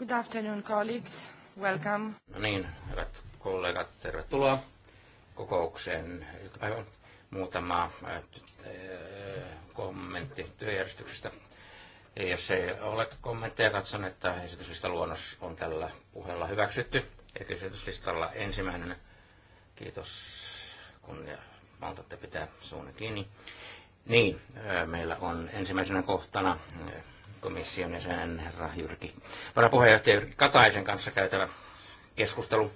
Good afternoon, colleagues. Welcome. No niin, hyvät kollegat, tervetuloa kokoukseen. Aivan muutama äh, kommentti työjärjestyksestä. Jos ei ole kommentteja, katson, että esityslistan luonnos on tällä puheella hyväksytty. Esityslistalla ensimmäinen. Kiitos, kun maltatte pitää suunnan kiinni. Niin, äh, meillä on ensimmäisenä kohtana äh, komission jäsen herra Jyrki, varapuheenjohtaja Jyrki Kataisen kanssa käytävä keskustelu.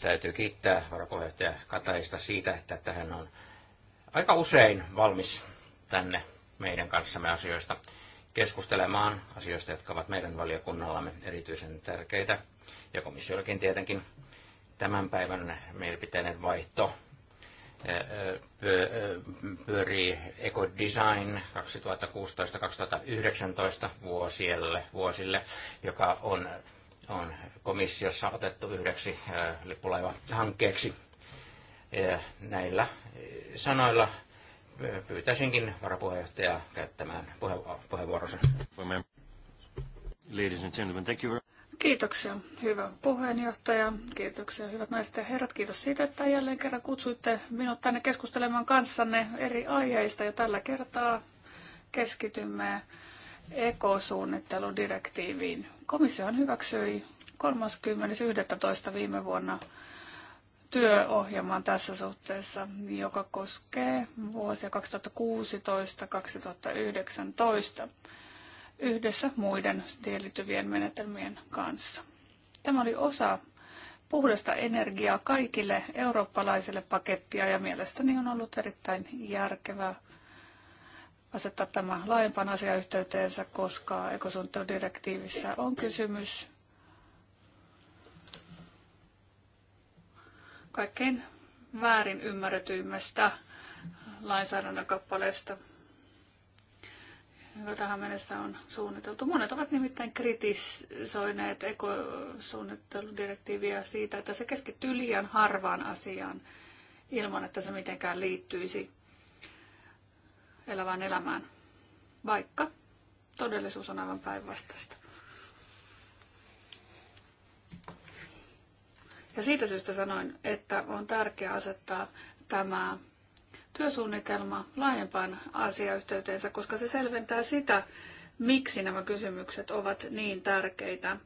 Täytyy kiittää varapuheenjohtaja Kataista siitä, että tähän on aika usein valmis tänne meidän kanssamme asioista keskustelemaan, asioista, jotka ovat meidän valiokunnallamme erityisen tärkeitä ja komissiollakin tietenkin tämän päivän mielipiteiden vaihto pyörii Design 2016-2019 vuosille, vuosille, joka on, on komissiossa otettu yhdeksi lippulaivahankkeeksi. Näillä sanoilla pyytäisinkin varapuheenjohtajaa käyttämään puheenvuoronsa. Ladies and gentlemen, thank you very Kiitoksia, hyvä puheenjohtaja. Kiitoksia, hyvät naiset ja herrat. Kiitos siitä, että jälleen kerran kutsuitte minut tänne keskustelemaan kanssanne eri aiheista. Ja tällä kertaa keskitymme ekosuunnitteludirektiiviin. Komissio hyväksyi 30.11. viime vuonna työohjelman tässä suhteessa, joka koskee vuosia 2016-2019 yhdessä muiden tiellityvien menetelmien kanssa. Tämä oli osa puhdasta energiaa kaikille eurooppalaisille pakettia ja mielestäni on ollut erittäin järkevää asettaa tämä laajempaan asiayhteyteensä, koska ekosuunnitteludirektiivissä on kysymys kaikkein väärin ymmärretyimmästä lainsäädännön kappaleesta joka tähän mennessä on suunniteltu. Monet ovat nimittäin kritisoineet ekosuunnitteludirektiiviä siitä, että se keskittyy liian harvaan asiaan ilman, että se mitenkään liittyisi elävään elämään, vaikka todellisuus on aivan päinvastaista. Ja siitä syystä sanoin, että on tärkeää asettaa tämä työsuunnitelma laajempaan asiayhteyteensä, koska se selventää sitä, miksi nämä kysymykset ovat niin tärkeitä,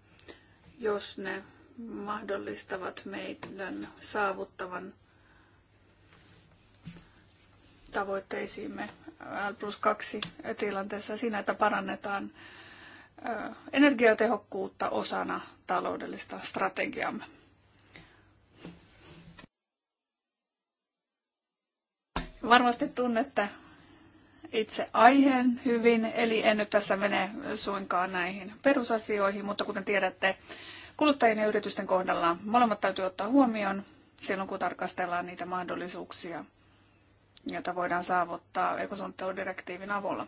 jos ne mahdollistavat meidän saavuttavan tavoitteisiimme L plus 2 tilanteessa siinä, että parannetaan energiatehokkuutta osana taloudellista strategiamme. Varmasti tunnette itse aiheen hyvin, eli en nyt tässä mene suinkaan näihin perusasioihin, mutta kuten tiedätte, kuluttajien ja yritysten kohdalla molemmat täytyy ottaa huomioon silloin, kun tarkastellaan niitä mahdollisuuksia, joita voidaan saavuttaa ekosuunnitteludirektiivin avulla.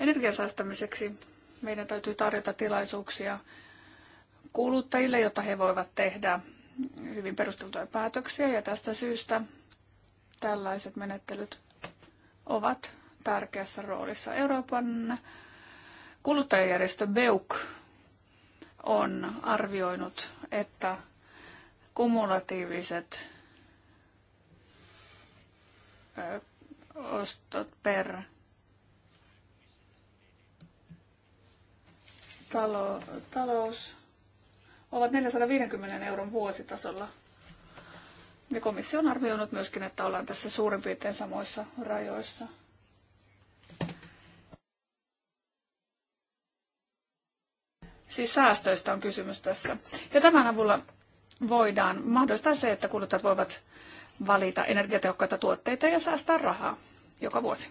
Energiasäästämiseksi meidän täytyy tarjota tilaisuuksia kuluttajille, jotta he voivat tehdä hyvin perusteltuja päätöksiä ja tästä syystä tällaiset menettelyt ovat tärkeässä roolissa. Euroopan kuluttajajärjestö BEUK on arvioinut, että kumulatiiviset ostot per talo, talous ovat 450 euron vuositasolla – ja komissio on arvioinut myöskin, että ollaan tässä suurin piirtein samoissa rajoissa. Siis säästöistä on kysymys tässä. Ja tämän avulla voidaan mahdollistaa se, että kuluttajat voivat valita energiatehokkaita tuotteita ja säästää rahaa joka vuosi.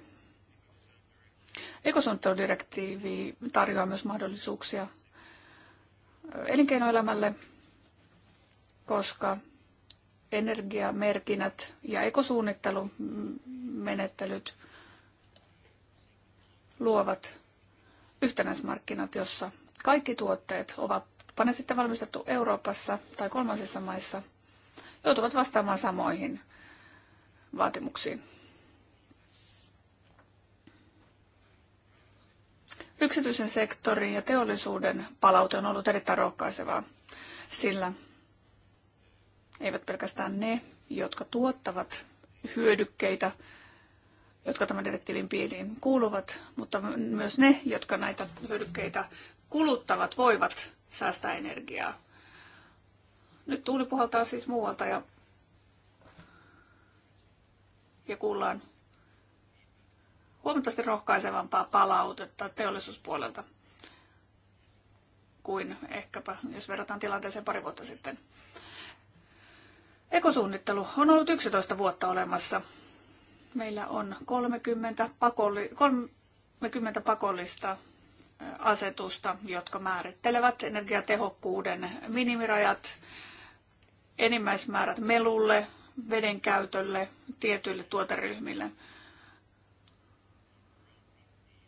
Ekosuunnitteludirektiivi tarjoaa myös mahdollisuuksia elinkeinoelämälle, koska energiamerkinnät ja ekosuunnittelumenettelyt luovat yhtenäismarkkinat, jossa kaikki tuotteet ovat, ne sitten valmistettu Euroopassa tai kolmansissa maissa, joutuvat vastaamaan samoihin vaatimuksiin. Yksityisen sektorin ja teollisuuden palaute on ollut erittäin rohkaisevaa, sillä eivät pelkästään ne, jotka tuottavat hyödykkeitä, jotka tämän direktiivin piiriin kuuluvat, mutta myös ne, jotka näitä hyödykkeitä kuluttavat, voivat säästää energiaa. Nyt tuuli puhaltaa siis muualta ja, ja kuullaan huomattavasti rohkaisevampaa palautetta teollisuuspuolelta kuin ehkäpä, jos verrataan tilanteeseen pari vuotta sitten. Ekosuunnittelu on ollut 11 vuotta olemassa. Meillä on 30, pakolli, 30 pakollista asetusta, jotka määrittelevät energiatehokkuuden minimirajat, enimmäismäärät melulle, veden käytölle, tietyille tuoteryhmille.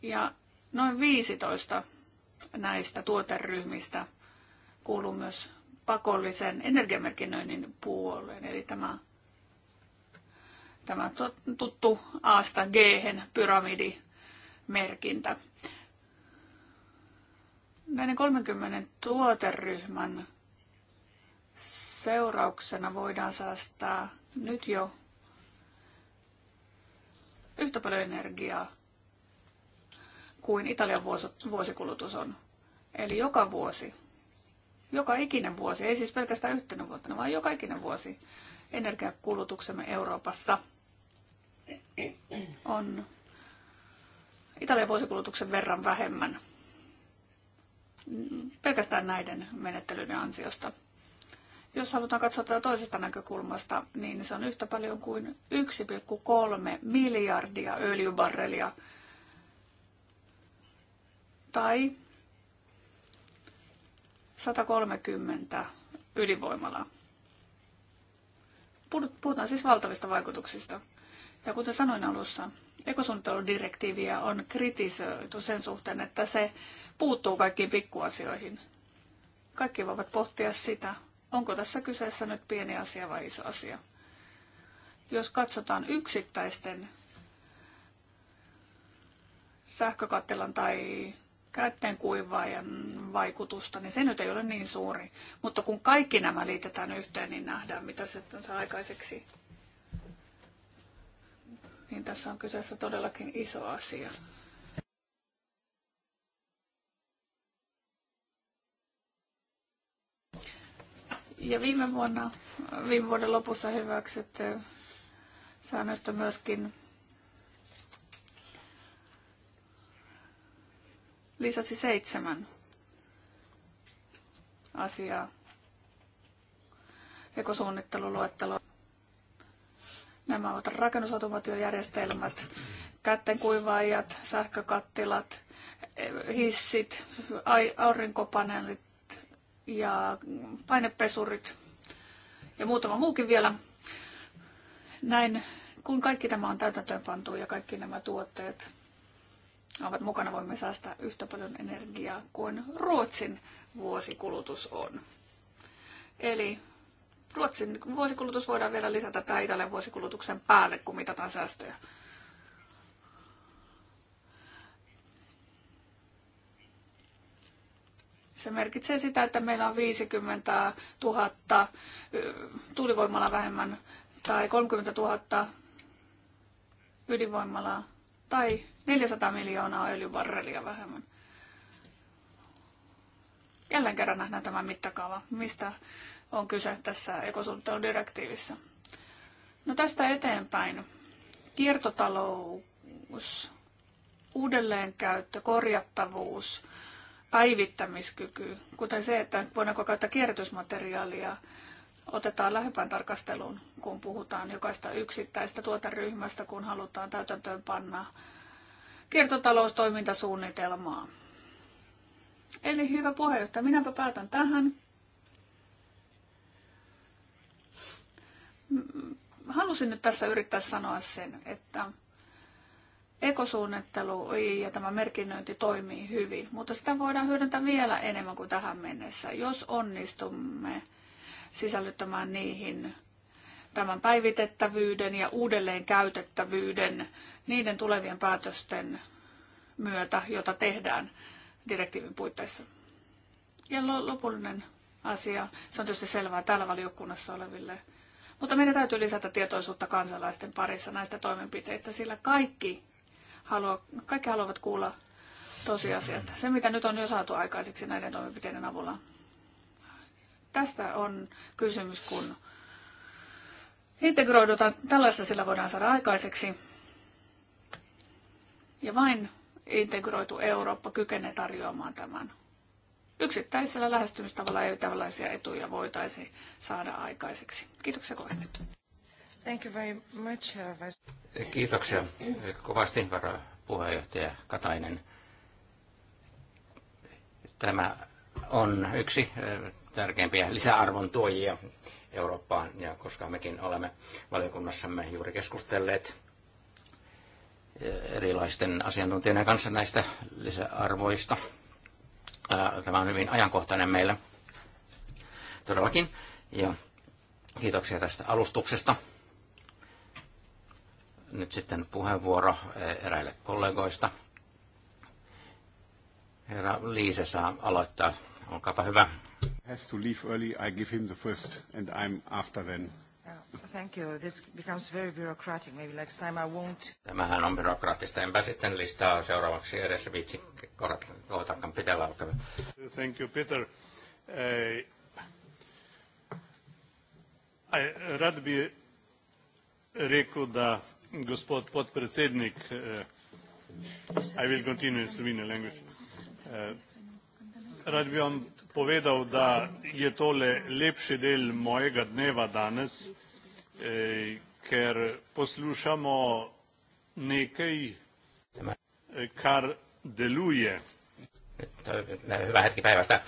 Ja noin 15 näistä tuoteryhmistä kuuluu myös pakollisen energiamerkinnöinnin puoleen. Eli tämä, tämä tuttu A-sta g pyramidimerkintä. Näiden 30 tuoteryhmän seurauksena voidaan säästää nyt jo yhtä paljon energiaa kuin Italian vuosikulutus on. Eli joka vuosi joka ikinen vuosi, ei siis pelkästään yhtenä vuotena, vaan joka ikinen vuosi energiakulutuksemme Euroopassa on Italian vuosikulutuksen verran vähemmän pelkästään näiden menettelyiden ansiosta. Jos halutaan katsoa tätä toisesta näkökulmasta, niin se on yhtä paljon kuin 1,3 miljardia öljybarrelia tai 130 ydinvoimalaa. Puhutaan siis valtavista vaikutuksista. Ja kuten sanoin alussa, ekosuunnitteludirektiiviä on kritisoitu sen suhteen, että se puuttuu kaikkiin pikkuasioihin. Kaikki voivat pohtia sitä, onko tässä kyseessä nyt pieni asia vai iso asia. Jos katsotaan yksittäisten sähkökattilan tai käyttäen kuivaajan vaikutusta, niin se nyt ei ole niin suuri. Mutta kun kaikki nämä liitetään yhteen, niin nähdään, mitä se on saa aikaiseksi. Niin tässä on kyseessä todellakin iso asia. Ja viime, vuonna, viime vuoden lopussa hyväksytty säännöstö myöskin lisäsi seitsemän asiaa ekosuunnitteluluetteloon. Nämä ovat rakennusautomaatiojärjestelmät, kätten kuivaajat, sähkökattilat, hissit, aurinkopaneelit ja painepesurit ja muutama muukin vielä. Näin, kun kaikki tämä on täytäntöönpantu ja kaikki nämä tuotteet ovat mukana, voimme säästää yhtä paljon energiaa kuin Ruotsin vuosikulutus on. Eli Ruotsin vuosikulutus voidaan vielä lisätä tämän Italian vuosikulutuksen päälle, kun mitataan säästöjä. Se merkitsee sitä, että meillä on 50 000 tuulivoimalla vähemmän tai 30 000 ydinvoimalaa tai 400 miljoonaa öljyvarrelia vähemmän. Jälleen kerran nähdään tämä mittakaava, mistä on kyse tässä ekosuunnitteludirektiivissä. No tästä eteenpäin kiertotalous, uudelleenkäyttö, korjattavuus, päivittämiskyky, kuten se, että voidaanko käyttää kierrätysmateriaalia – otetaan lähempään tarkasteluun, kun puhutaan jokaista yksittäistä tuoteryhmästä, kun halutaan täytäntöön panna kiertotaloustoimintasuunnitelmaa. Eli hyvä puheenjohtaja, minäpä päätän tähän. Mm, halusin nyt tässä yrittää sanoa sen, että ekosuunnittelu ja tämä merkinnöinti toimii hyvin, mutta sitä voidaan hyödyntää vielä enemmän kuin tähän mennessä, jos onnistumme sisällyttämään niihin tämän päivitettävyyden ja uudelleen käytettävyyden niiden tulevien päätösten myötä, jota tehdään direktiivin puitteissa. Ja lopullinen asia, se on tietysti selvää täällä valiokunnassa oleville, mutta meidän täytyy lisätä tietoisuutta kansalaisten parissa näistä toimenpiteistä, sillä kaikki, halua, kaikki haluavat kuulla tosiasiat. Se, mitä nyt on jo saatu aikaiseksi näiden toimenpiteiden avulla, Tästä on kysymys, kun integroidutaan. Tällaista sillä voidaan saada aikaiseksi. Ja vain integroitu Eurooppa kykenee tarjoamaan tämän. Yksittäisellä lähestymistavalla ei tällaisia etuja voitaisi saada aikaiseksi. Kiitoksia kovasti. Thank you very much, uh, Kiitoksia kovasti puheenjohtaja Katainen. Tämä on yksi tärkeimpiä lisäarvon tuojia Eurooppaan, ja koska mekin olemme valiokunnassamme juuri keskustelleet eh, erilaisten asiantuntijoiden kanssa näistä lisäarvoista. Eh, tämä on hyvin ajankohtainen meillä todellakin, ja kiitoksia tästä alustuksesta. Nyt sitten puheenvuoro eh, eräille kollegoista. Herra Liise saa aloittaa Olkaapa hyvä. Has to leave early. I give him the first and I'm after then. Oh, thank you. This becomes very bureaucratic. Maybe next time I won't. Tämähän on byrokraattista. Enpä sitten listaa seuraavaksi edessä viitsi kohtakaan pitellä alkaa. Thank you, Peter. Uh, I, eh, rad bi rekel, da gospod podpredsednik, uh, I will continue in Slovenian language. Uh, Rad bi vam povedal, da je tole lepši del mojega dneva danes, eh, ker poslušamo nekaj, eh, kar deluje. Eh, Vähän hetki päivästä.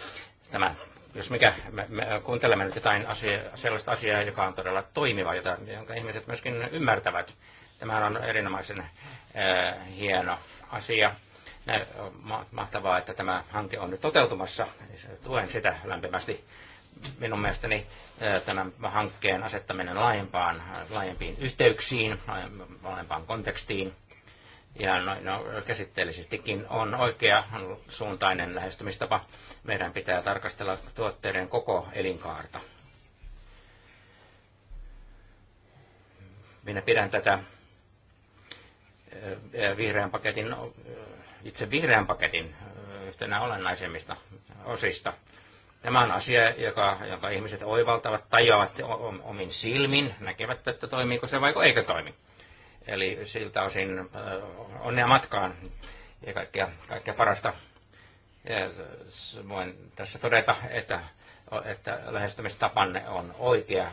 Tämä, jos mikä, me, me kuuntelemme nyt jotain asia, sellaista asiaa, joka on todella toimiva, jota, jonka ihmiset myöskin ymmärtävät. Tämä on erinomaisen äh, hieno asia Mahtavaa, että tämä hanke on nyt toteutumassa. Tuen sitä lämpimästi. Minun mielestäni tämän hankkeen asettaminen laajempaan, laajempiin yhteyksiin, laajempaan kontekstiin ja no, no, käsitteellisestikin on oikea suuntainen lähestymistapa. Meidän pitää tarkastella tuotteiden koko elinkaarta. Minä pidän tätä vihreän paketin itse vihreän paketin yhtenä olennaisemmista osista. Tämä on asia, joka, jonka ihmiset oivaltavat, tajuavat omin silmin, näkevät, että toimiiko se vai eikö toimi. Eli siltä osin onnea matkaan ja kaikkea, kaikkea parasta. Ja voin tässä todeta, että, että lähestymistapanne on oikea.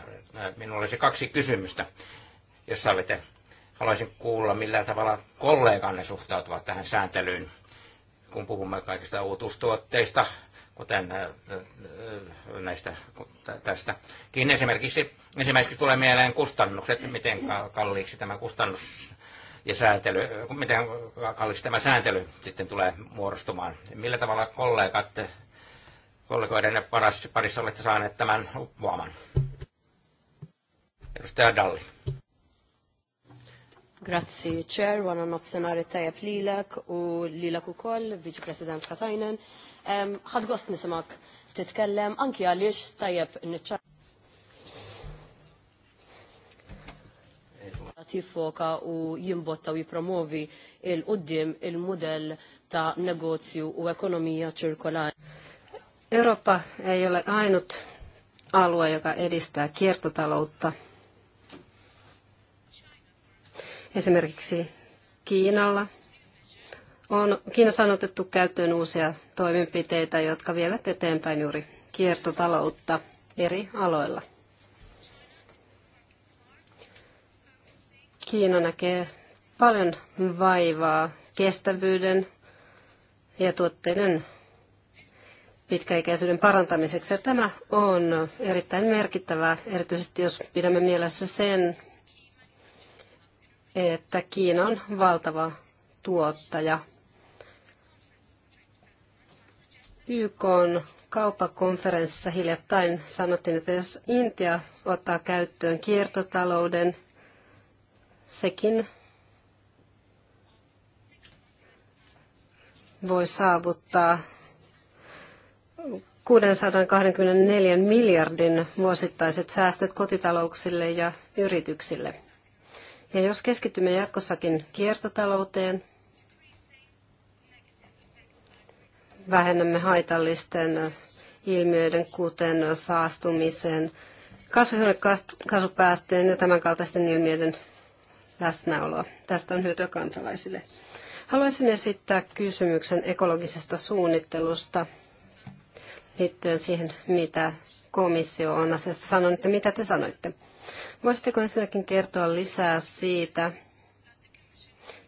Minulla olisi kaksi kysymystä, jos saavitte Haluaisin kuulla, millä tavalla kolleganne suhtautuvat tähän sääntelyyn, kun puhumme kaikista uutuustuotteista, kuten äh, äh, näistä, tästäkin esimerkiksi, esimerkiksi tulee mieleen kustannukset, miten kalliiksi tämä kustannus ja sääntely, miten kalliiksi tämä sääntely sitten tulee muodostumaan. Millä tavalla kollegat, kollegoiden parissa olette saaneet tämän uppoaman? Edustaja Dalli. Grazzi, Chair, għana nofsenari tajab lilek u lilek u koll, Vice President Katajnen. ħad għost nisimak titkellem, anki għaliex tajab nitċar. tifoka u jimbotta u jipromovi il-qoddim il model ta' negozju u ekonomija ċirkolari. Eurooppa ei ole ainut alue, joka edistää kiertotaloutta – Esimerkiksi Kiinalla on, Kiinassa on otettu käyttöön uusia toimenpiteitä, jotka vievät eteenpäin juuri kiertotaloutta eri aloilla. Kiina näkee paljon vaivaa kestävyyden ja tuotteiden pitkäikäisyyden parantamiseksi. Ja tämä on erittäin merkittävää, erityisesti jos pidämme mielessä sen, että Kiina on valtava tuottaja. YK on kauppakonferenssissa hiljattain sanottiin, että jos Intia ottaa käyttöön kiertotalouden, sekin voi saavuttaa 624 miljardin vuosittaiset säästöt kotitalouksille ja yrityksille. Ja jos keskitymme jatkossakin kiertotalouteen, vähennämme haitallisten ilmiöiden, kuten saastumisen, kasvihuonekaasupäästöjen ja tämän kaltaisten ilmiöiden läsnäoloa. Tästä on hyötyä kansalaisille. Haluaisin esittää kysymyksen ekologisesta suunnittelusta liittyen siihen, mitä komissio on asiasta sanonut ja mitä te sanoitte. Voisitteko ensinnäkin kertoa lisää siitä,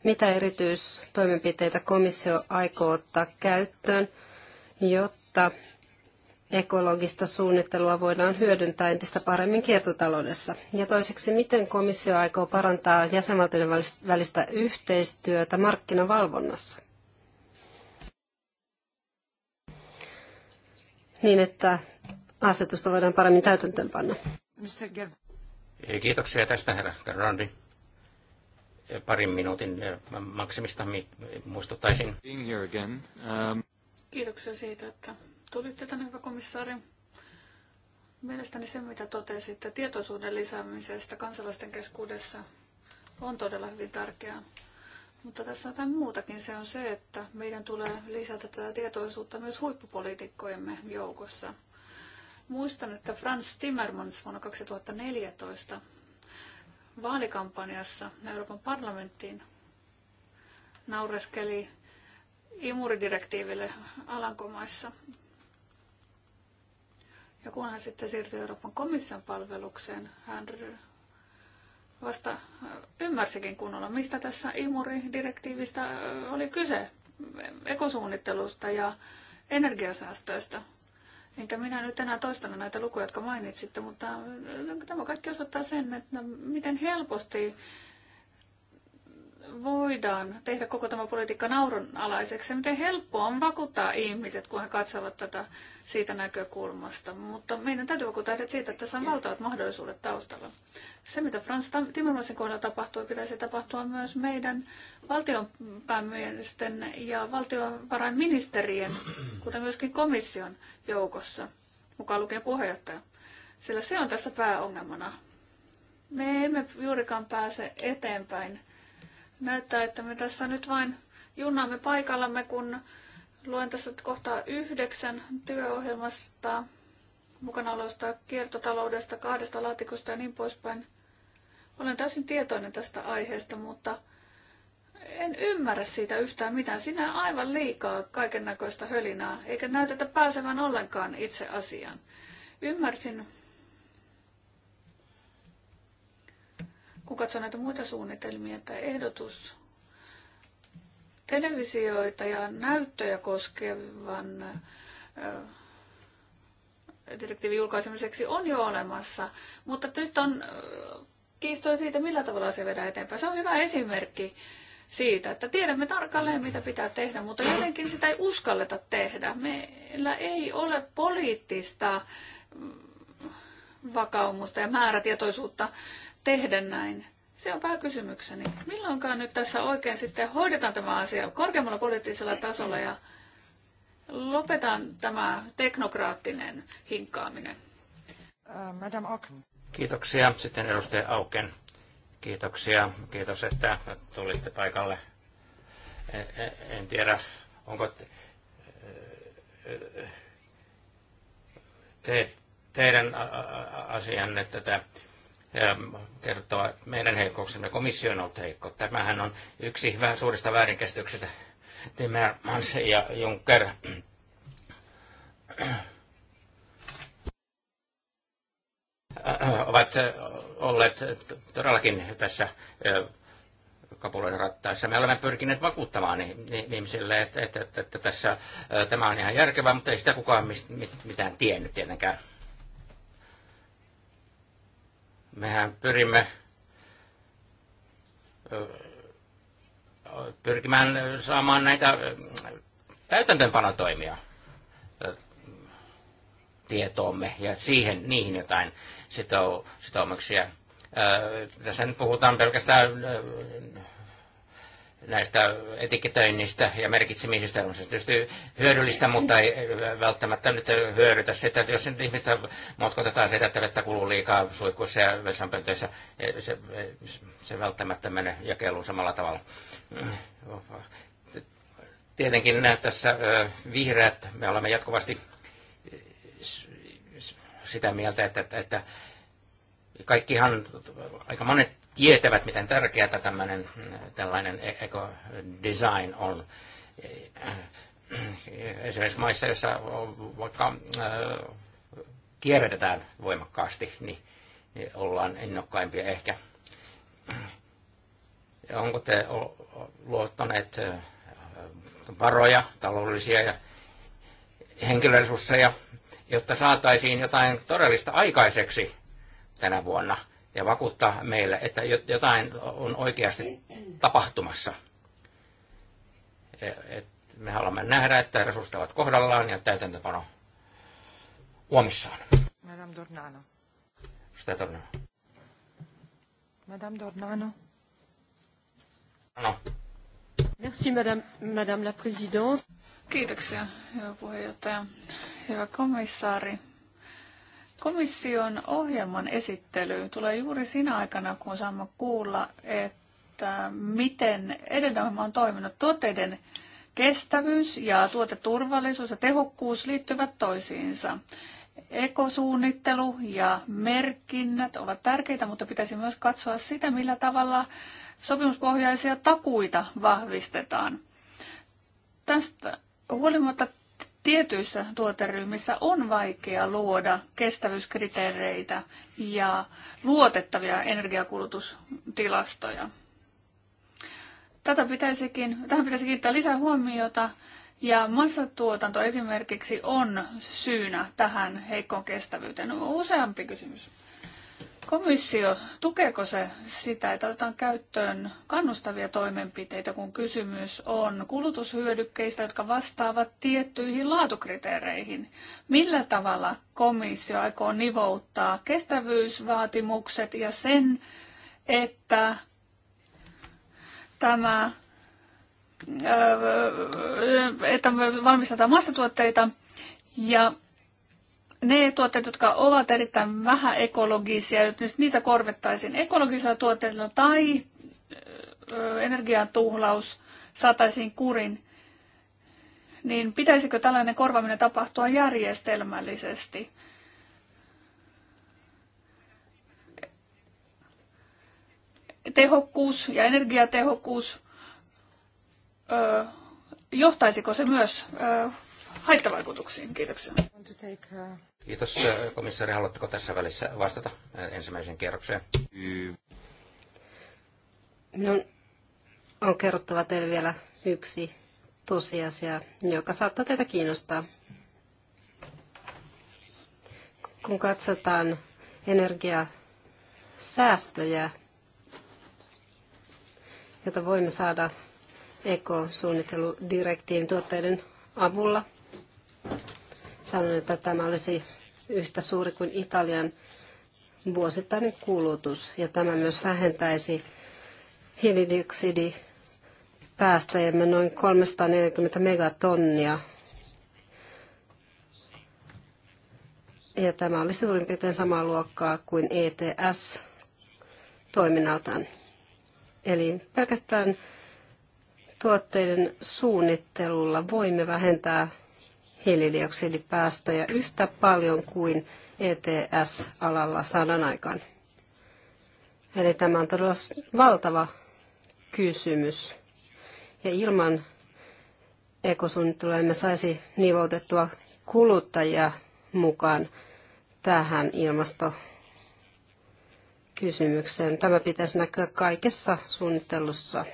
mitä erityistoimenpiteitä komissio aikoo ottaa käyttöön, jotta ekologista suunnittelua voidaan hyödyntää entistä paremmin kiertotaloudessa? Ja toiseksi, miten komissio aikoo parantaa jäsenvaltioiden välistä yhteistyötä markkinavalvonnassa? Niin, että asetusta voidaan paremmin täytäntöönpanna. Kiitoksia tästä, herra Grandi. Parin minuutin eh, maksimista muistuttaisin. Um, Kiitoksia siitä, että tulitte tänne, hyvä komissaari. Mielestäni se, mitä totesitte tietoisuuden lisäämisestä kansalaisten keskuudessa, on todella hyvin tärkeää. Mutta tässä on jotain muutakin. Se on se, että meidän tulee lisätä tätä tietoisuutta myös huippupoliitikkojemme joukossa – Muistan, että Franz Timmermans vuonna 2014 vaalikampanjassa Euroopan parlamenttiin naureskeli imuridirektiiville Alankomaissa. Ja kun hän sitten siirtyi Euroopan komission palvelukseen, hän vasta äh, ymmärsikin kunnolla, mistä tässä imuridirektiivistä äh, oli kyse, ekosuunnittelusta ja energiasäästöistä. Enkä minä nyt enää toistana näitä lukuja, jotka mainitsitte, mutta äh, tämä kaikki osoittaa sen, että no, miten helposti voidaan tehdä koko tämä politiikka naurunalaiseksi ja miten helppoa on vakuuttaa ihmiset, kun he katsovat tätä siitä näkökulmasta. Mutta meidän täytyy vakuuttaa heidät siitä, että tässä on valtavat mahdollisuudet taustalla. Se, mitä Frans Timmermansin kohdalla tapahtui, pitäisi tapahtua myös meidän valtionpäämiesten ja valtionvarainministerien, kuten myöskin komission joukossa, mukaan lukien puheenjohtaja. Sillä se on tässä pääongelmana. Me emme juurikaan pääse eteenpäin Näyttää, että me tässä nyt vain junnaamme paikallamme, kun luen tässä kohtaa yhdeksän työohjelmasta, mukana olosta, kiertotaloudesta, kahdesta laatikosta ja niin poispäin. Olen täysin tietoinen tästä aiheesta, mutta en ymmärrä siitä yhtään mitään. Sinä aivan liikaa kaiken näköistä hölinää, eikä näytetä pääsevän ollenkaan itse asiaan. Ymmärsin kun katsoo näitä muita suunnitelmia tai ehdotus televisioita ja näyttöjä koskevan direktiivin julkaisemiseksi on jo olemassa, mutta nyt on kiistoja siitä, millä tavalla se vedään eteenpäin. Se on hyvä esimerkki siitä, että tiedämme tarkalleen, mitä pitää tehdä, mutta jotenkin sitä ei uskalleta tehdä. Meillä ei ole poliittista mm, vakaumusta ja määrätietoisuutta tehdä näin? Se on pääkysymykseni. Milloinkaan nyt tässä oikein sitten hoidetaan tämä asia korkeammalla poliittisella tasolla ja lopetan tämä teknokraattinen hinkkaaminen. Äh, Madam Auken. Kiitoksia. Sitten edustaja Auken. Kiitoksia. Kiitos, että tulitte paikalle. En, e, en tiedä, onko e, e, te, teidän asianne tätä Ähm, kertoa meidän heikkouksemme. Komissio on ollut heikko. Tämähän on yksi vähän suurista väärinkäsityksistä. Timmermans ja Juncker äh, ovat äh, olleet todellakin tässä äh, kapuloiden rattaissa. Me olemme pyrkineet vakuuttamaan ihmisille, että, että, että, että tässä, tämä on ihan järkevää, mutta ei sitä kukaan mitään tiennyt tietenkään. Mehän pyrimme pyrkimään saamaan näitä täytäntöönpanotoimia tietoomme ja siihen, niihin jotain sitoumuksia. Tässä nyt puhutaan pelkästään näistä etiketöinnistä ja merkitsemisestä on se tietysti hyödyllistä, mutta ei välttämättä nyt hyödytä sitä, että jos nyt ihmistä motkotetaan sitä, että vettä kuluu liikaa suihkuissa ja vessanpöntöissä, se, se välttämättä menee jakeluun samalla tavalla. Tietenkin tässä vihreät, me olemme jatkuvasti sitä mieltä, että, että, että kaikkihan, aika monet tietävät, miten tärkeää tämmöinen, tällainen eco-design on. Esimerkiksi maissa, joissa vaikka kierrätetään voimakkaasti, niin, niin ollaan innokkaimpia ehkä. Onko te luottaneet varoja, taloudellisia ja henkilöresursseja, jotta saataisiin jotain todellista aikaiseksi tänä vuonna ja vakuuttaa meille, että jotain on oikeasti tapahtumassa. E- et me haluamme nähdä, että resurssit ovat kohdallaan ja täytäntöpano huomissaan. Madame Dornano. Sitä Dornano. Madame Dornano. No. Merci madame, madame la présidente. Kiitoksia, hyvä puheenjohtaja. Hyvä komissaari. Komission ohjelman esittely tulee juuri sinä aikana, kun saamme kuulla, että miten edellinen on toiminut. Tuotteiden kestävyys ja tuoteturvallisuus ja tehokkuus liittyvät toisiinsa. Ekosuunnittelu ja merkinnät ovat tärkeitä, mutta pitäisi myös katsoa sitä, millä tavalla sopimuspohjaisia takuita vahvistetaan. Tästä huolimatta tietyissä tuoteryhmissä on vaikea luoda kestävyyskriteereitä ja luotettavia energiakulutustilastoja. Tätä pitäisikin, tähän pitäisi kiinnittää lisää huomiota ja massatuotanto esimerkiksi on syynä tähän heikkoon kestävyyteen. No, useampi kysymys. Komissio, tukeeko se sitä, että otetaan käyttöön kannustavia toimenpiteitä, kun kysymys on kulutushyödykkeistä, jotka vastaavat tiettyihin laatukriteereihin? Millä tavalla komissio aikoo nivouttaa kestävyysvaatimukset ja sen, että tämä että valmistetaan massatuotteita ja ne tuotteet, jotka ovat erittäin vähän ekologisia, jos niitä korvettaisiin ekologisilla tuotteilla tai energiatuhlaus saataisiin kurin, niin pitäisikö tällainen korvaaminen tapahtua järjestelmällisesti? Tehokkuus ja energiatehokkuus, johtaisiko se myös haittavaikutuksiin? Kiitoksia. Kiitos komissaari. Haluatteko tässä välissä vastata ensimmäiseen kierrokseen? Minun on kerrottava teille vielä yksi tosiasia, joka saattaa teitä kiinnostaa. Kun katsotaan energiasäästöjä, jota voimme saada ekosuunnitteludirektiivin tuotteiden avulla, Sanon, että tämä olisi yhtä suuri kuin Italian vuosittainen kulutus, ja tämä myös vähentäisi hiilidioksidipäästöjemme noin 340 megatonnia. Ja tämä oli suurin piirtein samaa luokkaa kuin ETS toiminnaltaan. Eli pelkästään tuotteiden suunnittelulla voimme vähentää hiilidioksidipäästöjä yhtä paljon kuin ETS-alalla sadan aikaan. Eli tämä on todella valtava kysymys. Ja ilman ekosuunnittelua emme saisi nivoutettua kuluttajia mukaan tähän ilmastokysymykseen. Tämä pitäisi näkyä kaikessa suunnittelussa.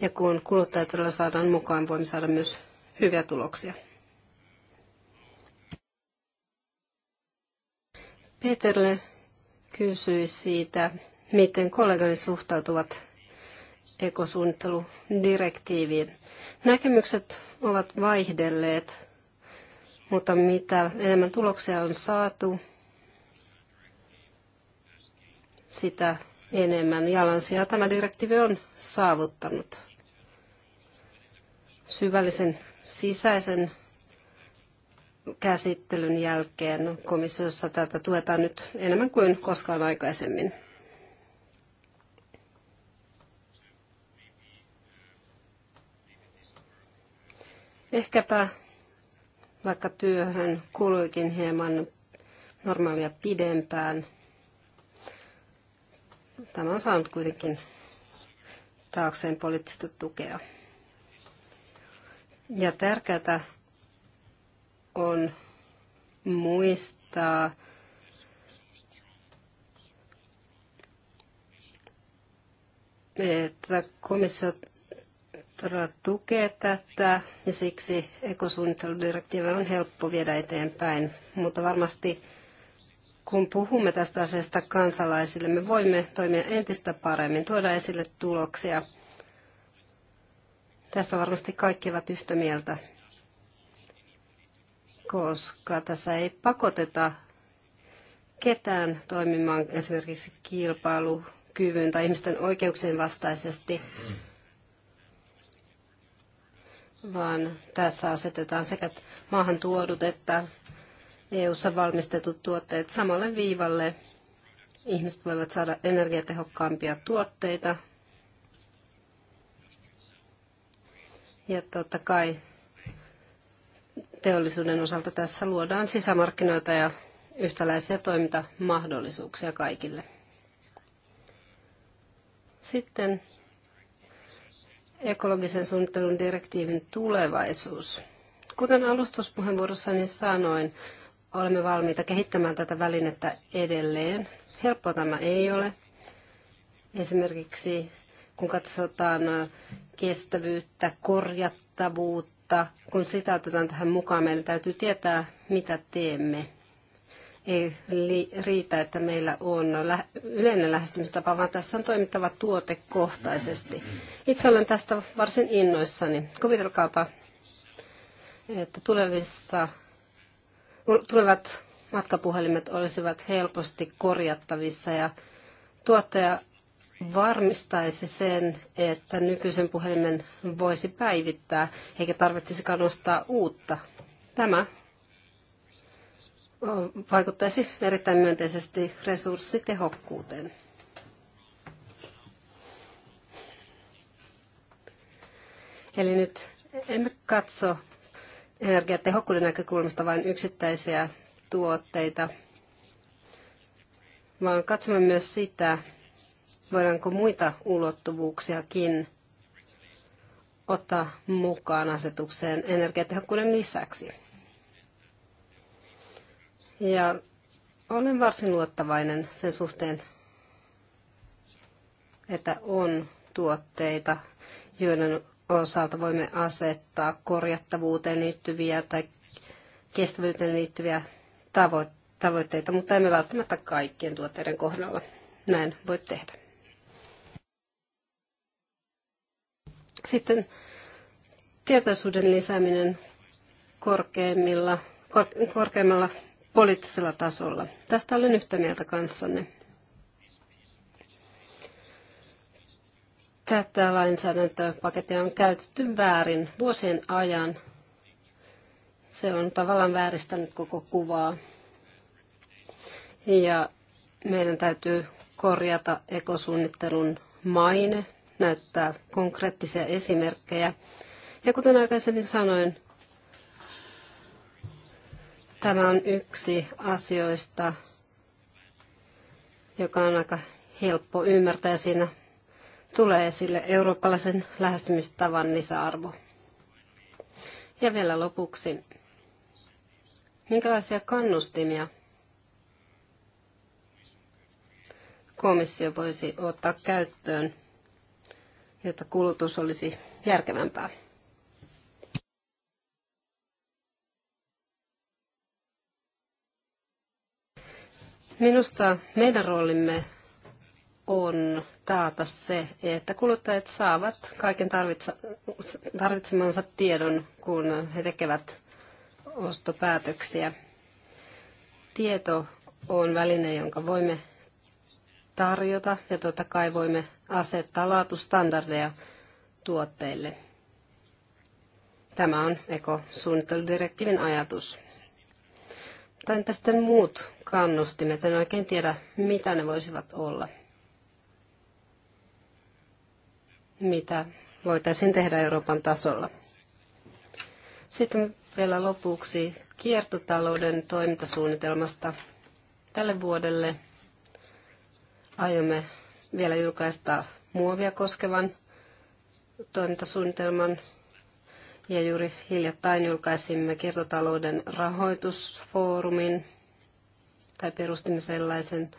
Ja kun kuluttajat todella saadaan mukaan, voimme saada myös hyviä tuloksia. Peterle kysyi siitä, miten kollegani suhtautuvat ekosuunnitteludirektiiviin. Näkemykset ovat vaihdelleet, mutta mitä enemmän tuloksia on saatu, sitä enemmän jalansia tämä direktiivi on saavuttanut syvällisen sisäisen käsittelyn jälkeen komissiossa tätä tuetaan nyt enemmän kuin koskaan aikaisemmin. Ehkäpä vaikka työhön kuluikin hieman normaalia pidempään, tämä on saanut kuitenkin taakseen poliittista tukea. Ja tärkeää on muistaa, että komissio tukee tätä ja siksi ekosuunnitteludirektiivi on helppo viedä eteenpäin. Mutta varmasti kun puhumme tästä asiasta kansalaisille, me voimme toimia entistä paremmin, tuoda esille tuloksia – Tästä varmasti kaikki ovat yhtä mieltä, koska tässä ei pakoteta ketään toimimaan esimerkiksi kilpailukyvyn tai ihmisten oikeuksien vastaisesti, vaan tässä asetetaan sekä maahan tuodut että EU-ssa valmistetut tuotteet samalle viivalle. Ihmiset voivat saada energiatehokkaampia tuotteita, Ja totta kai teollisuuden osalta tässä luodaan sisämarkkinoita ja yhtäläisiä toimintamahdollisuuksia kaikille. Sitten ekologisen suunnittelun direktiivin tulevaisuus. Kuten alustuspuheenvuorossani sanoin, olemme valmiita kehittämään tätä välinettä edelleen. Helppoa tämä ei ole. Esimerkiksi kun katsotaan kestävyyttä, korjattavuutta. Kun sitä otetaan tähän mukaan, meidän täytyy tietää, mitä teemme. Ei riitä, että meillä on yleinen lähestymistapa, vaan tässä on toimittava tuotekohtaisesti. Itse olen tästä varsin innoissani. Kuvitelkaapa, että tulevissa, tulevat matkapuhelimet olisivat helposti korjattavissa ja tuottaja varmistaisi sen, että nykyisen puhelimen voisi päivittää, eikä tarvitsisi kannustaa uutta. Tämä vaikuttaisi erittäin myönteisesti resurssitehokkuuteen. Eli nyt emme katso energiatehokkuuden näkökulmasta vain yksittäisiä tuotteita, vaan katsomme myös sitä, voidaanko muita ulottuvuuksiakin ottaa mukaan asetukseen energiatehokkuuden lisäksi. Ja olen varsin luottavainen sen suhteen, että on tuotteita, joiden osalta voimme asettaa korjattavuuteen liittyviä tai kestävyyteen liittyviä tavoitteita, mutta emme välttämättä kaikkien tuotteiden kohdalla näin voi tehdä. Sitten tietoisuuden lisääminen korkeimmilla, kor, korkeimmalla poliittisella tasolla. Tästä olen yhtä mieltä kanssanne. Tätä lainsäädäntöpakettia on käytetty väärin vuosien ajan. Se on tavallaan vääristänyt koko kuvaa. Ja meidän täytyy korjata ekosuunnittelun maine näyttää konkreettisia esimerkkejä. Ja kuten aikaisemmin sanoin, tämä on yksi asioista, joka on aika helppo ymmärtää. Siinä tulee esille eurooppalaisen lähestymistavan lisäarvo. Ja vielä lopuksi, minkälaisia kannustimia komissio voisi ottaa käyttöön jotta kulutus olisi järkevämpää. Minusta meidän roolimme on taata se, että kuluttajat saavat kaiken tarvitsemansa tiedon, kun he tekevät ostopäätöksiä. Tieto on väline, jonka voimme tarjota ja totta kai voimme asettaa laatustandardeja tuotteille. Tämä on ekosuunnitteludirektiivin ajatus. Mutta entä sitten muut kannustimet? En oikein tiedä, mitä ne voisivat olla. Mitä voitaisiin tehdä Euroopan tasolla. Sitten vielä lopuksi kiertotalouden toimintasuunnitelmasta tälle vuodelle. Aiomme vielä julkaista muovia koskevan toimintasuunnitelman. Ja juuri hiljattain julkaisimme kiertotalouden rahoitusfoorumin tai perustimme sellaisen.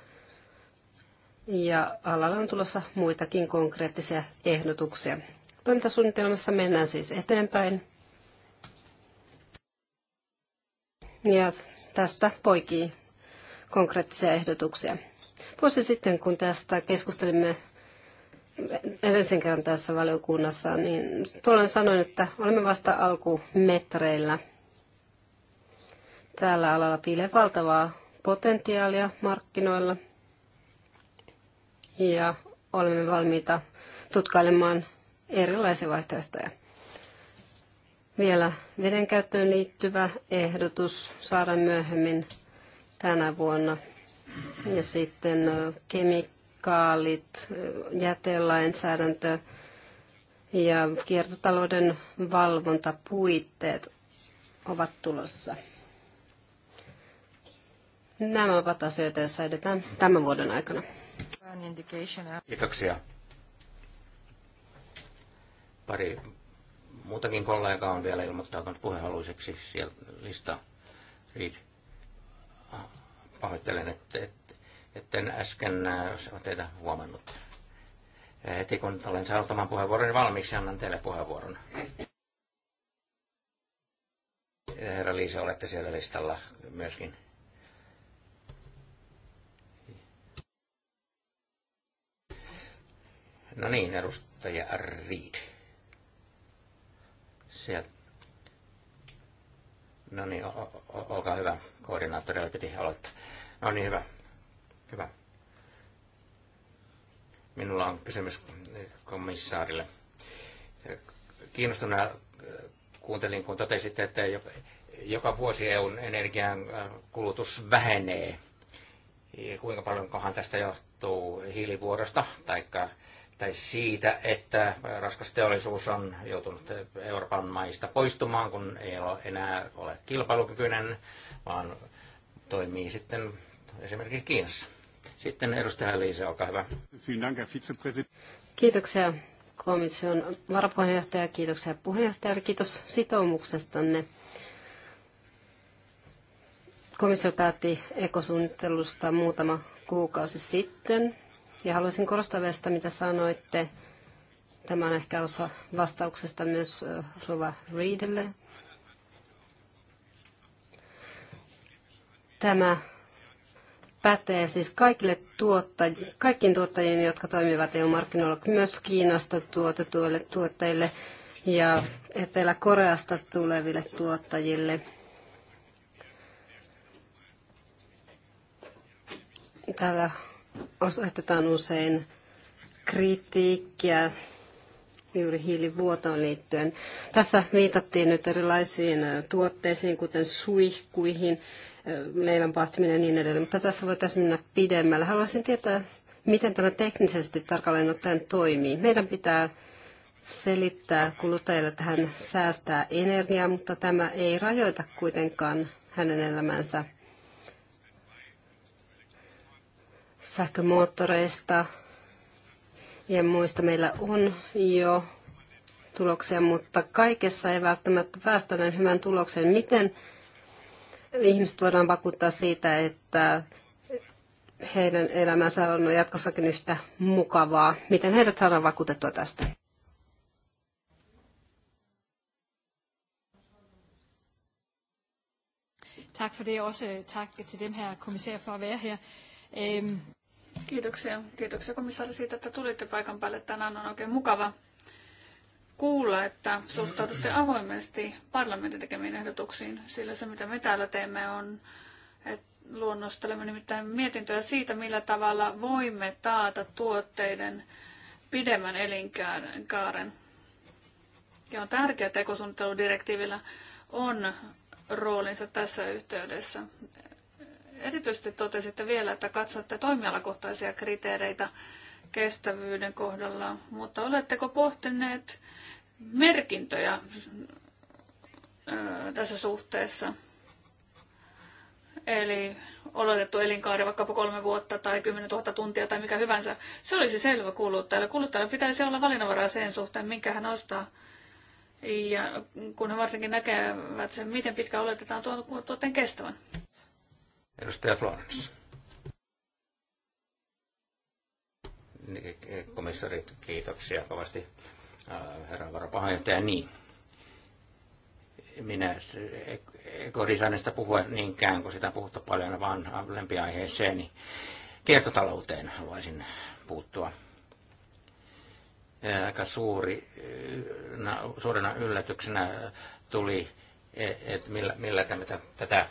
Ja alalla on tulossa muitakin konkreettisia ehdotuksia. Toimintasuunnitelmassa mennään siis eteenpäin. Ja tästä poikii konkreettisia ehdotuksia. Vuosi sitten, kun tästä keskustelimme edellisen kerran tässä valiokunnassa, niin tuolloin sanoin, että olemme vasta alkumetreillä. Tällä alalla piilee valtavaa potentiaalia markkinoilla ja olemme valmiita tutkailemaan erilaisia vaihtoehtoja. Vielä vedenkäyttöön liittyvä ehdotus saadaan myöhemmin tänä vuonna. Ja sitten kemikaalit, jätelainsäädäntö ja kiertotalouden valvontapuitteet ovat tulossa. Nämä ovat asioita, joissa edetään tämän vuoden aikana. Kiitoksia. Pari muutakin kollegaa on vielä ilmoittautunut puheenhaluiseksi. sieltä lista. Reed. Ah, pahoittelen, että, että, etten äsken äh, teitä huomannut. Äh, heti kun olen saanut tämän puheenvuoron niin valmiiksi, annan teille puheenvuoron. Äh, herra Liisa, olette siellä listalla myöskin. No niin, edustaja Reed. Sieltä No niin, olkaa hyvä. Koordinaattorilla piti aloittaa. No niin, hyvä. Hyvä. Minulla on kysymys komissaarille. Kiinnostuneena äh, kuuntelin, kun totesitte, että joka vuosi EUn energian äh, kulutus vähenee. Kuinka paljonkohan tästä johtuu hiilivuodosta tai tai siitä, että raskas teollisuus on joutunut Euroopan maista poistumaan, kun ei ole enää ole kilpailukykyinen, vaan toimii sitten esimerkiksi Kiinassa. Sitten edustaja Liise, olkaa hyvä. Kiitoksia komission varapuheenjohtaja, kiitoksia puheenjohtajalle, kiitos sitoumuksestanne. Komissio päätti ekosuunnittelusta muutama kuukausi sitten ja haluaisin korostaa vielä sitä, mitä sanoitte. Tämä on ehkä osa vastauksesta myös Rova Reedelle. Tämä pätee siis kaikille tuottaj- kaikkiin tuottajien, jotka toimivat EU-markkinoilla, myös Kiinasta tuotetuille tuottajille ja Etelä-Koreasta tuleville tuottajille. Täällä osoitetaan usein kritiikkiä juuri hiilivuotoon liittyen. Tässä viitattiin nyt erilaisiin tuotteisiin, kuten suihkuihin, leivän pahtiminen ja niin edelleen, mutta tässä voitaisiin mennä pidemmälle. Haluaisin tietää, miten tämä teknisesti tarkalleen ottaen toimii. Meidän pitää selittää kuluttajille, että hän säästää energiaa, mutta tämä ei rajoita kuitenkaan hänen elämänsä sähkömoottoreista ja muista meillä on jo tuloksia, mutta kaikessa ei välttämättä päästä näin hyvän tulokseen. Miten ihmiset voidaan vakuuttaa siitä, että heidän elämänsä on jatkossakin yhtä mukavaa? Miten heidät saadaan vakuutettua tästä? Tak for det, og også tak til dem her kommissær for at være her. Kiitoksia. Kiitoksia komissaari siitä, että tulitte paikan päälle. Tänään on oikein mukava kuulla, että suhtaudutte avoimesti parlamentin tekemiin ehdotuksiin, sillä se mitä me täällä teemme on, että luonnostelemme nimittäin mietintöä siitä, millä tavalla voimme taata tuotteiden pidemmän elinkaaren. Ja on tärkeää, että ekosuunnitteludirektiivillä on roolinsa tässä yhteydessä. Erityisesti totesitte vielä, että katsotte toimialakohtaisia kriteereitä kestävyyden kohdalla, mutta oletteko pohtineet merkintöjä tässä suhteessa? Eli oletettu elinkaari vaikkapa kolme vuotta tai 10 000 tuntia tai mikä hyvänsä, se olisi selvä kuluttajalle. Kuluttajalla pitäisi olla valinnanvaraa sen suhteen, minkä hän ostaa. Ja kun he varsinkin näkevät sen, miten pitkä oletetaan tuon tuotteen kestävän. Edustaja Florence. Niin, Komissari, kiitoksia kovasti. Äh, herra varapahanjohtaja, niin. Minä ekodesignista puhua niinkään, kun sitä on puhuttu paljon, vaan lempiaiheeseen, niin kiertotalouteen haluaisin puuttua aika suuri, suurena yllätyksenä tuli, e-, että millä, millä tämmötä, tätä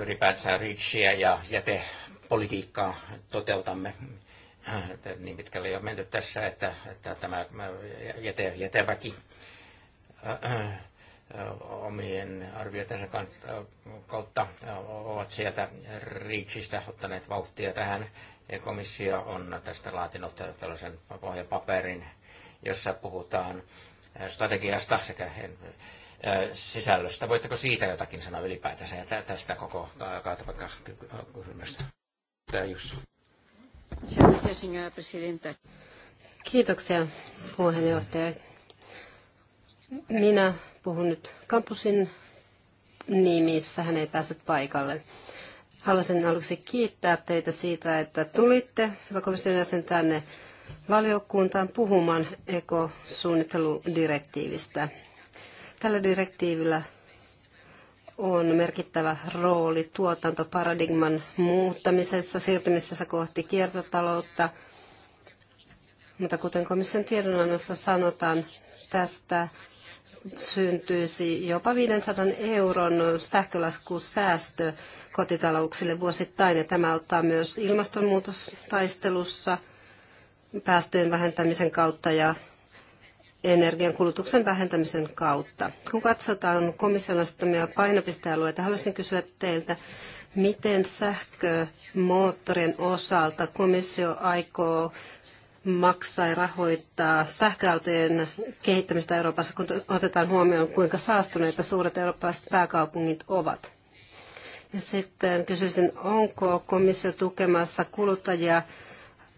ylipäätään REACHia ja jätepolitiikkaa toteutamme niin pitkälle jo menty tässä, että, että tämä jäte, jäteväki omien arvioitensa kautta ovat sieltä Reachistä ottaneet vauhtia tähän. Ja komissio on tästä laatinut tällaisen pohjapaperin, jossa puhutaan strategiasta sekä sisällöstä. Voitteko siitä jotakin sanoa ylipäätänsä ja tästä koko kaatopaikkakysymystä? Jussu. Kiitoksia puheenjohtaja. Minä puhun nyt kampusin nimissä, hän ei päässyt paikalle. Haluaisin aluksi kiittää teitä siitä, että tulitte, hyvä komission jäsen, tänne valiokuntaan puhumaan ekosuunnitteludirektiivistä. Tällä direktiivillä on merkittävä rooli tuotantoparadigman muuttamisessa, siirtymisessä kohti kiertotaloutta. Mutta kuten komission tiedonannossa sanotaan, tästä syntyisi jopa 500 euron sähkölaskusäästö kotitalouksille vuosittain. Ja tämä auttaa myös ilmastonmuutostaistelussa päästöjen vähentämisen kautta ja energiankulutuksen vähentämisen kautta. Kun katsotaan komission asettamia painopistealueita, haluaisin kysyä teiltä, miten sähkömoottorien osalta komissio aikoo maksaa ja rahoittaa sähköautojen kehittämistä Euroopassa, kun otetaan huomioon, kuinka saastuneita suuret eurooppalaiset pääkaupungit ovat. Ja sitten kysyisin, onko komissio tukemassa kuluttajia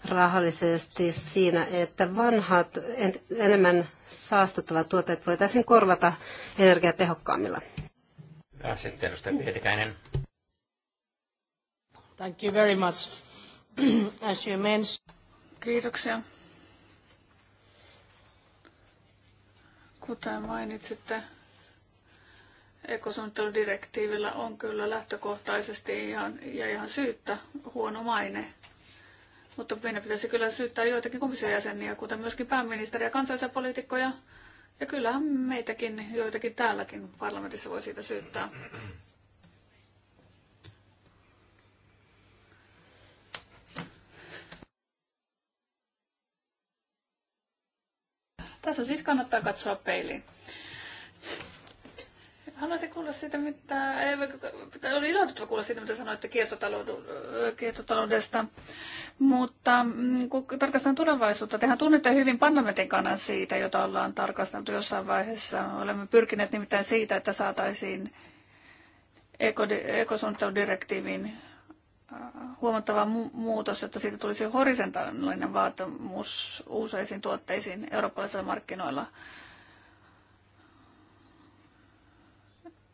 rahallisesti siinä, että vanhat, enemmän saastuttavat tuotteet voitaisiin korvata energiatehokkaammilla. Ja edustaja Pietikäinen. Thank you very much. As you mentioned. Kiitoksia. Kuten mainitsitte, ekosuunnitteludirektiivillä on kyllä lähtökohtaisesti ihan, ja ihan syyttä huono maine mutta meidän pitäisi kyllä syyttää joitakin komission jäseniä, kuten myöskin pääministeriä, kansallisia poliitikkoja. Ja kyllähän meitäkin, joitakin täälläkin parlamentissa voi siitä syyttää. Tässä siis kannattaa katsoa peiliin. Haluaisin kuulla siitä, mitä, oli ilahduttava kuulla siitä, mitä sanoitte kiertotaloudesta, mutta mm, kun tarkastellaan tulevaisuutta, tehän tunnette hyvin parlamentin kannan siitä, jota ollaan tarkasteltu jossain vaiheessa. Olemme pyrkineet nimittäin siitä, että saataisiin ekosuunnitteludirektiivin huomattava muutos, jotta siitä tulisi horisontaalinen vaatimus useisiin tuotteisiin eurooppalaisilla markkinoilla –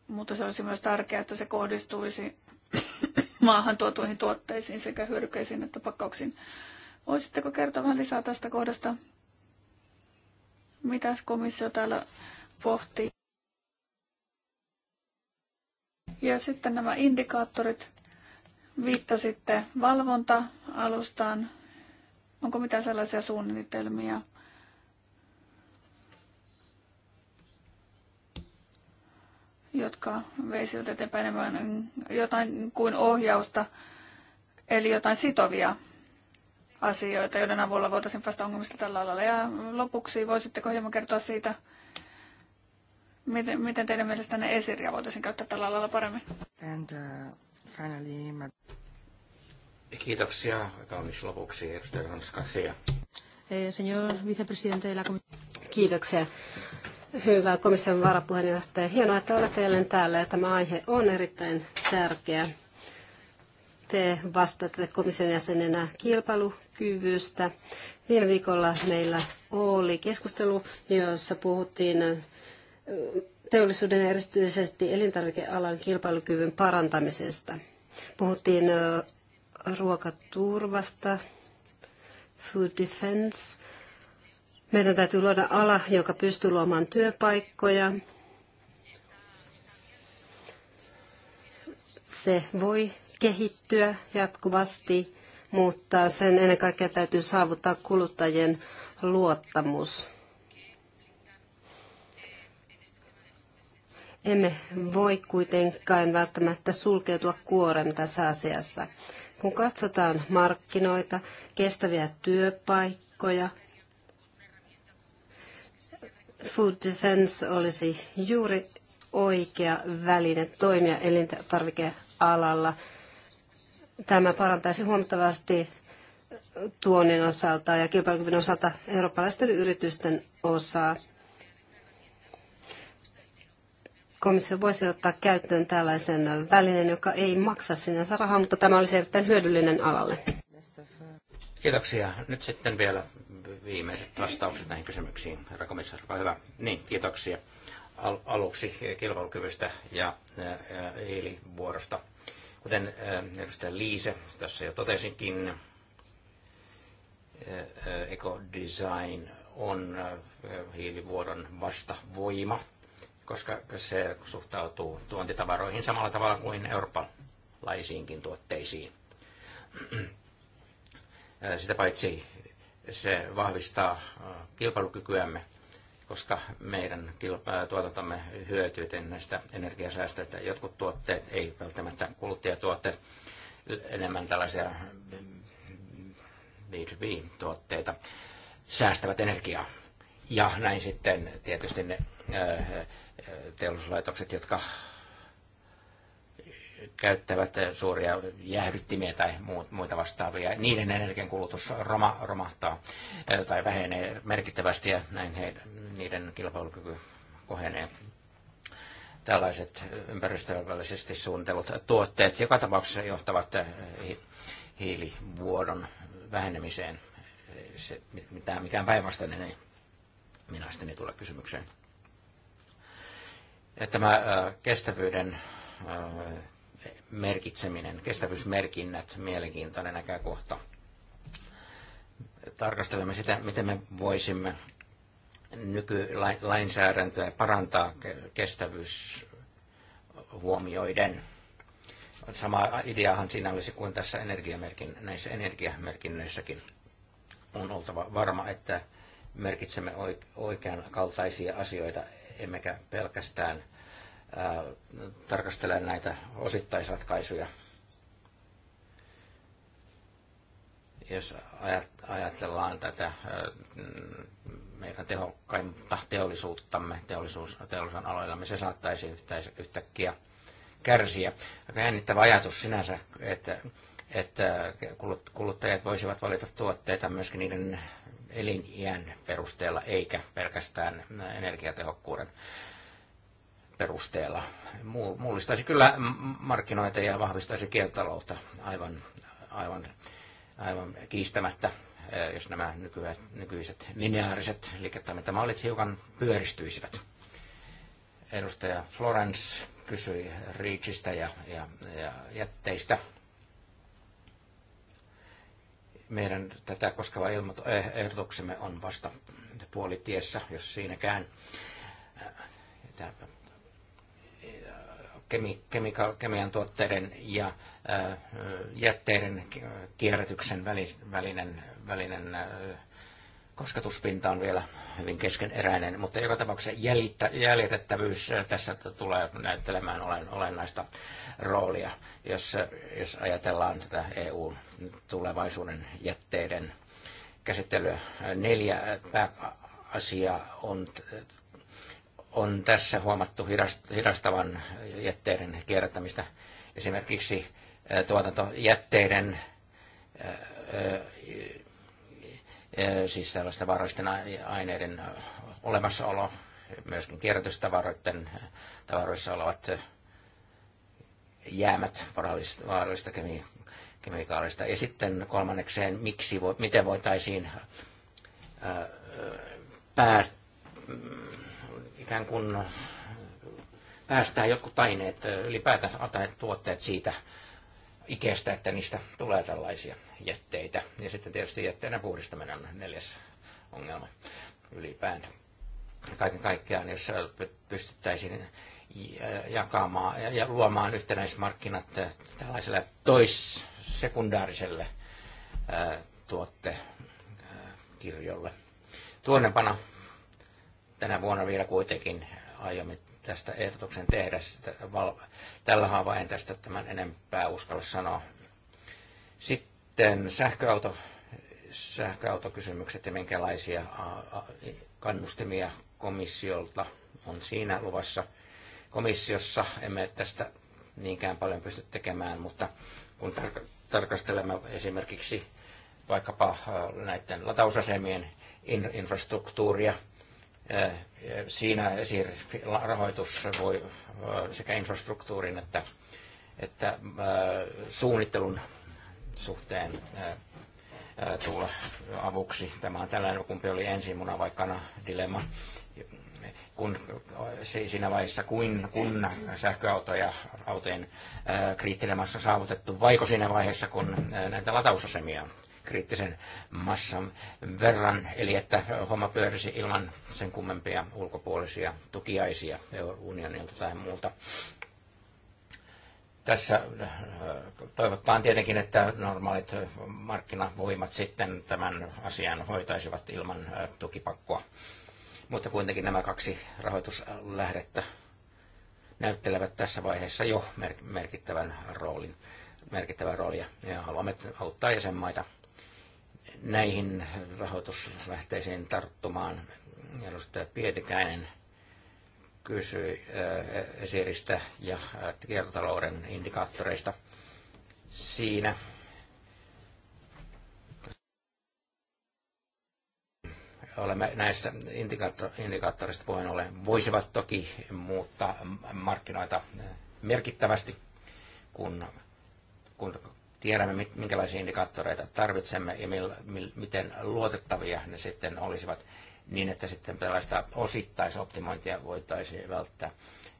mutta se olisi myös tärkeää, että se kohdistuisi maahan tuotuihin tuotteisiin sekä hyödykkeisiin että pakkauksiin. Voisitteko kertoa vähän lisää tästä kohdasta? Mitä komissio täällä pohtii? Ja sitten nämä indikaattorit. Viittasitte valvonta-alustaan. Onko mitään sellaisia suunnitelmia, jotka veisivät eteenpäin enemmän jotain kuin ohjausta, eli jotain sitovia asioita, joiden avulla voitaisiin päästä ongelmista tällä alalla. Ja lopuksi voisitteko hieman kertoa siitä, miten, miten teidän mielestänne esiriä voitaisiin käyttää tällä alalla paremmin? And, uh, finally, my... Kiitoksia. Kaunis lopuksi edustaja Hanskasia. Eh, señor vicepresidente de la Kiitoksia Hyvä komission varapuheenjohtaja. Hienoa, että olette jälleen täällä ja tämä aihe on erittäin tärkeä. Te vastaatte komission jäsenenä kilpailukyvystä. Viime viikolla meillä oli keskustelu, jossa puhuttiin teollisuuden ja erityisesti elintarvikealan kilpailukyvyn parantamisesta. Puhuttiin ruokaturvasta, food defense, meidän täytyy luoda ala, joka pystyy luomaan työpaikkoja. Se voi kehittyä jatkuvasti, mutta sen ennen kaikkea täytyy saavuttaa kuluttajien luottamus. Emme voi kuitenkaan välttämättä sulkeutua kuoren tässä asiassa. Kun katsotaan markkinoita, kestäviä työpaikkoja, Food Defense olisi juuri oikea väline toimia elintarvikealalla. Tämä parantaisi huomattavasti tuonnin osalta ja kilpailukyvyn osalta eurooppalaisten yritysten osaa. Komissio voisi ottaa käyttöön tällaisen välineen, joka ei maksa sinänsä rahaa, mutta tämä olisi erittäin hyödyllinen alalle. Kiitoksia. Nyt sitten vielä viimeiset vastaukset näihin kysymyksiin. Herra komissaari, olkaa hyvä. Niin, kiitoksia Al- aluksi kilpailukyvystä ja, hiilivuorosta. Kuten edustaja Liise tässä jo totesinkin, ekodesign on hiilivuodon vastavoima, koska se suhtautuu tuontitavaroihin samalla tavalla kuin eurooppalaisiinkin tuotteisiin. Sitä paitsi se vahvistaa äh, kilpailukykyämme, koska meidän äh, tuotantamme hyötyy näistä energiasäästöistä. Jotkut tuotteet, ei välttämättä kuluttajatuotteet, enemmän tällaisia äh, B2B-tuotteita, säästävät energiaa. Ja näin sitten tietysti ne teollisuuslaitokset, jotka käyttävät suuria jäähdyttimiä tai muita vastaavia, niiden energiankulutus roma, romahtaa tai vähenee merkittävästi ja näin heidän, niiden kilpailukyky kohenee. Tällaiset ympäristövälisesti suunnitellut tuotteet joka tapauksessa johtavat hiilivuodon vähenemiseen. Se, mitään, mikään päinvastainen ei minä sitten tule kysymykseen. Ja tämä kestävyyden merkitseminen, kestävyysmerkinnät, mielenkiintoinen näkökohta. Tarkastelemme sitä, miten me voisimme nykylainsäädäntöä parantaa kestävyys huomioiden. Sama ideahan siinä olisi kuin tässä energiamerkin, näissä energiamerkinnöissäkin. On oltava varma, että merkitsemme oikean kaltaisia asioita, emmekä pelkästään – tarkastelemaan näitä osittaisratkaisuja. Jos ajatellaan tätä meidän tehokkainta teollisuuttamme teollisuus, teollisuuden aloilla, me niin se saattaisi yhtäkkiä kärsiä. Aika jännittävä ajatus sinänsä, että, että kuluttajat voisivat valita tuotteita myöskin niiden eliniän perusteella, eikä pelkästään energiatehokkuuden perusteella. Mullistaisi kyllä markkinoita ja vahvistaisi kiertotaloutta aivan, aivan, aivan kiistämättä, eh, jos nämä nykyiset, nykyiset lineaariset liiketoimintamallit hiukan pyöristyisivät. Edustaja Florence kysyi riiksistä ja, ja, ja jätteistä. Meidän tätä koskeva eh, ehdotuksemme on vasta puolitiessä, jos siinäkään. Tämä kemi, kemika, kemian tuotteiden ja ää, jätteiden kierrätyksen välinen, välinen ää, kosketuspinta on vielä hyvin keskeneräinen, mutta joka tapauksessa jäljittä, jäljitettävyys tässä tulee näyttelemään olen, olennaista roolia, jos, jos ajatellaan tätä EU-tulevaisuuden jätteiden käsittelyä. Neljä pääasiaa on on tässä huomattu hidastavan jätteiden kierrättämistä. Esimerkiksi äh, tuotantojätteiden, äh, äh, siis sellaisten vaarallisten aineiden olemassaolo, myöskin kierrätystavaroiden tavaroissa olevat jäämät vaarallista, kemi, kemikaalista. Ja sitten kolmannekseen, miksi, miten voitaisiin ää, pää, ikään kuin päästään jotkut aineet, ylipäätänsä aineet tuotteet siitä ikestä, että niistä tulee tällaisia jätteitä. Ja sitten tietysti jätteenä puhdistaminen on neljäs ongelma ylipäätään. Kaiken kaikkiaan, jos pystyttäisiin jakamaan ja luomaan yhtenäismarkkinat tällaiselle toissekundaariselle tuottekirjolle. Tuonnepana tänä vuonna vielä kuitenkin aiomme tästä ehdotuksen tehdä. Tällä haava en tästä tämän enempää uskalla sanoa. Sitten sähköauto, sähköautokysymykset ja minkälaisia kannustimia komissiolta on siinä luvassa. Komissiossa emme tästä niinkään paljon pysty tekemään, mutta kun tarkastelemme esimerkiksi vaikkapa näiden latausasemien infrastruktuuria, Siinä rahoitus voi sekä infrastruktuurin että, että suunnittelun suhteen tulla avuksi. Tämä on tällainen, kumpi oli ensin muna vai kana dilemma. Kun, siinä vaiheessa, kun, kun sähköautoja autojen massa saavutettu, vaiko siinä vaiheessa, kun näitä latausasemia on kriittisen massan verran, eli että homma pyörisi ilman sen kummempia ulkopuolisia tukiaisia unionilta tai muuta. Tässä äh, toivotaan tietenkin, että normaalit markkinavoimat sitten tämän asian hoitaisivat ilman äh, tukipakkoa. Mutta kuitenkin nämä kaksi rahoituslähdettä näyttelevät tässä vaiheessa jo merkittävän roolin merkittävän roolia ja haluamme auttaa jäsenmaita näihin rahoituslähteisiin tarttumaan. Edustaja Pietikäinen kysyi eh, esiristä ja eh, kiertotalouden indikaattoreista. Siinä olemme näistä indikaattoreista puheen ollen, voisivat toki muuttaa markkinoita eh, merkittävästi, kun, kun tiedämme, minkälaisia indikaattoreita tarvitsemme ja mil, mil, miten luotettavia ne sitten olisivat niin, että sitten tällaista osittaisoptimointia voitaisiin välttää.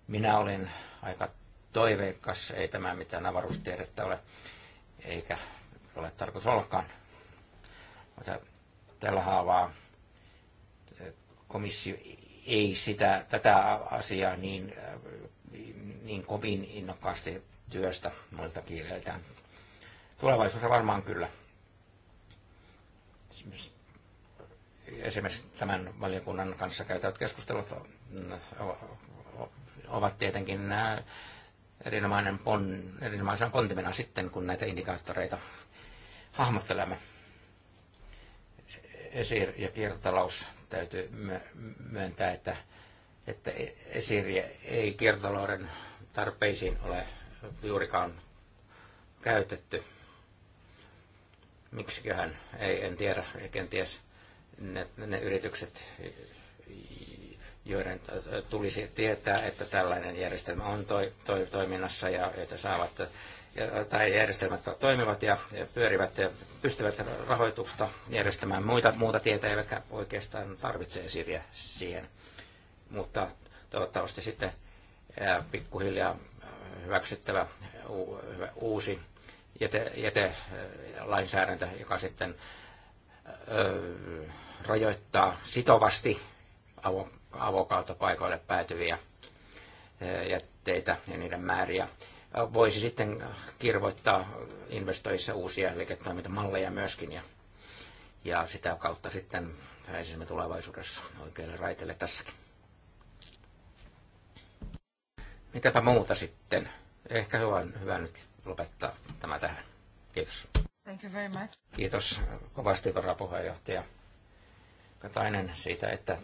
Minä olin aika toiveikas, ei tämä mitään avaruustiedettä ole, eikä ole tarkoitus ollakaan. Mutta tällä haavaa eh, komissio ei sitä, tätä asiaa niin, eh, niin kovin innokkaasti työstä muilta kieleiltä Tulevaisuudessa varmaan kyllä. Esimerkiksi tämän valiokunnan kanssa käytävät keskustelut ovat tietenkin äh, erinomainen pon, erinomaisena pontimena sitten, kun näitä indikaattoreita hahmottelemme. Esir- ja kiertotalous täytyy myöntää, että, että esir- ei kiertotalouden tarpeisiin ole juurikaan käytetty miksiköhän, ei, en tiedä, kenties ne, ne yritykset, joiden tulisi tietää, että tällainen järjestelmä on toi, toi, toiminnassa ja että saavat tai järjestelmät toimivat ja pyörivät ja pystyvät rahoitusta järjestämään muita, muuta tietä, eivätkä oikeastaan tarvitse esiriä siihen. Mutta toivottavasti sitten pikkuhiljaa hyväksyttävä uusi jäte, jätelainsäädäntö, joka sitten öö, rajoittaa sitovasti avo, paikoille päätyviä jätteitä ja niiden määriä. Voisi sitten kirvoittaa investoissa uusia liiketoimintamalleja myöskin ja, ja sitä kautta sitten pääsisimme tulevaisuudessa oikeille raiteille tässäkin. Mitäpä muuta sitten? Ehkä hyvä, hyvä nyt lopettaa tämä tähän. Kiitos. Thank you very much. Kiitos kovasti varapuheenjohtaja Katainen siitä, että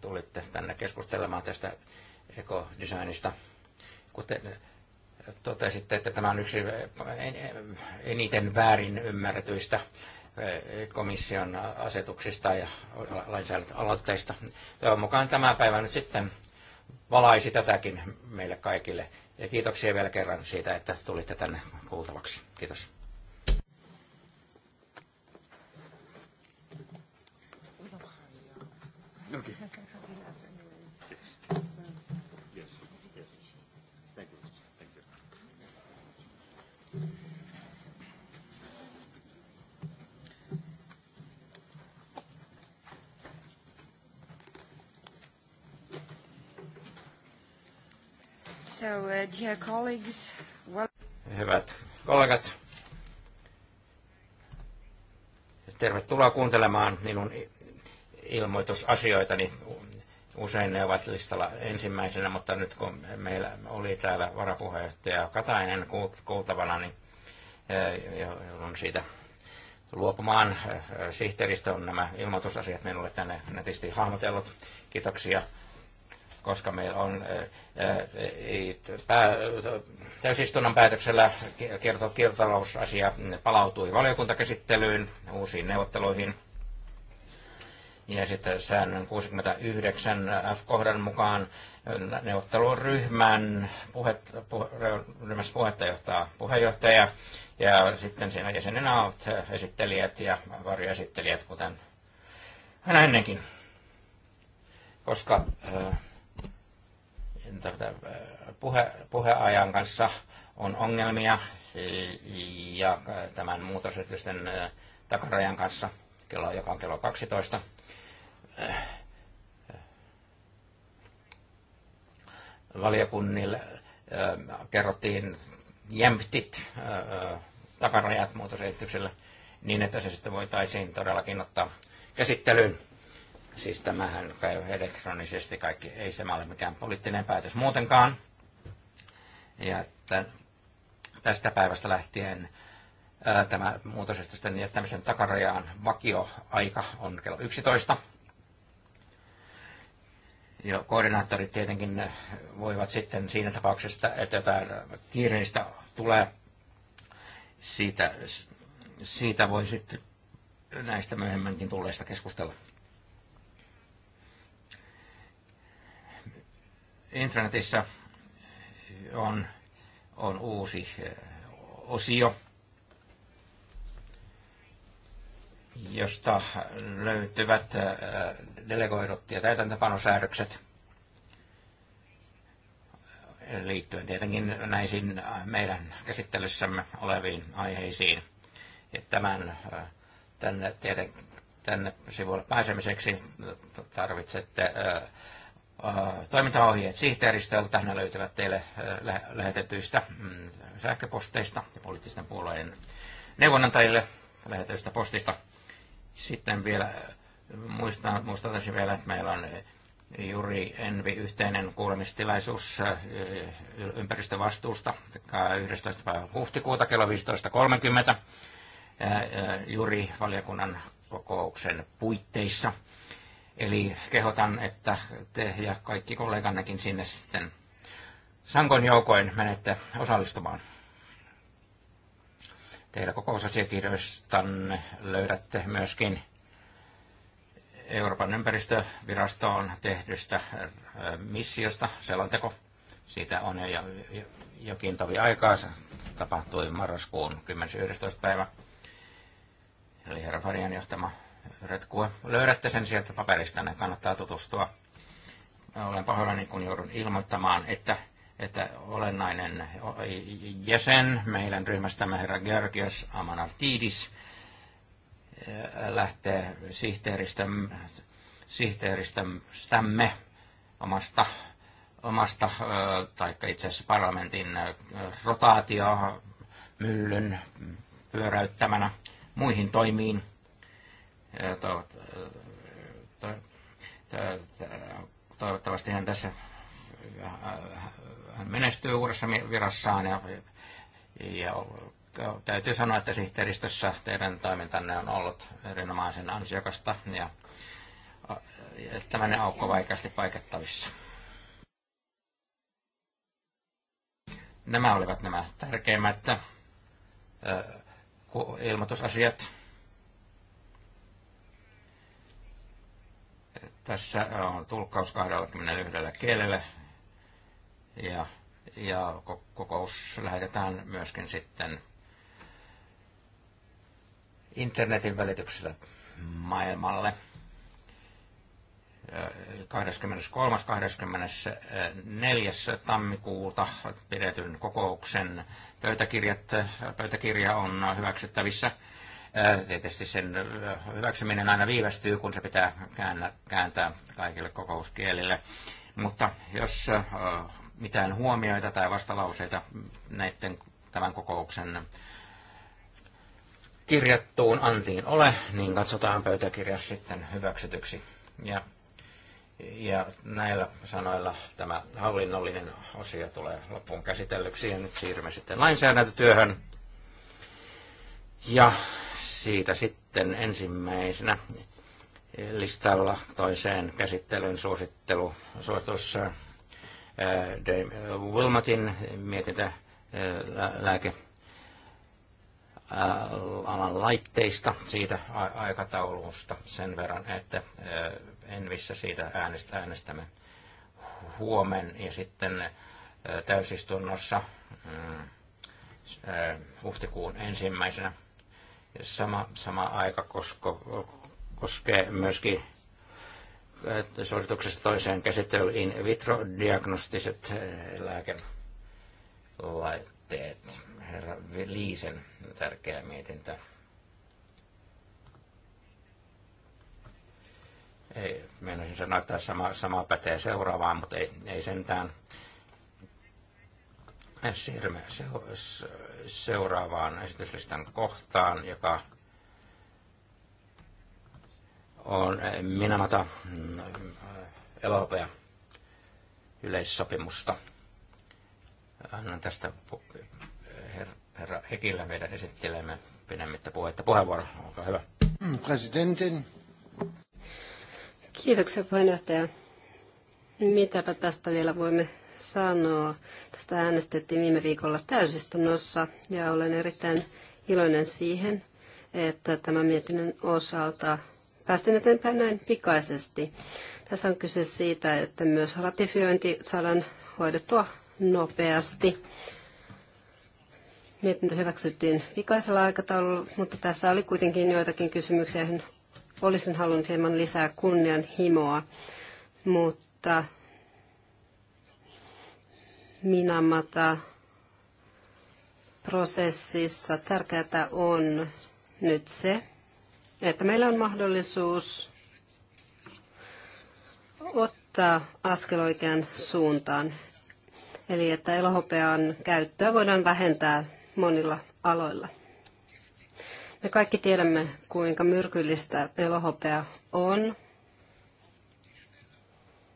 tulitte tänne keskustelemaan tästä ekodesignista. Kuten totesitte, että tämä on yksi eniten väärin ymmärretyistä eh, komission asetuksista ja lainsäädäntöaloitteista. Toivon mukaan tämä päivä nyt sitten valaisi tätäkin meille kaikille. Ja kiitoksia vielä kerran siitä, että tulitte tänne kuultavaksi. Kiitos. So, uh, dear colleagues, well... Hyvät kollegat, tervetuloa kuuntelemaan minun ilmoitusasioitani. Usein ne ovat listalla ensimmäisenä, mutta nyt kun meillä oli täällä varapuheenjohtaja Katainen kuultavana, niin eh, joudun siitä luopumaan. Eh, sihteeristö on nämä ilmoitusasiat minulle tänne netisti hahmotellut. Kiitoksia koska meillä on eh, eh, pää, täysistunnon päätöksellä kiertotalousasia palautui valiokuntakäsittelyyn uusiin neuvotteluihin. Ja sitten säännön 69 F-kohdan mukaan eh, neuvotteluryhmän puhet, puh, ryhmässä puheenjohtaa puheenjohtaja ja sitten siinä jäsenenä ovat esittelijät ja varjoesittelijät, kuten aina ennenkin. Koska äh, puhe, puheajan kanssa on ongelmia e, ja tämän muutosyritysten takarajan kanssa, kello, joka on kello 12. Valiokunnille kerrottiin jämptit takarajat muutosesitykselle niin, että se sitten voitaisiin todellakin ottaa käsittelyyn Siis tämähän käy elektronisesti kaikki, ei se ole mikään poliittinen päätös muutenkaan. Ja että tästä päivästä lähtien ää, tämä muutosestusten jättämisen takarajaan vakioaika on kello 11. Ja koordinaattorit tietenkin voivat sitten siinä tapauksessa, että jotain kiireistä tulee, siitä, siitä voi sitten näistä myöhemminkin tulleista keskustella. intranetissä on, on uusi eh, osio, josta löytyvät eh, delegoidut ja täytäntöpanosäädökset liittyen tietenkin näihin meidän käsittelyssämme oleviin aiheisiin. Ja tämän eh, tänne, tänne sivulle pääsemiseksi tarvitsette Äh, toimintaohjeet sihteeristöltä. Ne löytyvät teille äh, lähetetyistä mm, sähköposteista ja poliittisten puolueiden neuvonantajille lähetetyistä postista. Sitten vielä äh, muistan, muistaisin vielä, että meillä on juuri Envi yhteinen kuulemistilaisuus ympäristövastuusta 11. päivä huhtikuuta kello 15.30 juuri valiokunnan kokouksen puitteissa – Eli kehotan, että te ja kaikki kollegannekin sinne sitten sankoin joukoin menette osallistumaan. Teillä kokousasiakirjoistanne löydätte myöskin Euroopan ympäristövirastoon tehdystä äh, missiosta selonteko. Siitä on jo jokin tovi aikaa. Se tapahtui marraskuun 10.11. päivä. Eli herra Farian johtama retkua. Löydätte sen sieltä paperista, ne kannattaa tutustua. Olen pahoillani, kun joudun ilmoittamaan, että, että olennainen jäsen meidän ryhmästämme herra Georgios Amanartidis eh, lähtee sihteeristämme omasta omasta, eh, tai itse asiassa parlamentin eh, rotaatio myllyn pyöräyttämänä muihin toimiin Toivottavasti hän tässä hän menestyy uudessa virassaan ja, ja täytyy sanoa, että sihteeristössä teidän toimintanne on ollut erinomaisen ansiokasta ja tämmöinen aukko vaikeasti paikattavissa. Nämä olivat nämä tärkeimmät ilmoitusasiat. Tässä on tulkkaus 21 kielellä ja, ja kokous lähetetään myöskin sitten internetin välityksellä maailmalle. 23.24. tammikuuta pidetyn kokouksen pöytäkirjat, pöytäkirja on hyväksyttävissä Tietysti sen hyväksyminen aina viivästyy, kun se pitää kääntää kaikille kokouskielille. Mutta jos mitään huomioita tai vastalauseita näiden tämän kokouksen kirjattuun antiin ole, niin katsotaan pöytäkirja sitten hyväksytyksi. Ja, ja näillä sanoilla tämä hallinnollinen osio tulee loppuun käsitellyksi ja nyt siirrymme sitten lainsäädäntötyöhön. Ja siitä sitten ensimmäisenä listalla toiseen käsittelyn suosittelu, suositus äh, De Wilmotin mietintä äh, lääke äh, alan laitteista, siitä aikataulusta sen verran, että en missä siitä äänestä, äänestämme huomen ja sitten täysistunnossa mm, huhtikuun ensimmäisenä Sama, sama aika kosko, koskee myöskin suosituksesta toiseen käsittelyyn in vitro-diagnostiset eh, lääkelaitteet. Herra Liisen tärkeä mietintä. Ei, menisin sanoa, että sama, sama pätee seuraavaan, mutta ei, ei sentään. Siirrymme seuraavaan esityslistan kohtaan, joka on eh, Minamata mm, elopea yleissopimusta. Annan tästä herra Hekillä meidän esittelemme pidemmittä puhetta puheenvuoro. Olkaa hyvä. Mm, presidentin. Kiitoksia puheenjohtaja. Mitäpä tästä vielä voimme sanoa? Tästä äänestettiin viime viikolla täysistunnossa ja olen erittäin iloinen siihen, että tämä mietinnön osalta päästiin eteenpäin näin pikaisesti. Tässä on kyse siitä, että myös ratifiointi saadaan hoidettua nopeasti. Mietintö hyväksyttiin pikaisella aikataululla, mutta tässä oli kuitenkin joitakin kysymyksiä, joihin olisin halunnut hieman lisää kunnianhimoa. Mutta että Minamata prosessissa tärkeää on nyt se, että meillä on mahdollisuus ottaa askel oikean suuntaan. Eli että elohopean käyttöä voidaan vähentää monilla aloilla. Me kaikki tiedämme, kuinka myrkyllistä elohopea on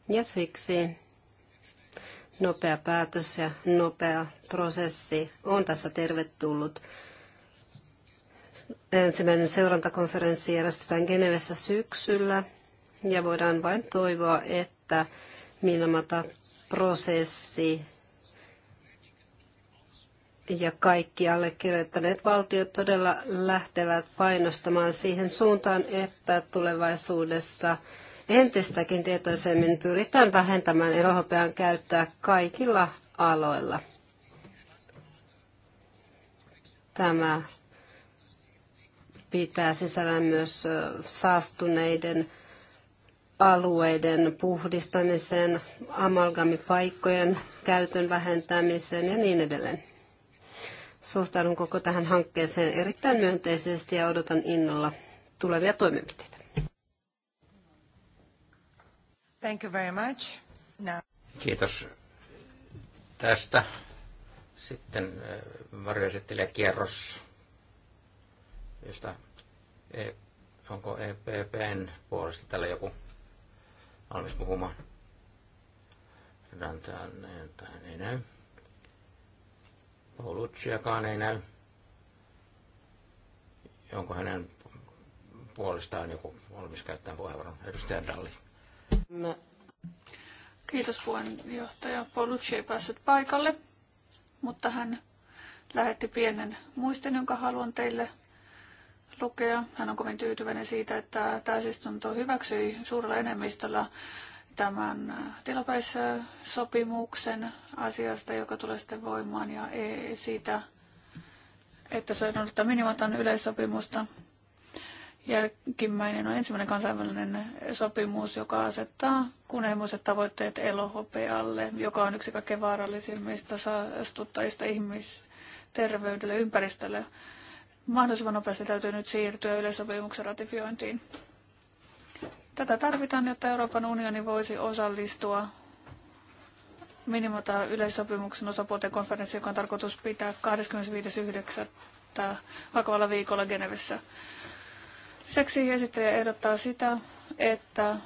ja siksi nopea päätös ja nopea prosessi on tässä tervetullut. Ensimmäinen seurantakonferenssi järjestetään Genevessä syksyllä ja voidaan vain toivoa, että Milmata prosessi ja kaikki allekirjoittaneet valtiot todella lähtevät painostamaan siihen suuntaan, että tulevaisuudessa entistäkin tietoisemmin pyritään vähentämään elohopean käyttöä kaikilla aloilla. Tämä pitää sisällään myös saastuneiden alueiden puhdistamisen, amalgamipaikkojen käytön vähentämisen ja niin edelleen. Suhtaudun koko tähän hankkeeseen erittäin myönteisesti ja odotan innolla tulevia toimenpiteitä. Thank you very much. No. Kiitos tästä. Sitten eh, varjoesittelijät kierros, josta eh, onko EPPn puolesta täällä joku valmis puhumaan? Rantaan eh, ei näy. Paulucciakaan ei näy. Onko hänen puolestaan joku valmis käyttämään puheenvuoron? Edustaja Dalli. Kiitos puheenjohtaja. Polucci ei päässyt paikalle, mutta hän lähetti pienen muisten, jonka haluan teille lukea. Hän on kovin tyytyväinen siitä, että täysistunto hyväksyi suurella enemmistöllä tämän tilapäissopimuksen asiasta, joka tulee sitten voimaan ja e- siitä, että se on noudattaa minimatan yleissopimusta Jälkimmäinen on ensimmäinen kansainvälinen sopimus, joka asettaa kunnianhimoiset tavoitteet elohopealle, joka on yksi kaikkein vaarallisimmista saastuttajista ihmisterveydelle, ympäristölle. Mahdollisimman nopeasti täytyy nyt siirtyä yleissopimuksen ratifiointiin. Tätä tarvitaan, jotta Euroopan unioni voisi osallistua minimota yleissopimuksen osapuolten konferenssi, joka on tarkoitus pitää 25.9. vakavalla viikolla Genevessä. Seksi esittäjä ehdottaa sitä, että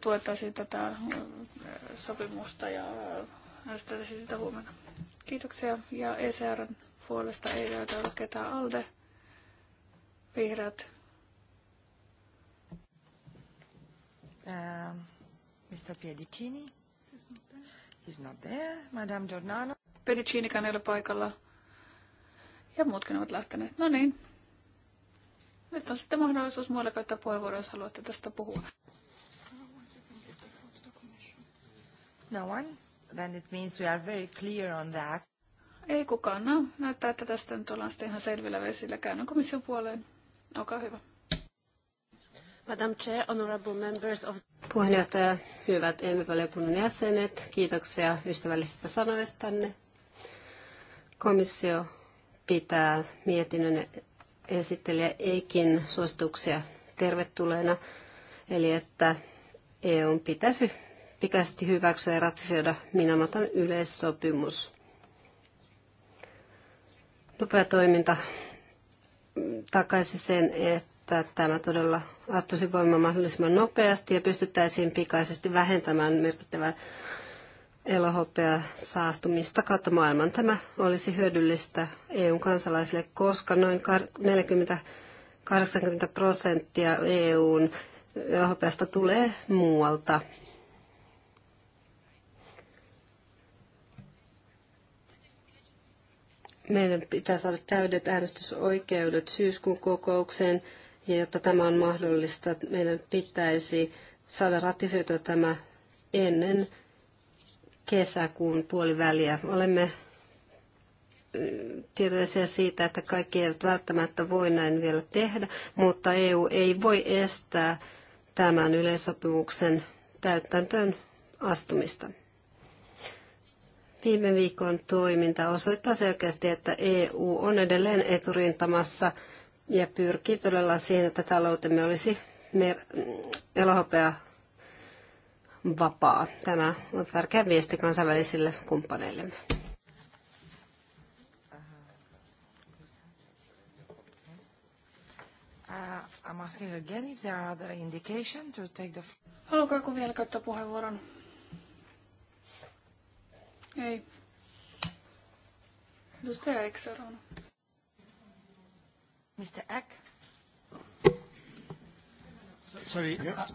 tuettaisiin tätä sopimusta ja äänestäisiin sitä huomenna. Kiitoksia ja ECRn puolesta ei löytä ole ketään ALDE, vihreät. Mr. Ähm, Piedicini. He's not there. He's not there. Madame Giordano. Pedicini ei ole paikalla. Ja muutkin ovat lähteneet. No niin, nyt on sitten mahdollisuus muille käyttää puheenvuoroja, jos haluatte tästä puhua. No one? Then it means we are very clear on that. Ei kukaan. No, näyttää, että tästä nyt ollaan sitten ihan selvillä vesillä. Käännön komission puoleen. Olkaa hyvä. Madam Chair, honorable members of... Puheenjohtaja, hyvät EMI-valiokunnan jäsenet, kiitoksia ystävällisistä sanoista tänne. Komissio pitää mietinnön esittelijä Eikin suosituksia tervetulleena, eli että EU pitäisi pikaisesti hyväksyä ja ratifioida Minamatan yleissopimus. Nopea toiminta takaisi sen, että tämä todella astuisi voimaan mahdollisimman nopeasti ja pystyttäisiin pikaisesti vähentämään merkittävää elohopea saastumista kautta maailman. Tämä olisi hyödyllistä EUn kansalaisille, koska noin 40-80 prosenttia EUn elohopeasta tulee muualta. Meidän pitää saada täydet äänestysoikeudet syyskuun kokoukseen, ja jotta tämä on mahdollista, meidän pitäisi saada ratifioitua tämä ennen kesäkuun puoliväliä. Olemme mm, tietoisia siitä, että kaikki eivät välttämättä voi näin vielä tehdä, mutta EU ei voi estää tämän yleissopimuksen täyttäntöön astumista. Viime viikon toiminta osoittaa selkeästi, että EU on edelleen eturintamassa ja pyrkii todella siihen, että taloutemme olisi mm, elohopea vapaa. Tämä on tärkeä viesti kansainvälisille kumppaneillemme. Uh, I'm joku vielä käyttää puheenvuoron? Ei. Edustaja Ek Mr. Eck. Sorry. Yeah.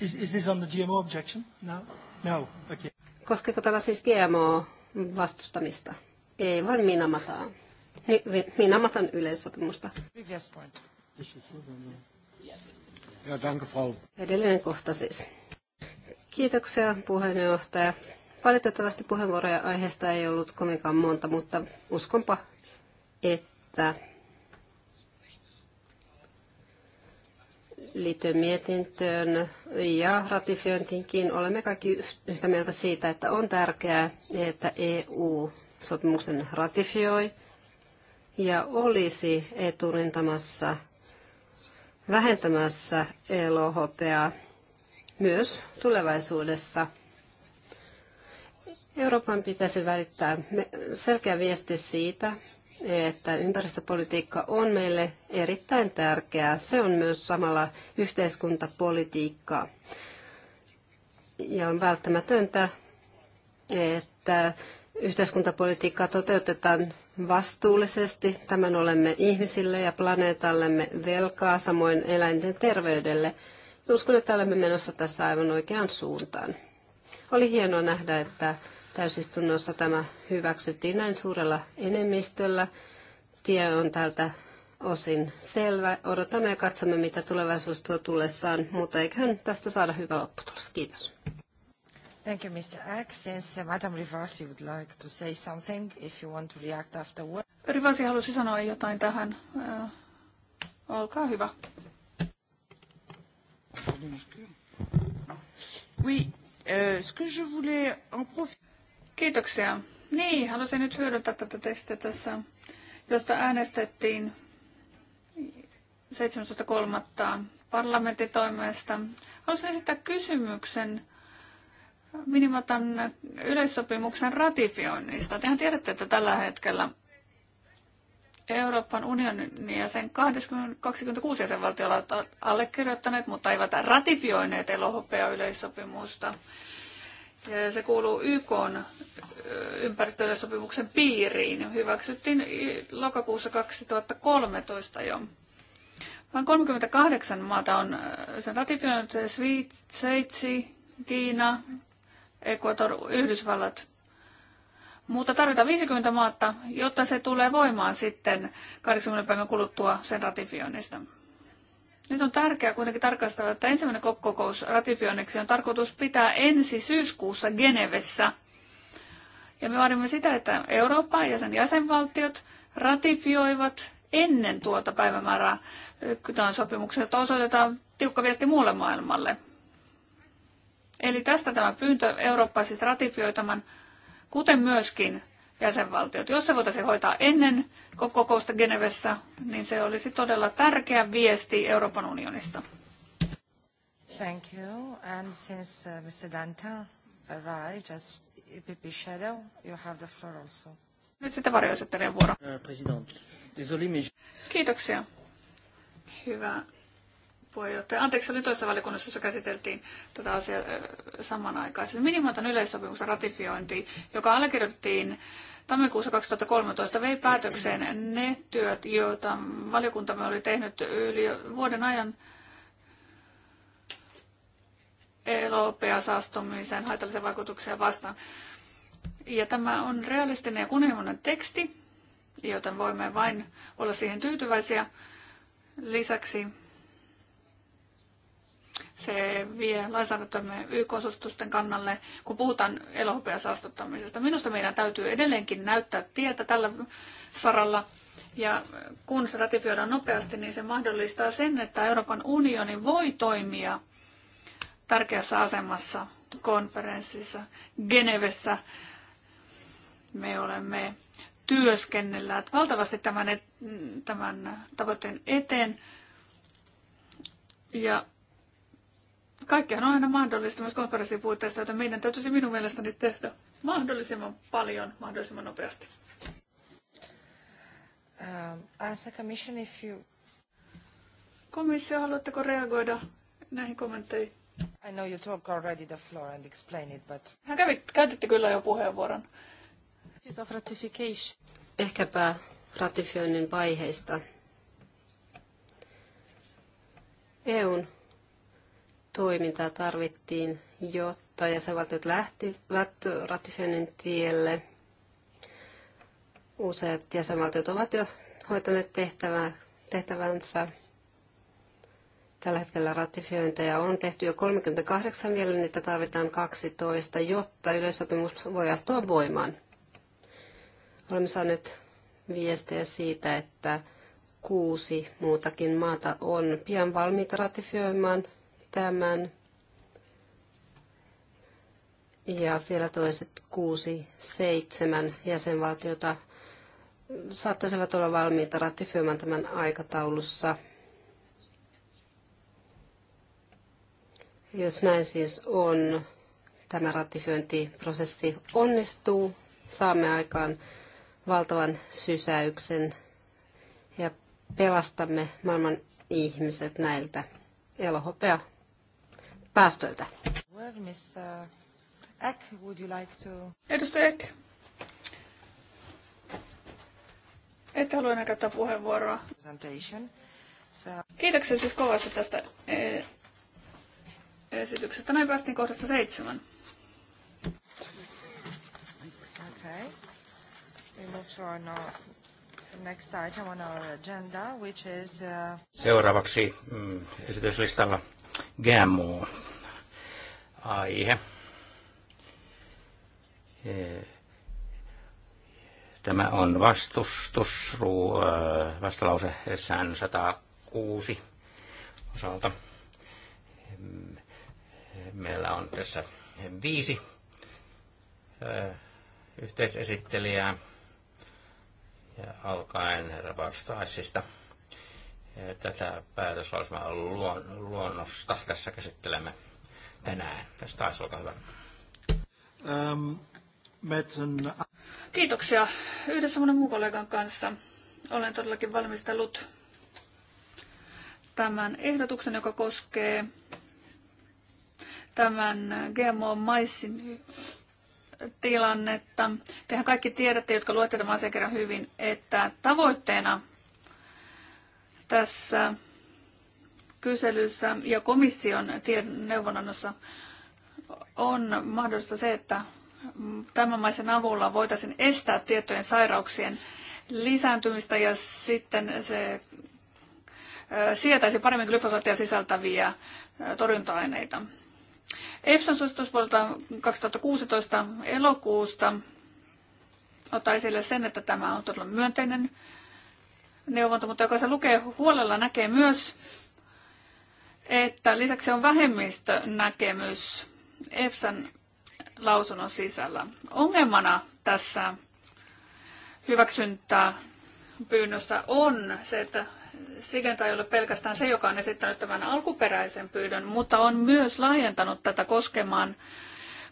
Is, is this on the GMO objection? No? No. Okay. Koskeeko tämä siis GMO-vastustamista? Ei, vaan Minamataa. Minamatan yleissopimusta. Previous point. Ja, danke, Frau. Edellinen kohta siis. Kiitoksia puheenjohtaja. Valitettavasti puheenvuoroja aiheesta ei ollut kovinkaan monta, mutta uskonpa, että liittyen mietintöön ja ratifiointiinkin olemme kaikki yhtä mieltä siitä, että on tärkeää, että EU-sopimuksen ratifioi ja olisi eturintamassa vähentämässä elohopeaa myös tulevaisuudessa. Euroopan pitäisi välittää selkeä viesti siitä, että ympäristöpolitiikka on meille erittäin tärkeää. Se on myös samalla yhteiskuntapolitiikkaa. Ja on välttämätöntä, että yhteiskuntapolitiikkaa toteutetaan vastuullisesti. Tämän olemme ihmisille ja planeetallemme velkaa, samoin eläinten terveydelle. Uskon, että olemme menossa tässä aivan oikeaan suuntaan. Oli hienoa nähdä, että täysistunnossa tämä hyväksyttiin näin suurella enemmistöllä. Tie on tältä osin selvä. Odotamme ja katsomme, mitä tulevaisuus tuo tullessaan, mutta eiköhän tästä saada hyvä lopputulos. Kiitos. Thank you, Mr. Ack. Since uh, Madam Rivasi would like to say something, if you want to react afterward. Rivasi halusi sanoa jotain tähän. Uh, olkaa hyvä. Oui, euh, ce que je voulais en profiter... Kiitoksia. Niin, halusin nyt hyödyntää tätä testiä tässä, josta äänestettiin 17.3. parlamentin toimesta. Haluaisin esittää kysymyksen Minimatan yleissopimuksen ratifioinnista. Tehän tiedätte, että tällä hetkellä Euroopan unionin ja sen 26 jäsenvaltiolla ovat allekirjoittaneet, mutta eivät ratifioineet elohopea yleissopimusta. Se kuuluu YK ympäristösopimuksen piiriin. Hyväksyttiin lokakuussa 2013 jo. Vain 38 maata on sen ratifioinut, Sveitsi, Kiina, Ecuador, Yhdysvallat. Mutta tarvitaan 50 maata, jotta se tulee voimaan sitten 80 päivän kuluttua sen ratifioinnista. Nyt on tärkeää kuitenkin tarkastella, että ensimmäinen kokkokous ratifioinniksi on tarkoitus pitää ensi syyskuussa Genevessä. Ja me vaadimme sitä, että Eurooppa ja sen jäsenvaltiot ratifioivat ennen tuota päivämäärää Kytön sopimuksen, että osoitetaan tiukka viesti muulle maailmalle. Eli tästä tämä pyyntö Eurooppa siis ratifioitaman, kuten myöskin jäsenvaltiot. Jos se voitaisiin hoitaa ennen kokousta Genevessä, niin se olisi todella tärkeä viesti Euroopan unionista. Thank you. And since uh, Mr. Dantin arrived as EPP shadow, you have the floor also. Nyt sitten varjoesittelijän vuoro. President. Désolé, Kiitoksia. Hyvä puheenjohtaja. Anteeksi, oli toisessa valiokunnassa, jossa käsiteltiin tätä asiaa samanaikaisesti. Minimaaton yleissopimuksen ratifiointi, joka allekirjoitettiin tammikuussa 2013 vei päätökseen ne työt, joita valiokuntamme oli tehnyt yli vuoden ajan elopea saastumisen haitallisia vaikutuksia vastaan. Ja tämä on realistinen ja kunnianhimoinen teksti, joten voimme vain olla siihen tyytyväisiä. Lisäksi se vie lainsäädäntömme YK-suositusten kannalle, kun puhutaan elohopean saastuttamisesta. Minusta meidän täytyy edelleenkin näyttää tietä tällä saralla. Ja kun se ratifioidaan nopeasti, niin se mahdollistaa sen, että Euroopan unioni voi toimia tärkeässä asemassa konferenssissa Genevessä. Me olemme työskennellään valtavasti tämän, tämän tavoitteen eteen. Ja Kaikkihan on aina mahdollista myös konferenssin joten meidän täytyisi minun mielestäni tehdä mahdollisimman paljon, mahdollisimman nopeasti. Um, as a commission, if you... Komissio, haluatteko reagoida näihin kommentteihin? I know you talk already the floor and explain it, but... Hän kävi, käytitte kyllä jo puheenvuoron. Of ratification. Ehkäpä ratifioinnin vaiheista. EUn toimintaa tarvittiin, jotta jäsenvaltiot lähtivät ratifioinnin tielle. Useat jäsenvaltiot ovat jo hoitaneet tehtävää, tehtävänsä. Tällä hetkellä ratifiointeja on tehty jo 38, vielä niitä tarvitaan 12, jotta yleissopimus voi astua voimaan. Olemme saaneet viestejä siitä, että kuusi muutakin maata on pian valmiita ratifioimaan tämän. Ja vielä toiset kuusi, seitsemän jäsenvaltiota saattaisivat olla valmiita ratifioimaan tämän aikataulussa. Jos näin siis on, tämä ratifiointiprosessi onnistuu, saamme aikaan valtavan sysäyksen ja pelastamme maailman ihmiset näiltä elohopea päästöiltä. Uh, Eck, would you like to... Edustaja Eck. Ette halua enää käyttää puheenvuoroa. So... Kiitoksia siis kovasti tästä e, esityksestä. Näin päästiin kohdasta seitsemän. Okay. We move to our no-, next item on our agenda, which is... Uh... Seuraavaksi mm, esityslistalla GMO-aihe. E, tämä on vastustus, vastalause sään 106 osalta. Meillä on tässä viisi yhteisesittelijää ja alkaen herra Varstaisista. Tätä päätöslausumaa luonnosta tässä käsittelemme tänään. Tässä taisi olla hyvä. Ähm, Kiitoksia. Yhdessä monen muun kollegan kanssa olen todellakin valmistellut tämän ehdotuksen, joka koskee tämän GMO-maissin tilannetta. Tehän kaikki tiedätte, jotka luette tämän asiakirjan hyvin, että tavoitteena tässä kyselyssä ja komission neuvonannossa on mahdollista se, että tämänmaisen avulla voitaisiin estää tiettyjen sairauksien lisääntymistä ja sitten se sietäisi paremmin glyfosaattia sisältäviä torjunta-aineita. EFSAn suositus vuodelta 2016 elokuusta ottaa esille sen, että tämä on todella myönteinen neuvonta, mutta joka se lukee huolella, näkee myös, että lisäksi on vähemmistönäkemys EFSAn lausunnon sisällä. Ongelmana tässä hyväksyntää pyynnössä on se, että Sigenta ei ole pelkästään se, joka on esittänyt tämän alkuperäisen pyydön, mutta on myös laajentanut tätä koskemaan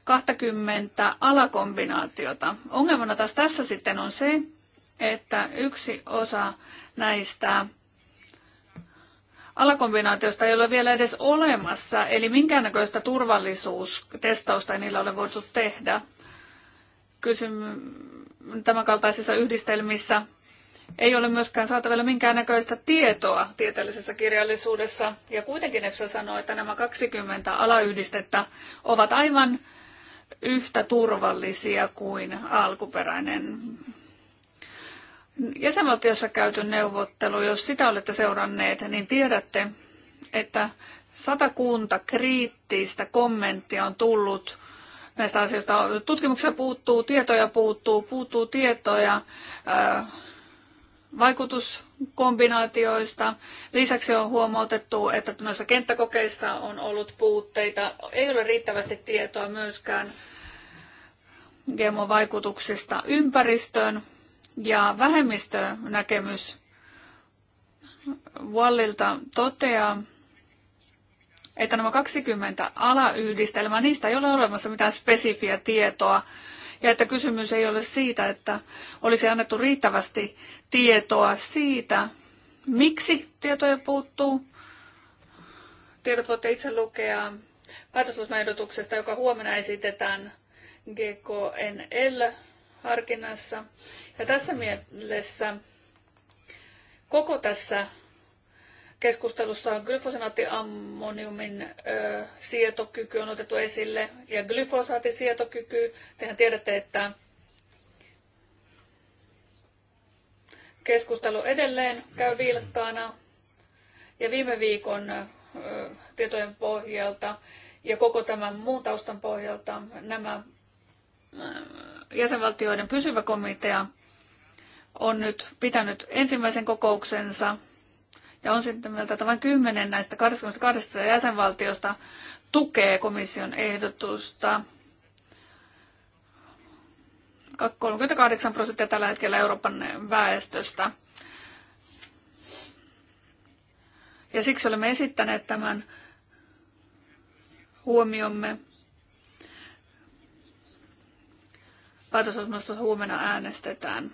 20 alakombinaatiota. Ongelmana tässä sitten on se, että yksi osa näistä alakombinaatioista ei ole vielä edes olemassa, eli minkäännäköistä turvallisuustestausta ei niillä ole voitu tehdä. Kysymys tämänkaltaisissa yhdistelmissä ei ole myöskään saatavilla minkäännäköistä tietoa tieteellisessä kirjallisuudessa. Ja kuitenkin EFSA sanoo, että nämä 20 alayhdistettä ovat aivan yhtä turvallisia kuin alkuperäinen jäsenvaltiossa käyty neuvottelu, jos sitä olette seuranneet, niin tiedätte, että satakunta kriittistä kommenttia on tullut näistä asioista. Tutkimuksia puuttuu, tietoja puuttuu, puuttuu tietoja vaikutuskombinaatioista. Lisäksi on huomautettu, että noissa kenttäkokeissa on ollut puutteita. Ei ole riittävästi tietoa myöskään GMO-vaikutuksista ympäristöön ja vähemmistönäkemys Wallilta toteaa, että nämä 20 alayhdistelmää, niistä ei ole olemassa mitään spesifiä tietoa, ja että kysymys ei ole siitä, että olisi annettu riittävästi tietoa siitä, miksi tietoja puuttuu. Tiedot voitte itse lukea päätöslausmaehdotuksesta, joka huomenna esitetään GKNL harkinnassa. Ja tässä mielessä koko tässä keskustelussa on glyfosaattiammoniumin ö, sietokyky on otettu esille ja glyfosaatin sietokyky. Tehän tiedätte, että keskustelu edelleen käy vilkkaana ja viime viikon ö, tietojen pohjalta ja koko tämän muun taustan pohjalta nämä jäsenvaltioiden pysyvä komitea on nyt pitänyt ensimmäisen kokouksensa ja on sitten mieltä, että vain kymmenen näistä 22 jäsenvaltiosta tukee komission ehdotusta. 38 prosenttia tällä hetkellä Euroopan väestöstä. Ja siksi olemme esittäneet tämän huomiomme päätösosmasta huomenna äänestetään.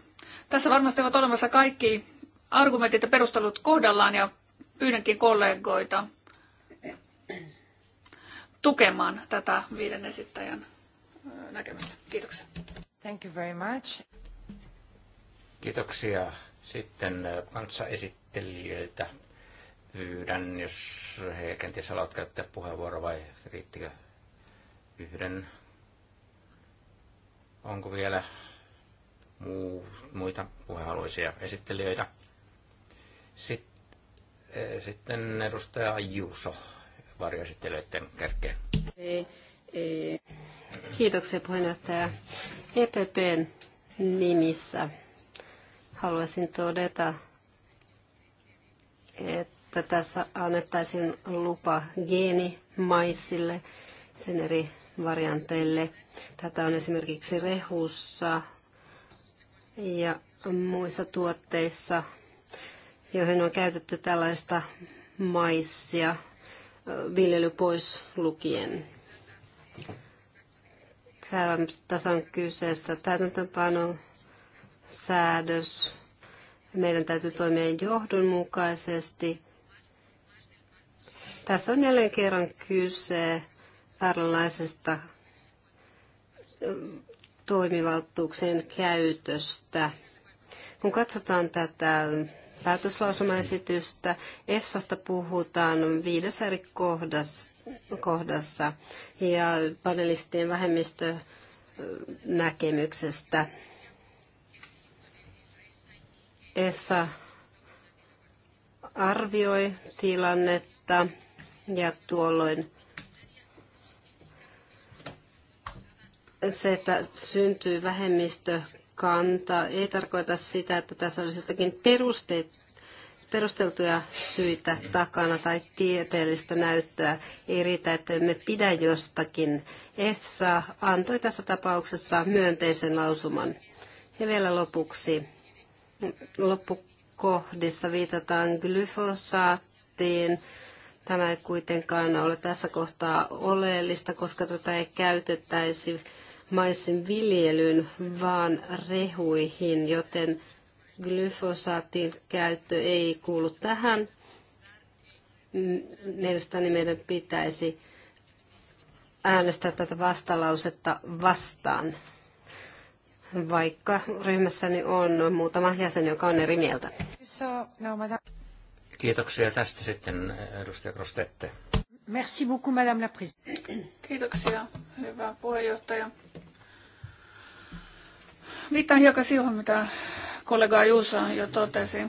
Tässä varmasti ovat olemassa kaikki argumentit ja perustelut kohdallaan ja pyydänkin kollegoita tukemaan tätä viiden esittäjän näkemystä. Kiitoksia. Thank you very much. Kiitoksia. Sitten kanssaesittelijöitä pyydän, jos he kenties haluavat käyttää puheenvuoro vai riittikö yhden Onko vielä muu, muita puheenhaluisia esittelijöitä? Sitten, eh, sitten edustaja Juuso varjoesittelijöiden kärkeen. Kiitoksia puheenjohtaja. EPPn nimissä haluaisin todeta, että tässä annettaisiin lupa geenimaissille sen eri varianteille. Tätä on esimerkiksi rehussa ja muissa tuotteissa, joihin on käytetty tällaista maissia viljely pois lukien. Täällä tässä on kyseessä täytäntöpano säädös. Meidän täytyy toimia johdonmukaisesti. Tässä on jälleen kerran kyse tällaisesta ähm, toimivaltuuksien käytöstä. Kun katsotaan tätä päätöslausumaesitystä, EFSAsta puhutaan viides eri kohdassa ja panelistien vähemmistö äh, näkemyksestä. EFSA arvioi tilannetta ja tuolloin se, että syntyy vähemmistökanta, ei tarkoita sitä, että tässä olisi jotakin perusteet, perusteltuja syitä takana tai tieteellistä näyttöä. Ei riitä, että emme pidä jostakin. EFSA antoi tässä tapauksessa myönteisen lausuman. Ja vielä lopuksi, loppukohdissa viitataan glyfosaattiin. Tämä ei kuitenkaan ole tässä kohtaa oleellista, koska tätä ei käytettäisi maisen viljelyyn, vaan rehuihin, joten glyfosaatin käyttö ei kuulu tähän. Mielestäni meidän pitäisi äänestää tätä vastalausetta vastaan, vaikka ryhmässäni on muutama jäsen, joka on eri mieltä. No, Kiitoksia tästä sitten, edustaja Krostette. Merci beaucoup, Madame la Présidente. Kiitoksia, hyvä puheenjohtaja. Viittaan hiukan siihen, mitä kollega Juusa jo totesi.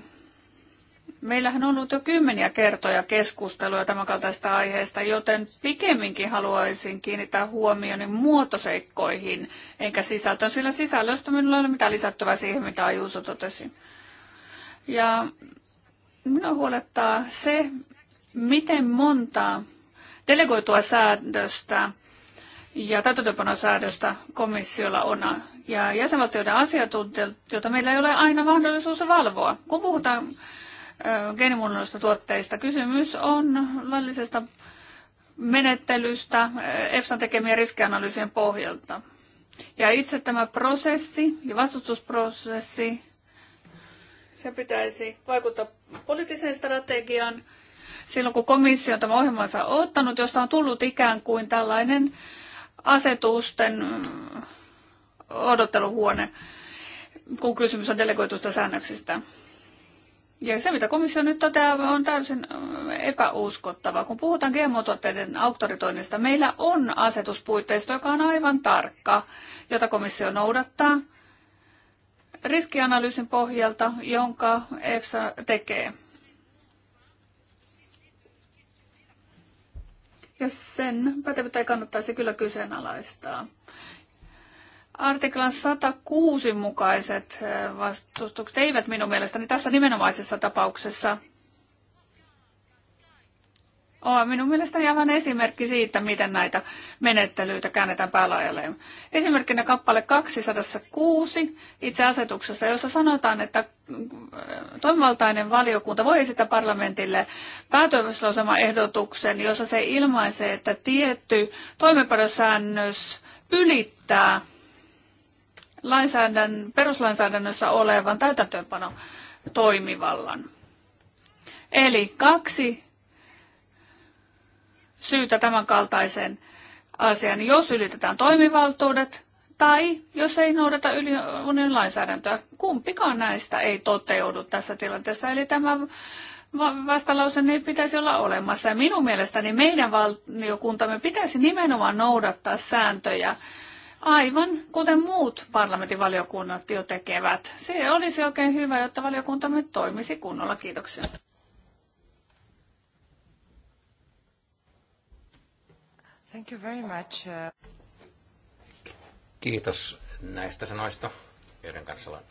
Meillähän on ollut jo kymmeniä kertoja keskusteluja tämänkaltaista aiheesta, joten pikemminkin haluaisin kiinnittää huomioni muotoseikkoihin enkä sisältöön, sillä sisällöstä minulla ei ole mitään lisättävää siihen, mitä Juuso totesi. Ja minua huolettaa se, miten monta delegoitua säädöstä ja täytäntöpanosäädöstä komissiolla on ja jäsenvaltioiden asiantuntijat, joita meillä ei ole aina mahdollisuus valvoa. Kun puhutaan geenimuunnollisista tuotteista, kysymys on laillisesta menettelystä EFSAn tekemien riskianalyysien pohjalta. Ja itse tämä prosessi ja vastustusprosessi, se pitäisi vaikuttaa poliittiseen strategiaan, silloin kun komissio on tämä ohjelmansa ottanut, josta on tullut ikään kuin tällainen asetusten mm, odotteluhuone, kun kysymys on delegoitusta säännöksistä. Ja se, mitä komissio nyt toteaa, on täysin mm, epäuskottavaa. Kun puhutaan GMO-tuotteiden auktoritoinnista, meillä on asetuspuitteisto, joka on aivan tarkka, jota komissio noudattaa riskianalyysin pohjalta, jonka EFSA tekee. Ja sen pätevyyttä ei kannattaisi kyllä kyseenalaistaa. Artiklan 106 mukaiset eh, vastustukset eivät minun mielestäni tässä nimenomaisessa tapauksessa on oh, minun mielestäni aivan esimerkki siitä, miten näitä menettelyitä käännetään päälaajalle. Esimerkkinä kappale 206 itse asetuksessa, jossa sanotaan, että äh, toimivaltainen valiokunta voi esittää parlamentille ehdotuksen, jossa se ilmaisee, että tietty toimenpanosäännös ylittää lainsäädännön, peruslainsäädännössä olevan täytäntöönpano toimivallan. Eli kaksi syytä tämän kaltaiseen asiaan, jos ylitetään toimivaltuudet tai jos ei noudata unionin lainsäädäntöä. Kumpikaan näistä ei toteudu tässä tilanteessa. Eli tämä vastalause ei pitäisi olla olemassa. Ja minun mielestäni meidän valtiokuntamme pitäisi nimenomaan noudattaa sääntöjä, aivan kuten muut parlamentin valiokunnat jo tekevät. Se olisi oikein hyvä, jotta valiokuntamme toimisi kunnolla. Kiitoksia. Thank you very much. Uh, Kiitos näistä sanoista, joiden kanssa olen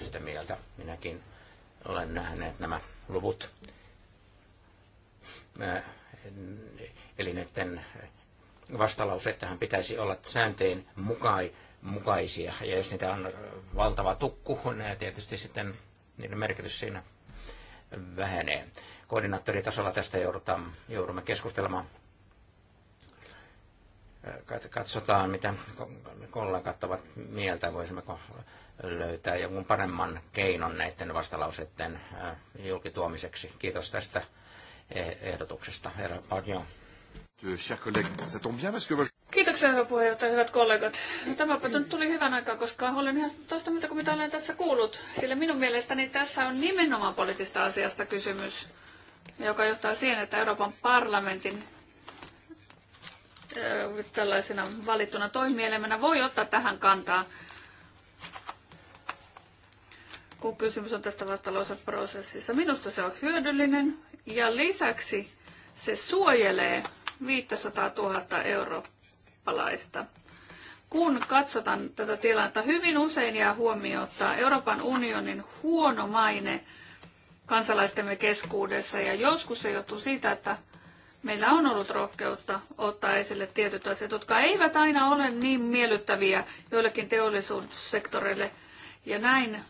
yhtä mieltä. Minäkin olen nähnyt nämä luvut. Äh, eli näiden vastalauseet tähän pitäisi olla sääntöjen mukaisia. Ja jos niitä on valtava tukku, niin tietysti sitten niiden merkitys siinä vähenee. Koordinaattoritasolla tästä joudutaan, joudumme keskustelemaan katsotaan, mitä kollegat ovat mieltä, voisimmeko löytää jonkun paremman keinon näiden vastalauseiden äh, julkituomiseksi. Kiitos tästä e- ehdotuksesta, herra Pagnon. Kiitoksia, hyvä puheenjohtaja, hyvät kollegat. No, tämä nyt tuli hyvän aikaa, koska olen ihan toista mitä kuin mitä olen tässä kuullut. Sillä minun mielestäni tässä on nimenomaan poliittista asiasta kysymys, joka johtaa siihen, että Euroopan parlamentin tällaisena valittuna toimielimenä voi ottaa tähän kantaa, kun kysymys on tästä vastalauseprosessissa. Minusta se on hyödyllinen ja lisäksi se suojelee 500 000 eurooppalaista. Kun katsotaan tätä tilannetta, hyvin usein jää huomiota Euroopan unionin huono maine kansalaistemme keskuudessa ja joskus se johtuu siitä, että meillä on ollut rohkeutta ottaa esille tietyt asiat, jotka eivät aina ole niin miellyttäviä joillekin teollisuussektoreille. Ja näin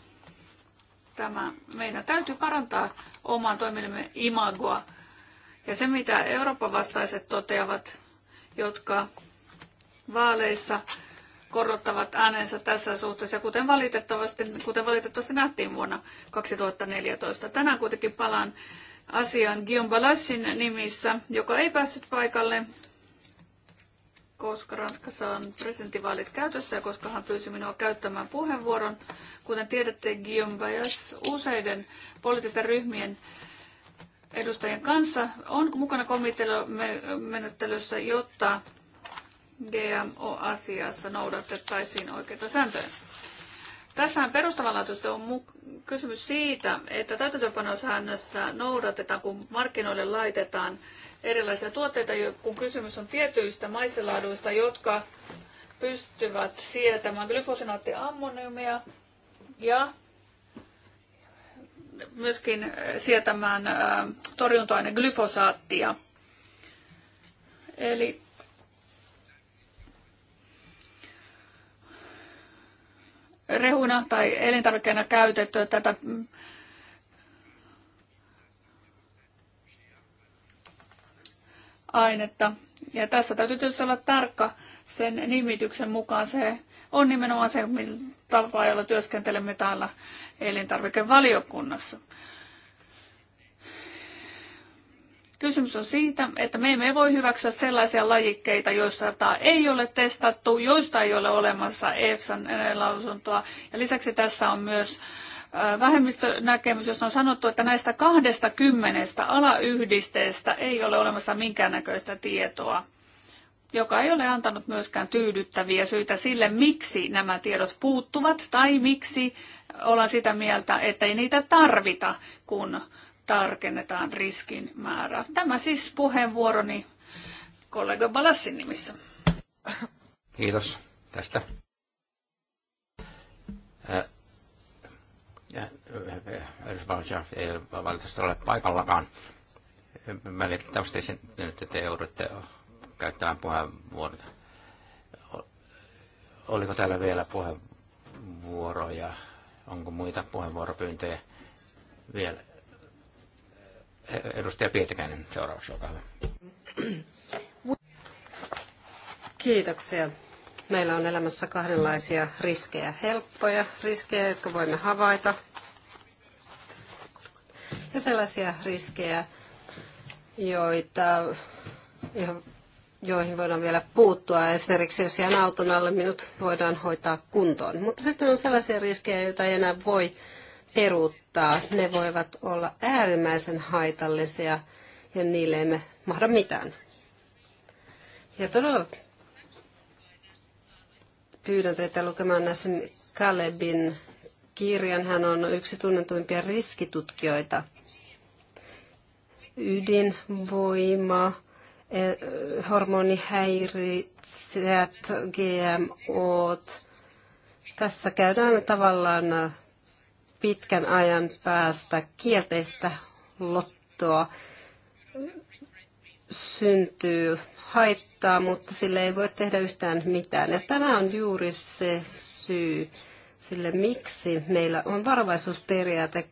tämä, meidän täytyy parantaa omaan toimillemme imagoa. Ja se, mitä Euroopan vastaiset toteavat, jotka vaaleissa korottavat äänensä tässä suhteessa, kuten valitettavasti, kuten valitettavasti nähtiin vuonna 2014. Tänään kuitenkin palaan asian Guillaume Balassin nimissä, joka ei päässyt paikalle, koska Ranskassa on presidentinvaalit käytössä ja koska hän pyysi minua käyttämään puheenvuoron. Kuten tiedätte, Guillaume Balas useiden poliittisten ryhmien edustajien kanssa on mukana komitemenettelyssä, jotta GMO-asiassa noudatettaisiin oikeita sääntöjä. Tässähän perustavanlaatuisesti on kysymys siitä, että täytäntöpanosäännöstä noudatetaan, kun markkinoille laitetaan erilaisia tuotteita, kun kysymys on tietyistä maiselaaduista, jotka pystyvät sietämään glyfosinaattiammoniumia ja myöskin sietämään torjunta-aine glyfosaattia. Eli rehuna tai elintarvikkeena käytettyä Tätä mm, ainetta. Ja tässä täytyy tietysti olla tarkka sen nimityksen mukaan. Se on nimenomaan se tapa, jolla työskentelemme täällä elintarvikevaliokunnassa. Kysymys on siitä, että me emme voi hyväksyä sellaisia lajikkeita, joista ei ole testattu, joista ei ole olemassa EFSAn lausuntoa. Ja lisäksi tässä on myös vähemmistönäkemys, jossa on sanottu, että näistä 20 alayhdisteestä ei ole olemassa minkäännäköistä tietoa, joka ei ole antanut myöskään tyydyttäviä syitä sille, miksi nämä tiedot puuttuvat tai miksi ollaan sitä mieltä, että ei niitä tarvita, kun tarkennetaan riskin määrää. Tämä siis puheenvuoroni kollega Balassin nimissä. Kiitos tästä. Yhdysvallat ei valitettavasti ole paikallakaan. Valitettavasti nyt te joudutte käyttämään puheenvuorot. Oliko täällä vielä puheenvuoroja? Onko muita puheenvuoropyyntöjä vielä? Edustaja Pietikäinen seuraavaksi, olkaa hyvä. Kiitoksia. Meillä on elämässä kahdenlaisia riskejä. Helppoja riskejä, jotka voimme havaita, ja sellaisia riskejä, joita, joihin voidaan vielä puuttua. Esimerkiksi jos jään auton alle, minut voidaan hoitaa kuntoon. Mutta sitten on sellaisia riskejä, joita ei enää voi peruuttaa. Ne voivat olla äärimmäisen haitallisia ja niille emme mahda mitään. Ja todella pyydän teitä lukemaan näissä Kalebin kirjan. Hän on yksi tunnetuimpia riskitutkijoita. Ydinvoima, e, hormonihäiritsejät, GMOt. Tässä käydään tavallaan pitkän ajan päästä kielteistä lottoa syntyy haittaa, mutta sille ei voi tehdä yhtään mitään. Ja tämä on juuri se syy sille, miksi meillä on varovaisuusperiaate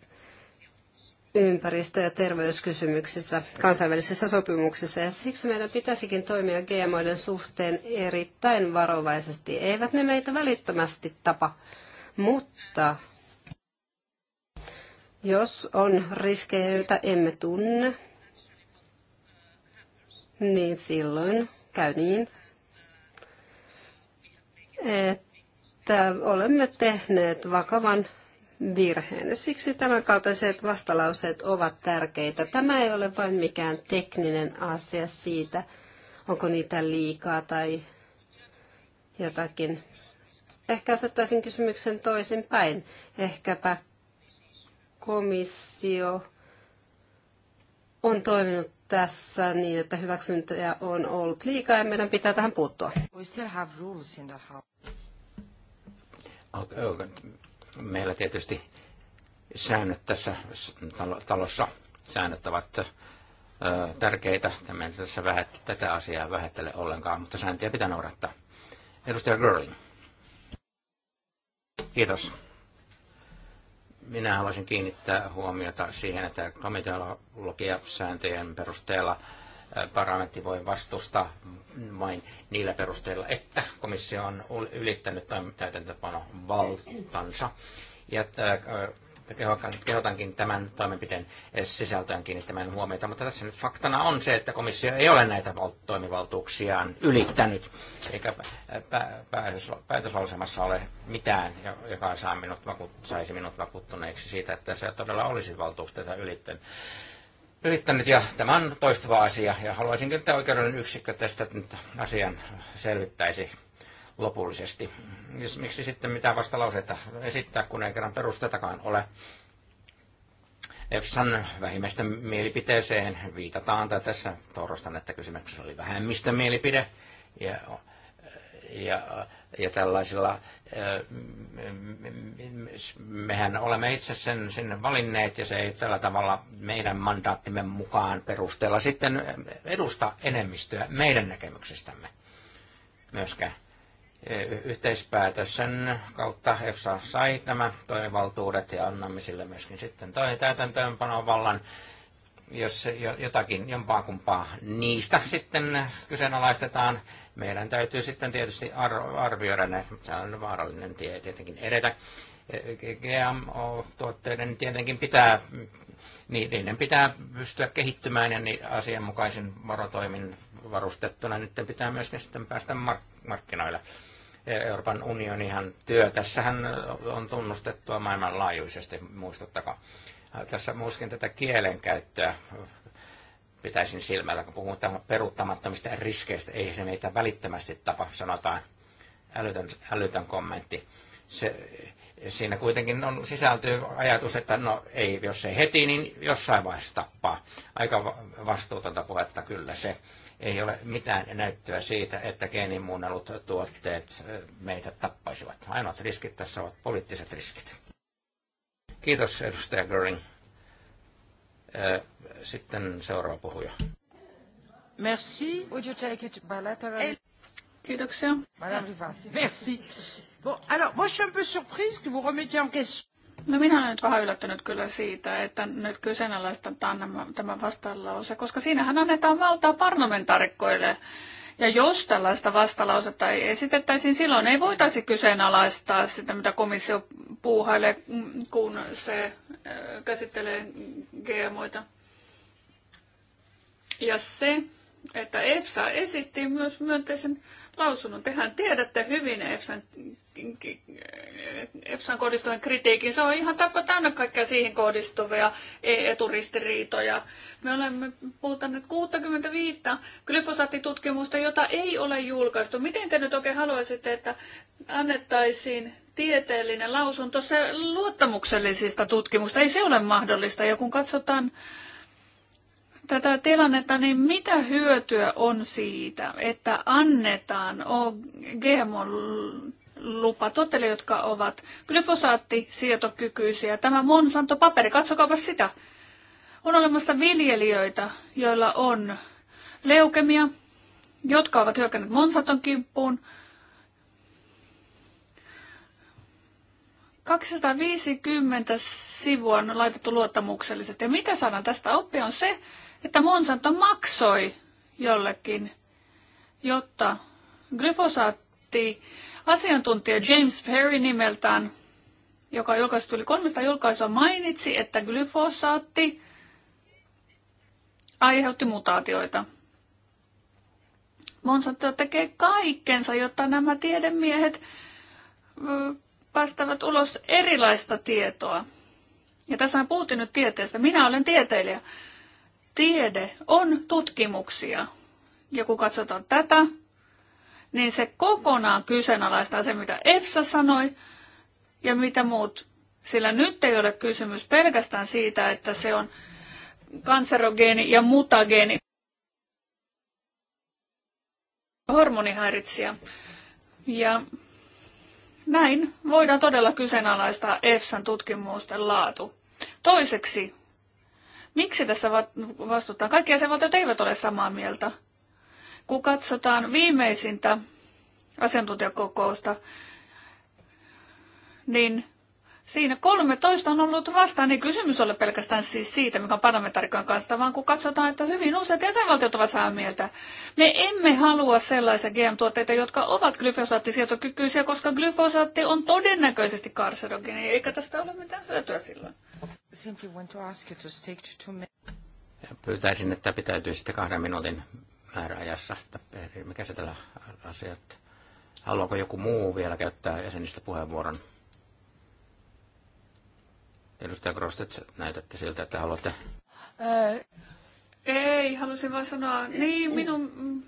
ympäristö- ja terveyskysymyksissä kansainvälisissä sopimuksissa. Ja siksi meidän pitäisikin toimia GMOiden suhteen erittäin varovaisesti. Eivät ne meitä välittömästi tapa, mutta jos on riskejä, joita emme tunne, niin silloin käy niin, että olemme tehneet vakavan virheen. Siksi tämän kaltaiset vastalauseet ovat tärkeitä. Tämä ei ole vain mikään tekninen asia siitä, onko niitä liikaa tai jotakin. Ehkä asettaisin kysymyksen toisinpäin. Ehkäpä komissio on toiminut tässä niin, että hyväksyntöjä on ollut liikaa ja meidän pitää tähän puuttua. We still have rules in the house. Okay. Meillä tietysti säännöt tässä talossa, säännöt ovat ö, tärkeitä. Tämä tässä vähät, tätä asiaa vähättele ollenkaan, mutta sääntöjä pitää noudattaa. Edustaja Görling. Kiitos. Minä haluaisin kiinnittää huomiota siihen, että komiteologiasääntöjen perusteella parlamentti voi vastustaa vain niillä perusteilla, että komissio on ylittänyt valtansa, Ja kehotankin tämän toimenpiteen sisältöön kiinnittämään huomiota. Mutta tässä nyt faktana on se, että komissio ei ole näitä toimivaltuuksiaan ylittänyt, eikä päätöslausemassa ole mitään, joka saa minut vakuut, saisi minut vakuuttuneeksi siitä, että se todella olisi valtuuksia ylittänyt yrittänyt ja tämä on toistava asia ja haluaisinkin, että oikeudellinen yksikkö tästä nyt asian selvittäisi lopullisesti. Miksi sitten mitään vastalauseita esittää, kun ei kerran perustetakaan ole? EFSAn vähimmäisten mielipiteeseen viitataan, tai tässä torostan, että kysymyksessä oli vähemmistön mielipide, ja, ja, ja tällaisilla, mehän olemme itse sen sinne valinneet, ja se ei tällä tavalla meidän mandaattimme mukaan perusteella sitten edusta enemmistöä meidän näkemyksestämme myöskään. Eh, yhteispäätöksen kautta EFSA sai nämä toimivaltuudet ja annamme sille myöskin sitten toi täytäntöönpanon vallan, jos jotakin jompaa kumpaa niistä sitten kyseenalaistetaan. Meidän täytyy sitten tietysti arvioida ne, se on vaarallinen tie tietenkin edetä. Eh, GMO-tuotteiden tietenkin pitää, niiden pitää pystyä kehittymään ja niin asianmukaisen varotoimin varustettuna niiden pitää myöskin sitten päästä mark- markkinoille. Euroopan unionihan työ. Tässähän on tunnustettua maailmanlaajuisesti, muistuttakaa. Tässä muuskin tätä kielenkäyttöä pitäisin silmällä, kun puhutaan peruuttamattomista riskeistä. Ei se meitä välittömästi tapa, sanotaan älytön, älytön kommentti. Se, siinä kuitenkin on, sisältyy ajatus, että no ei, jos ei heti, niin jossain vaiheessa tappaa. Aika vastuutonta puhetta kyllä se. Ei ole mitään näyttöä siitä, että geenimuunnellut tuotteet meitä tappaisivat. Ainoat riskit tässä ovat poliittiset riskit. Kiitos edustaja Göring. Sitten seuraava puhuja. Merci. Would you take it bilaterally? Eh. Kiitoksia. Madame Rivas. Merci. Bon, alors, moi, je suis un peu surprise que vous remettiez en question. No minä olen nyt vähän yllättynyt kyllä siitä, että nyt kyseenalaistetaan tämä vastalause, koska siinähän annetaan valtaa parlamentaarikkoille. Ja jos tällaista vastalausetta ei esitettäisiin, silloin ei voitaisi kyseenalaistaa sitä, mitä komissio puuhailee, kun se käsittelee GMOita. Ja se, että EFSA esitti myös myönteisen lausunnon. Tehän tiedätte hyvin EFSAn EFSAan kohdistuvan kritiikin. Se on ihan tapa täynnä kaikkea siihen kohdistuvia eturistiriitoja. Me olemme puhutaan 65 glyfosaattitutkimusta, jota ei ole julkaistu. Miten te nyt oikein haluaisitte, että annettaisiin tieteellinen lausunto se luottamuksellisista tutkimuksista? Ei se ole mahdollista. Ja kun katsotaan tätä tilannetta, niin mitä hyötyä on siitä, että annetaan GMO lupatuotteille, jotka ovat glyfosaattisietokykyisiä. sietokykyisiä. Tämä Monsanto-paperi, katsokaapa sitä. On olemassa viljelijöitä, joilla on leukemia, jotka ovat hyökänneet Monsanton kimppuun. 250 sivua on laitettu luottamukselliset. Ja mitä saadaan tästä oppia on se, että Monsanto maksoi jollekin, jotta glyfosaatti Asiantuntija James Perry nimeltään, joka julkaisi tuli kolmesta julkaisua, mainitsi, että glyfosaatti aiheutti mutaatioita. Monsanto tekee kaikkensa, jotta nämä tiedemiehet päästävät ulos erilaista tietoa. Ja tässä on puhuttiin nyt tieteestä. Minä olen tieteilijä. Tiede on tutkimuksia. Ja kun katsotaan tätä, niin se kokonaan kyseenalaistaa se, mitä EFSA sanoi ja mitä muut. Sillä nyt ei ole kysymys pelkästään siitä, että se on kanserogeeni ja mutageeni hormonihäiritsijä. Ja näin voidaan todella kyseenalaistaa EFSAn tutkimusten laatu. Toiseksi, miksi tässä vastutaan? Kaikki jäsenvaltiot eivät ole samaa mieltä. Kun katsotaan viimeisintä asiantuntijakokousta, niin siinä 13 on ollut vastaan, ei kysymys ole pelkästään siis siitä, mikä on parlamentaarikon kanssa, vaan kun katsotaan, että hyvin useat jäsenvaltiot ovat samaa mieltä. Me emme halua sellaisia GM-tuotteita, jotka ovat glyfosaattisietokykyisiä, koska glyfosaatti on todennäköisesti karserogeeni, eikä tästä ole mitään hyötyä silloin. Pyytäisin, että pitäytyisitte kahden minuutin määräajassa, että mikä se tällä asiat. Haluaako joku muu vielä käyttää jäsenistä puheenvuoron? Edustaja Grostet, näytätte siltä, että haluatte. ei, halusin vain sanoa, niin minun...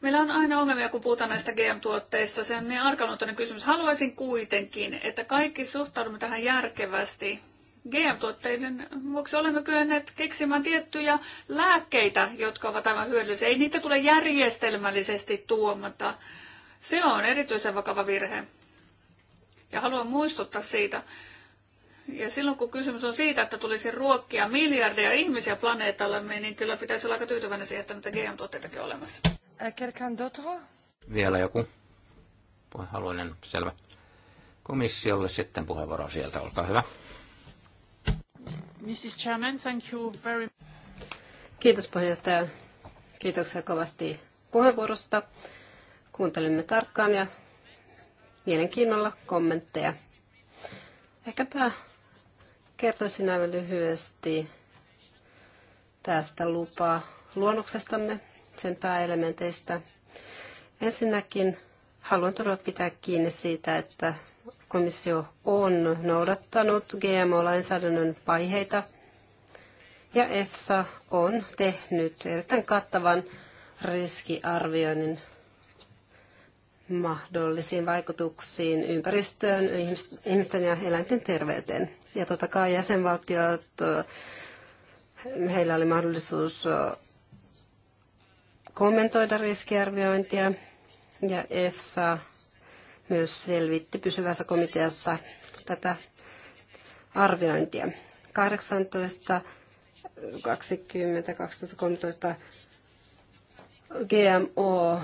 Meillä on aina ongelmia, kun puhutaan näistä GM-tuotteista. Se on niin arkaluontoinen kysymys. Haluaisin kuitenkin, että kaikki suhtaudumme tähän järkevästi GM-tuotteiden vuoksi olemme kyenneet keksimään tiettyjä lääkkeitä, jotka ovat aivan hyödyllisiä. Ei niitä tule järjestelmällisesti tuomata. Se on erityisen vakava virhe. Ja haluan muistuttaa siitä. Ja silloin kun kysymys on siitä, että tulisi ruokkia miljardeja ihmisiä planeetallamme, niin kyllä pitäisi olla aika tyytyväinen siihen, että näitä GM-tuotteitakin on olemassa. Äh, Vielä joku? Haluinen, selvä. Komissiolle sitten puheenvuoro sieltä, olkaa hyvä. Mrs. Chairman, thank you very... Kiitos puheenjohtaja. Kiitoksia kovasti puheenvuorosta. Kuuntelimme tarkkaan ja mielenkiinnolla kommentteja. Ehkäpä kertoisin aivan lyhyesti tästä lupaa luonnoksestamme, sen pääelementeistä. Ensinnäkin Haluan todella pitää kiinni siitä, että komissio on noudattanut GMO-lainsäädännön vaiheita ja EFSA on tehnyt erittäin kattavan riskiarvioinnin mahdollisiin vaikutuksiin ympäristöön, ihmisten ja eläinten terveyteen. Ja totta kai jäsenvaltiot, heillä oli mahdollisuus kommentoida riskiarviointia ja EFSA myös selvitti pysyvässä komiteassa tätä arviointia. 18 20, 2013 GMO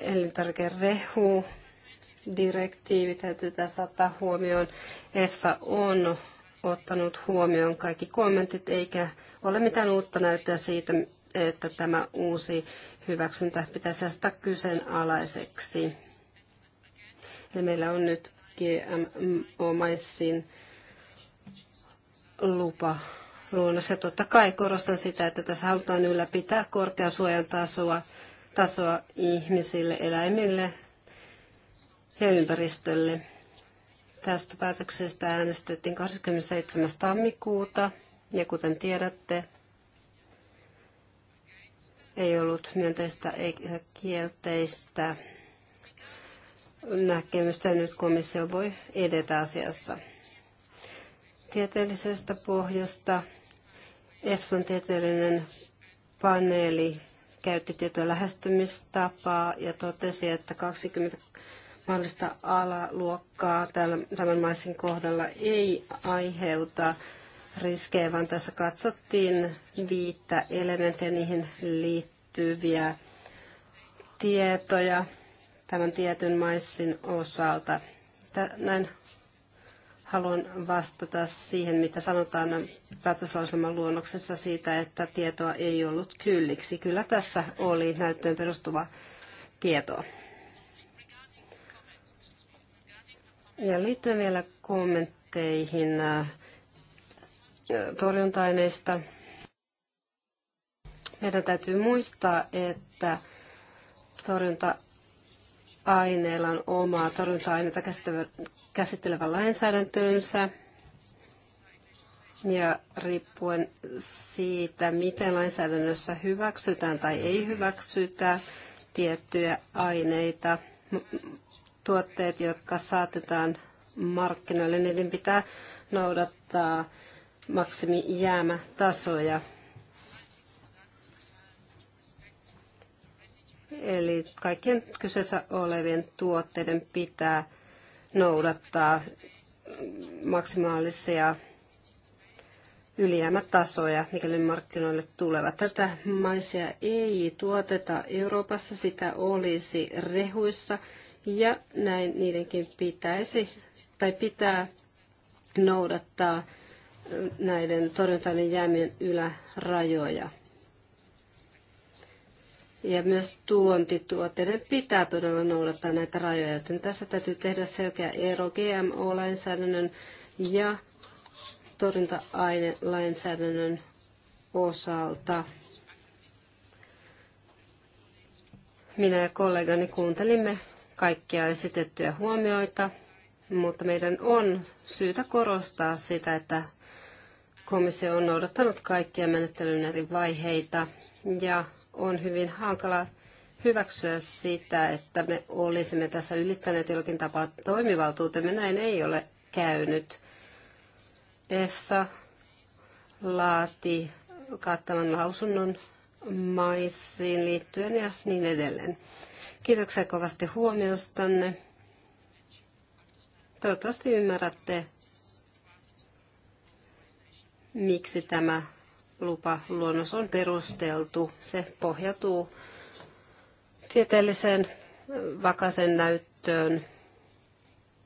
elintarvikerehu direktiivi täytyy tässä ottaa huomioon. EFSA on ottanut huomioon kaikki kommentit, eikä ole mitään uutta näyttöä siitä, että tämä uusi hyväksyntä pitäisi asettaa kyseenalaiseksi. Eli meillä on nyt GMO-maissin lupa luonnossa. Totta kai korostan sitä, että tässä halutaan ylläpitää korkea suojan tasoa, tasoa ihmisille, eläimille ja ympäristölle. Tästä päätöksestä äänestettiin 27. tammikuuta ja kuten tiedätte, ei ollut myönteistä eikä kielteistä näkemystä. Nyt komissio voi edetä asiassa. Tieteellisestä pohjasta EFSAn tieteellinen paneeli käytti tietoa lähestymistapaa ja totesi, että 20 mahdollista alaluokkaa tämän maisin kohdalla ei aiheuta riskejä, vaan tässä katsottiin viittä elementtejä niihin liittyviä tietoja tämän tietyn maissin osalta. Näin haluan vastata siihen, mitä sanotaan päätöslauselman luonnoksessa siitä, että tietoa ei ollut kylliksi. Kyllä tässä oli näyttöön perustuva tietoa. Ja liittyen vielä kommentteihin torjunta-aineista. Meidän täytyy muistaa, että torjunta-aineilla on omaa torjunta-aineita käsittelevä lainsäädäntönsä. Ja riippuen siitä, miten lainsäädännössä hyväksytään tai ei hyväksytä tiettyjä aineita, tuotteet, jotka saatetaan markkinoille, niin niiden pitää noudattaa maksimijäämätasoja. Eli kaikkien kyseessä olevien tuotteiden pitää noudattaa maksimaalisia ylijäämätasoja, mikäli markkinoille tulevat. Tätä maisia ei tuoteta Euroopassa, sitä olisi rehuissa ja näin niidenkin pitäisi tai pitää noudattaa näiden torjuntainen jäämien ylärajoja. Ja myös tuontituotteiden pitää todella noudattaa näitä rajoja, joten tässä täytyy tehdä selkeä ero GMO-lainsäädännön ja torjunta-ainelainsäädännön osalta. Minä ja kollegani kuuntelimme kaikkia esitettyjä huomioita, mutta meidän on syytä korostaa sitä, että Komissio on noudattanut kaikkia menettelyn eri vaiheita ja on hyvin hankala hyväksyä sitä, että me olisimme tässä ylittäneet jollakin tapaa toimivaltuutemme. Näin ei ole käynyt. EFSA laati kattavan lausunnon maissiin liittyen ja niin edelleen. Kiitoksia kovasti huomiostanne. Toivottavasti ymmärrätte, miksi tämä lupaluonnos on perusteltu. Se pohjautuu tieteelliseen vakaisen näyttöön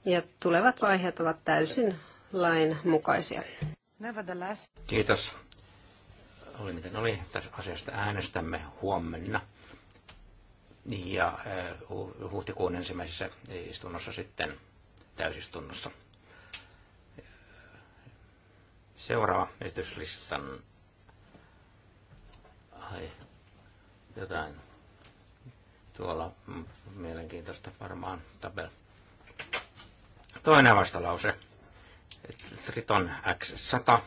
ja tulevat vaiheet ovat täysin lain mukaisia. Kiitos. Oli miten oli. Tässä asiasta äänestämme huomenna. Ja äh, huhtikuun ensimmäisessä istunnossa sitten täysistunnossa. Seuraava esityslistan. Ai, jotain. Tuolla mm, mielenkiintoista varmaan tabel. Toinen vastalause. Triton X100.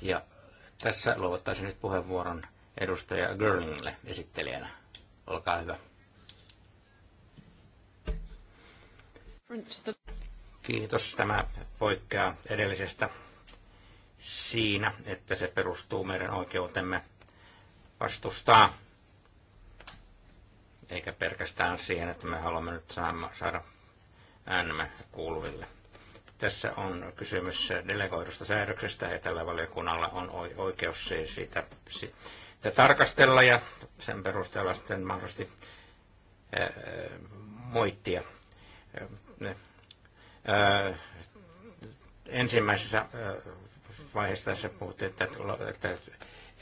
Ja tässä luovuttaisin nyt puheenvuoron edustaja Görlingille esittelijänä. Olkaa hyvä. Kiitos. Tämä poikkeaa edellisestä siinä, että se perustuu meidän oikeutemme vastustaa, eikä pelkästään siihen, että me haluamme nyt saada äänemme kuuluville. Tässä on kysymys delegoidusta säädöksestä ja tällä valiokunnalla on oikeus siis siitä, sitä tarkastella ja sen perusteella sitten mahdollisesti moittia ensimmäisessä vaiheessa tässä puhuttiin, että, että,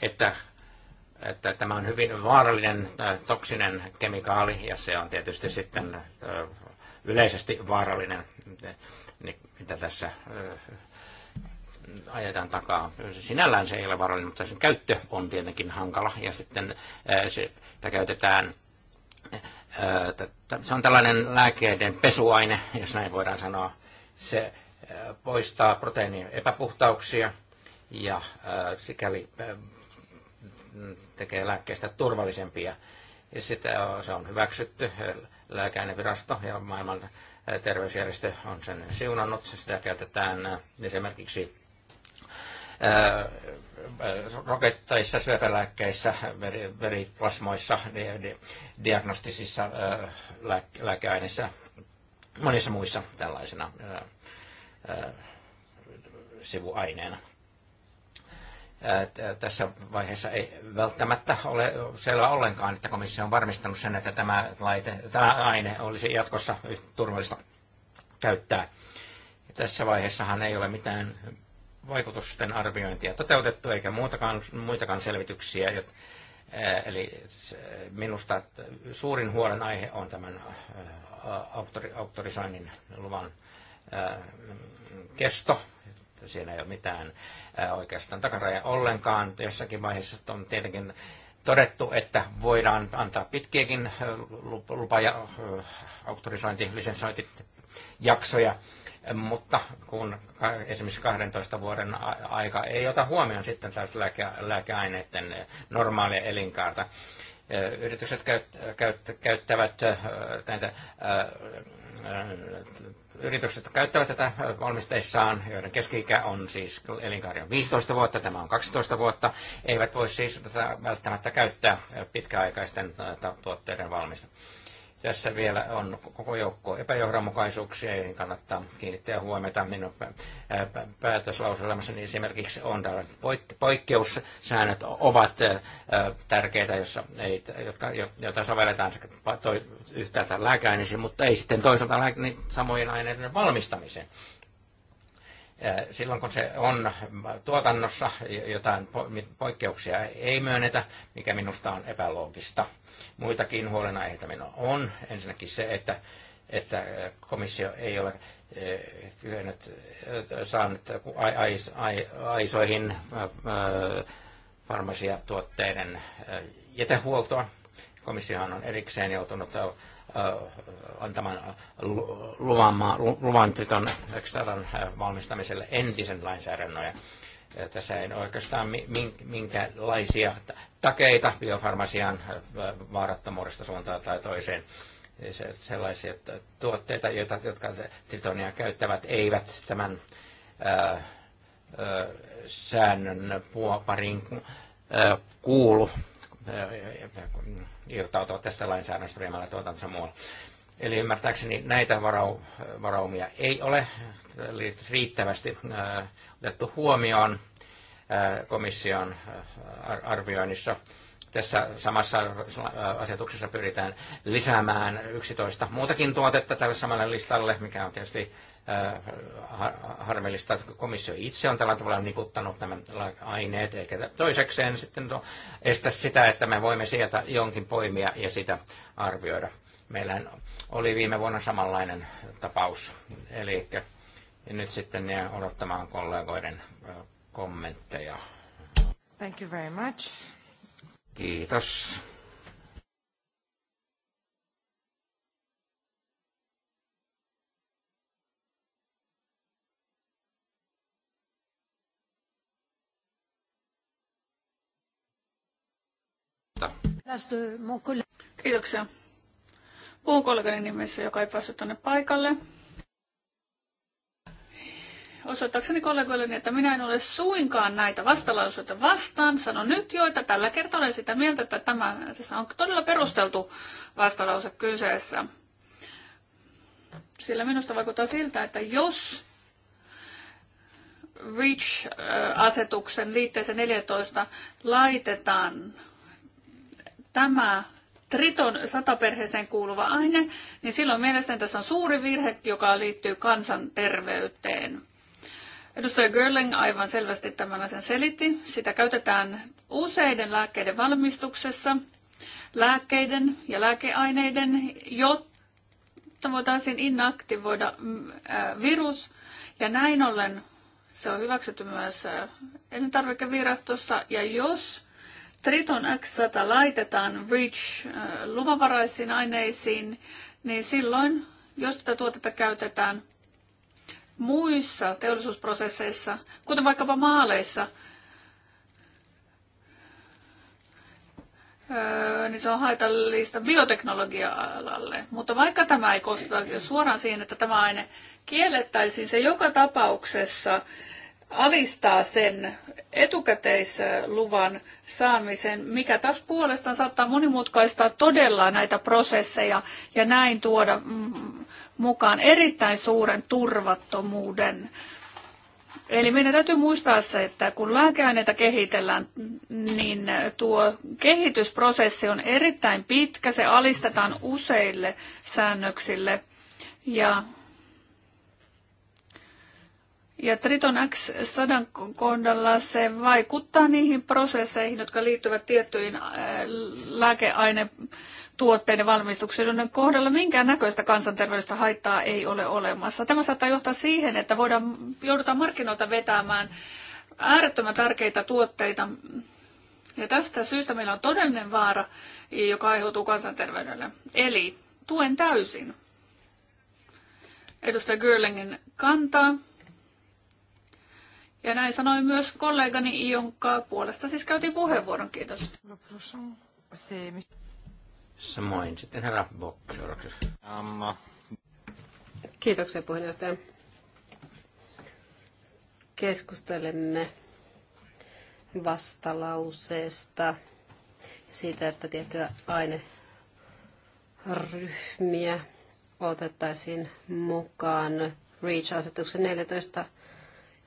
että, että tämä on hyvin vaarallinen, toksinen kemikaali ja se on tietysti sitten yleisesti vaarallinen, niin mitä tässä ajetaan takaa. Sinällään se ei ole vaarallinen, mutta sen käyttö on tietenkin hankala ja sitten sitä käytetään – se on tällainen lääkeiden pesuaine, jos näin voidaan sanoa. Se poistaa proteiinien epäpuhtauksia ja sikäli tekee lääkkeistä turvallisempia. Ja sitä, se on hyväksytty lääkäinevirasto ja maailman terveysjärjestö on sen siunannut. Sitä käytetään esimerkiksi roketteissa, syöpälääkkeissä, veriplasmoissa, diagnostisissa lääkeaineissa, monissa muissa tällaisena sivuaineena. Tässä vaiheessa ei välttämättä ole selvä ollenkaan, että komissio on varmistanut sen, että tämä, laite, tämä aine olisi jatkossa turvallista käyttää. Tässä vaiheessahan ei ole mitään vaikutusten arviointia toteutettu eikä muutakaan, muitakaan selvityksiä. Jot, eli minusta suurin huolenaihe on tämän autori, autorisoinnin luvan kesto. Siinä ei ole mitään oikeastaan takaraja ollenkaan. Jossakin vaiheessa on tietenkin todettu, että voidaan antaa pitkiäkin lupa- ja auktorisointi, lisensointijaksoja. jaksoja mutta kun äh, esimerkiksi 12 vuoden aika ei ota huomioon sitten taas lääke, lääkeaineiden äh, normaalia elinkaarta. Äh, yritykset käyt, käyt, käyttävät näitä yritykset käyttävät tätä valmisteissaan, joiden keski on siis elinkaari on 15 vuotta, tämä on 12 vuotta, eivät voi siis tätä välttämättä käyttää pitkäaikaisten tuotteiden valmista tässä vielä on koko joukko epäjohdonmukaisuuksia, joihin kannattaa kiinnittää huomiota. Minun äh, päätöslauselmassani niin esimerkiksi on tällaiset poikkeussäännöt ovat äh, tärkeitä, jossa ei, jotka, joita sovelletaan yhtäältä lääkeaineisiin, mutta ei sitten toisaalta niin samojen aineiden valmistamiseen äh, silloin kun se on tuotannossa, jotain poikkeuksia ei myönnetä, mikä minusta on epäloogista. Muitakin huolenaiheita minulla on. Ensinnäkin se, että, että komissio ei ole eh, kyennyt eh, saanut aisoihin eh, farmasiatuotteiden jätehuoltoa. Komissiohan on erikseen joutunut antamaan luvan, luvan tytön valmistamiselle entisen lainsäädännön tässä ei oikeastaan minkälaisia takeita biofarmasian vaarattomuudesta suuntaan tai toiseen. Sellaisia tuotteita, joita, jotka tritonia käyttävät, eivät tämän ää, ää, säännön puoparin kuulu irtautua tästä lainsäädännöstä viemällä tuotantonsa muualla. Eli ymmärtääkseni näitä varaumia ei ole riittävästi äh, otettu huomioon äh, komission äh, arvioinnissa. Tässä samassa asetuksessa pyritään lisäämään 11 muutakin tuotetta tälle samalle listalle, mikä on tietysti harmillista, että komissio itse on tällä tavalla niputtanut nämä aineet, eikä toisekseen sitten estä sitä, että me voimme sieltä jonkin poimia ja sitä arvioida meillähän oli viime vuonna samanlainen tapaus. Eli nyt sitten jää odottamaan kollegoiden kommentteja. Thank you very much. Kiitos. Kiitoksia muun kollegani nimessä, joka ei päässyt tuonne paikalle. Osoittaakseni kollegoilleni, että minä en ole suinkaan näitä vastalausuita vastaan. Sanon nyt jo, että tällä kertaa olen sitä mieltä, että tämä, tässä on todella perusteltu vastalause kyseessä. Sillä minusta vaikuttaa siltä, että jos REACH-asetuksen liitteeseen 14 laitetaan tämä triton sataperheeseen kuuluva aine, niin silloin mielestäni tässä on suuri virhe, joka liittyy kansanterveyteen. Edustaja Görling aivan selvästi tämän asian selitti. Sitä käytetään useiden lääkkeiden valmistuksessa, lääkkeiden ja lääkeaineiden, jotta voitaisiin inaktivoida mm, äh, virus. Ja näin ollen se on hyväksytty myös äh, elintarvikevirastossa. Ja jos Triton X100 laitetaan REACH-luvavaraisiin äh, aineisiin, niin silloin, jos tätä tuotetta käytetään muissa teollisuusprosesseissa, kuten vaikkapa maaleissa, äh, niin se on haitallista bioteknologia-alalle. Mutta vaikka tämä ei kosketa suoraan siihen, että tämä aine kiellettäisiin, se joka tapauksessa alistaa sen etukäteisluvan saamisen, mikä taas puolestaan saattaa monimutkaistaa todella näitä prosesseja ja näin tuoda mukaan erittäin suuren turvattomuuden. Eli meidän täytyy muistaa se, että kun lääkeaineita kehitellään, niin tuo kehitysprosessi on erittäin pitkä, se alistetaan useille säännöksille ja ja Triton x sadan kohdalla se vaikuttaa niihin prosesseihin, jotka liittyvät tiettyihin äh, lääkeainetuotteiden valmistukseen, joiden kohdalla minkään näköistä kansanterveydellistä haittaa ei ole olemassa. Tämä saattaa johtaa siihen, että voidaan, joudutaan markkinoilta vetämään äärettömän tärkeitä tuotteita. Ja tästä syystä meillä on todellinen vaara, joka aiheutuu kansanterveydelle. Eli tuen täysin edustaja Görlingin kantaa ja näin sanoi myös kollegani, jonka puolesta siis käytiin puheenvuoron. Kiitos. No, Samoin sitten herra Bock Kiitoksia puheenjohtaja. Keskustelemme vastalauseesta siitä, että tiettyjä aineryhmiä otettaisiin mukaan REACH-asetuksen 14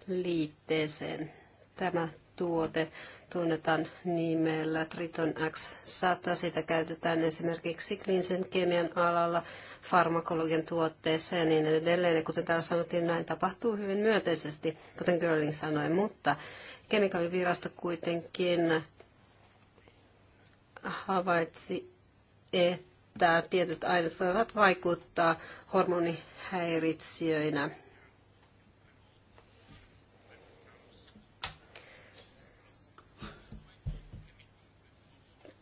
liitteeseen. Tämä tuote tunnetaan nimellä Triton X100. Sitä käytetään esimerkiksi kliinisen kemian alalla, farmakologian tuotteessa ja niin edelleen. Ja kuten täällä sanottiin, näin tapahtuu hyvin myönteisesti, kuten Görling sanoi, mutta kemikaalivirasto kuitenkin havaitsi, että tietyt aineet voivat vaikuttaa hormonihäiritsijöinä –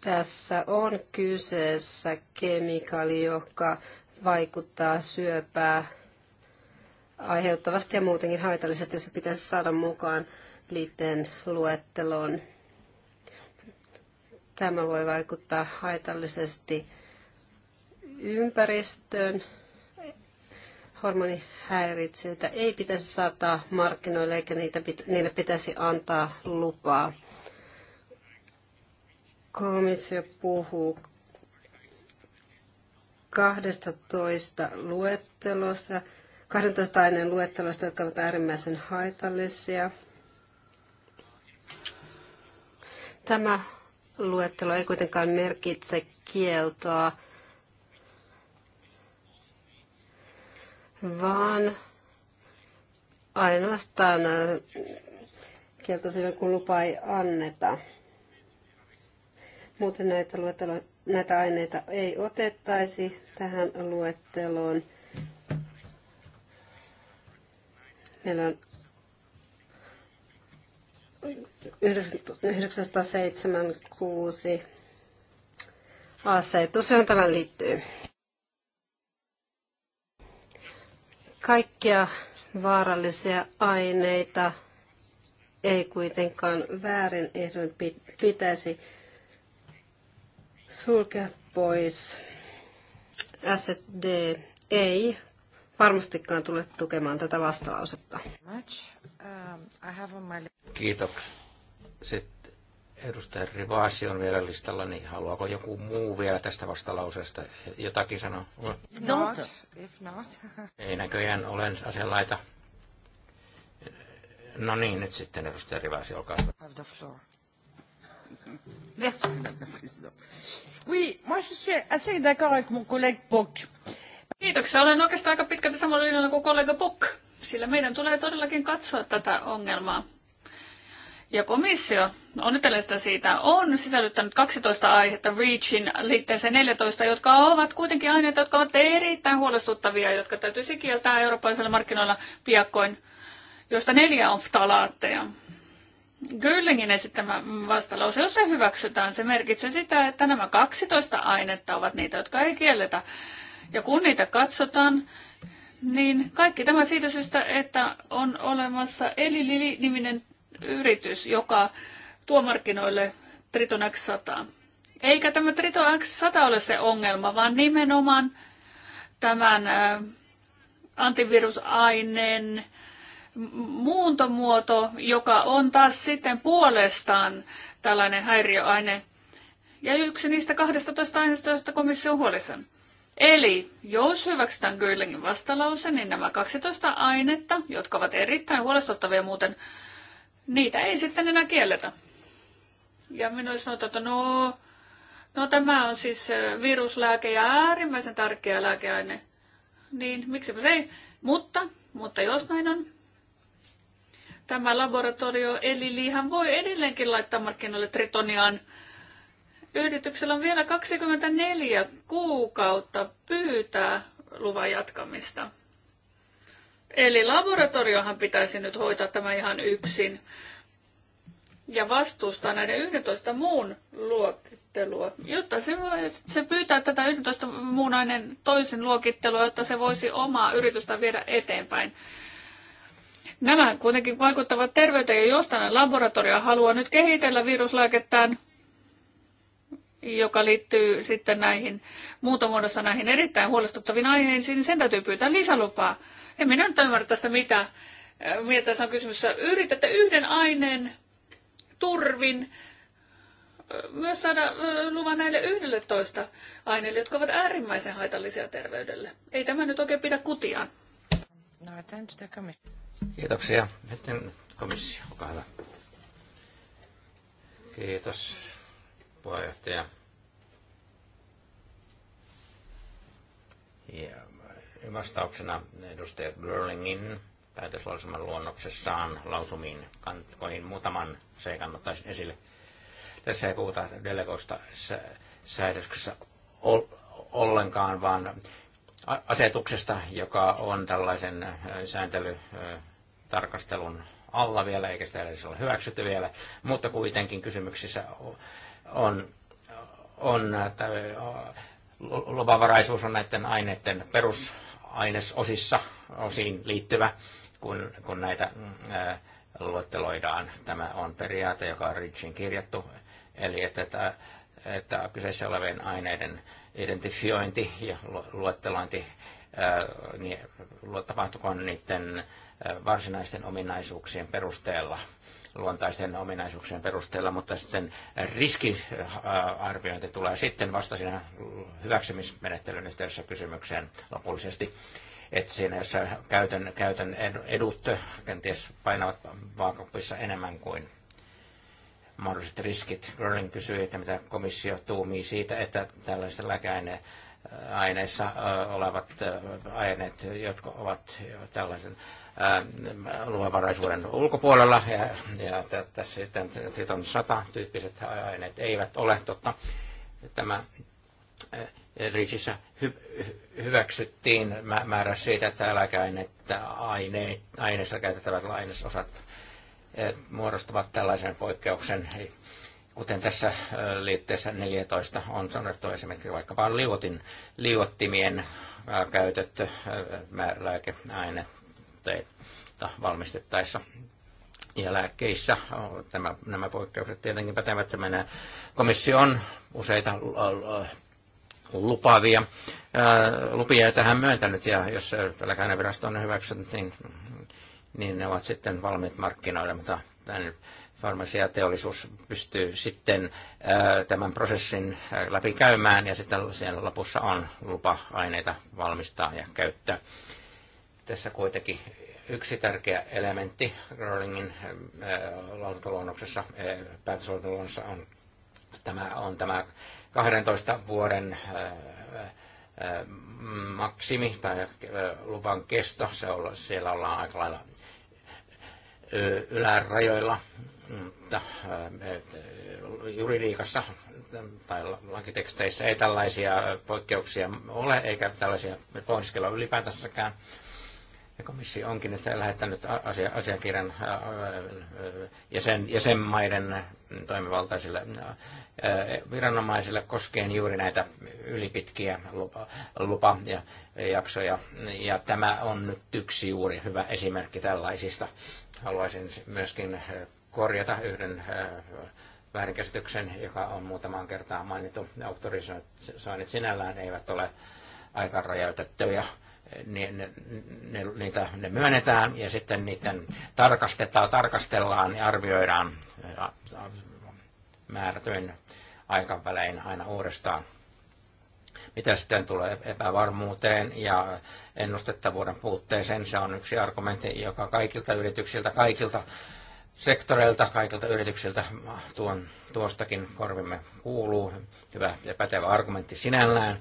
Tässä on kyseessä kemikaali, joka vaikuttaa syöpää aiheuttavasti ja muutenkin haitallisesti. Se pitäisi saada mukaan liitteen luetteloon. Tämä voi vaikuttaa haitallisesti ympäristöön. Hormonihäiritsyitä ei pitäisi saattaa markkinoille eikä niitä, niille pitäisi antaa lupaa. Komissio puhuu 12 luettelosta, 12 aineen luettelosta, jotka ovat äärimmäisen haitallisia. Tämä luettelo ei kuitenkaan merkitse kieltoa, vaan ainoastaan kielto silloin, kun lupa ei anneta. Muuten näitä, luettelo, näitä aineita ei otettaisi tähän luetteloon. Meillä on 976 asetus, johon tämä liittyy. Kaikkia vaarallisia aineita ei kuitenkaan väärin ehdoin pitäisi sulkea pois. SD ei varmastikaan tule tukemaan tätä vastalausetta. Kiitoksia. Sitten edustaja Rivasi on vielä listalla, niin haluaako joku muu vielä tästä vastalauseesta jotakin sanoa? If not, if not. Ei näköjään ole asianlaita. No niin, nyt sitten edustaja Rivasi, olkaa hyvä. Merci, Madame la Présidente. Oui, moi je suis assez d'accord avec mon collègue Pock. Kiitoksia. Olen oikeastaan aika pitkälti samalla linjalla kuin kollega Pock, sillä meidän tulee todellakin katsoa tätä ongelmaa. Ja komissio, onnittelen sitä siitä, on sisällyttänyt 12 aihetta REACHin liitteeseen 14, jotka ovat kuitenkin aineita, jotka ovat erittäin huolestuttavia, jotka täytyisi kieltää eurooppalaisilla markkinoilla piakkoin, joista neljä on ftalaatteja. Göllingin esittämä vastalause, jos se hyväksytään, se merkitsee sitä, että nämä 12 ainetta ovat niitä, jotka ei kielletä. Ja kun niitä katsotaan, niin kaikki tämä siitä syystä, että on olemassa Eli-niminen yritys, joka tuo markkinoille Triton X100. Eikä tämä Triton X100 ole se ongelma, vaan nimenomaan tämän äh, antivirusaineen muuntomuoto, joka on taas sitten puolestaan tällainen häiriöaine. Ja yksi niistä 12 aineista, joista komissio on huolissaan. Eli jos hyväksytään Gyrlingin vastalause, niin nämä 12 ainetta, jotka ovat erittäin huolestuttavia muuten, niitä ei sitten enää kielletä. Ja minulle sanotaan, että no, no tämä on siis viruslääke ja äärimmäisen tärkeä lääkeaine. Niin miksipä se ei? Mutta, mutta jos näin on, tämä laboratorio eli liihan voi edelleenkin laittaa markkinoille Tritoniaan. Yrityksellä on vielä 24 kuukautta pyytää luvan jatkamista. Eli laboratoriohan pitäisi nyt hoitaa tämä ihan yksin ja vastustaa näiden 11 muun luokittelua, jotta se, voi, se pyytää tätä 11 muun aineen toisen luokittelua, jotta se voisi omaa yritystä viedä eteenpäin. Nämä kuitenkin vaikuttavat terveyteen ja jos tällainen laboratorio haluaa nyt kehitellä viruslääkettään, joka liittyy sitten näihin muutamuodossa näihin erittäin huolestuttaviin aiheisiin, niin sen täytyy pyytää lisälupaa. En minä nyt ymmärrä tästä mitä. Äh, mitä tässä on kysymys? Yritätte yhden aineen turvin äh, myös saada äh, luvan näille 11 aineille, jotka ovat äärimmäisen haitallisia terveydelle. Ei tämä nyt oikein pidä kutiaan. No, Kiitoksia. Sitten komissio, olkaa hyvä. Kiitos, puheenjohtaja. Ja vastauksena edustaja Görlingin päätöslausuman luonnoksessaan lausumiin kantkoihin muutaman seikan ottaisin esille. Tässä ei puhuta delegoista säädöksessä ollenkaan, vaan asetuksesta, joka on tällaisen sääntely tarkastelun alla vielä, eikä sitä edes ole hyväksytty vielä, mutta kuitenkin kysymyksissä on, on että lupavaraisuus on näiden aineiden perusainesosissa osiin liittyvä, kun, kun näitä ää, luetteloidaan. Tämä on periaate, joka on Ridgein kirjattu, eli että, että, että kyseessä olevien aineiden identifiointi ja luettelointi ää, niin, tapahtukoon niiden varsinaisten ominaisuuksien perusteella luontaisten ominaisuuksien perusteella, mutta sitten riskiarviointi tulee sitten vasta siinä hyväksymismenettelyn yhteydessä kysymykseen lopullisesti. Että siinä, jossa käytön, käytön edut kenties painavat vaakakupissa enemmän kuin mahdolliset riskit. Gröling kysyi, että mitä komissio tuumii siitä, että tällaisessa lääkeaine aineissa olevat aineet, jotka ovat tällaisen luvanvaraisuuden ulkopuolella. Ja, ja tässä sitten Triton 100 tyyppiset aineet eivät ole totta. Tämä Riisissä hy- hyväksyttiin määrä siitä, että eläkeainetta aineet, aineissa käytettävät lainesosat muodostavat tällaisen poikkeuksen. Kuten tässä liitteessä 14 on sanottu esimerkiksi vaikkapa liuotin, liuottimien käytetty lääkeaine tuotteita valmistettaessa. Ja lääkkeissä tämä, nämä poikkeukset tietenkin pätevät. Menee. Komissio on useita äh, äh, lupaavia äh, lupia tähän myöntänyt, ja jos lääkärinvirasto on hyväksynyt, niin, niin ne ovat sitten valmiit markkinoille, mutta tämän farmasiateollisuus pystyy sitten tämän prosessin läpi käymään ja sitten siellä lopussa on lupa aineita valmistaa ja käyttää. Tässä kuitenkin yksi tärkeä elementti Rowlingin äh, lausuntoluonnoksessa, äh, päätösluonnoksessa on tämä, on tämä 12 vuoden äh, maksimi tai luvan kesto. Se on siellä ollaan aika lailla ylärajoilla, mutta juridiikassa tai lakiteksteissä ei tällaisia poikkeuksia ole, eikä tällaisia pohdiskella ylipäätänsäkään. Ja komissio onkin nyt lähettänyt asia, asiakirjan jäsen, jäsenmaiden toimivaltaisille viranomaisille koskien juuri näitä ylipitkiä lupa, lupa Ja tämä on nyt yksi juuri hyvä esimerkki tällaisista. Haluaisin myöskin korjata yhden väärinkäsityksen, joka on muutamaan kertaan mainittu. Autorisoinnit sinällään eivät ole rajoitettuja ne, niin ne, ne, niitä, ne myönnetään ja sitten niiden tarkastetaan, tarkastellaan ja arvioidaan määrätyin aikavälein aina uudestaan. Mitä sitten tulee epävarmuuteen ja ennustettavuuden puutteeseen, se on yksi argumentti, joka kaikilta yrityksiltä, kaikilta sektoreilta, kaikilta yrityksiltä tuon, tuostakin korvimme kuuluu. Hyvä ja pätevä argumentti sinällään,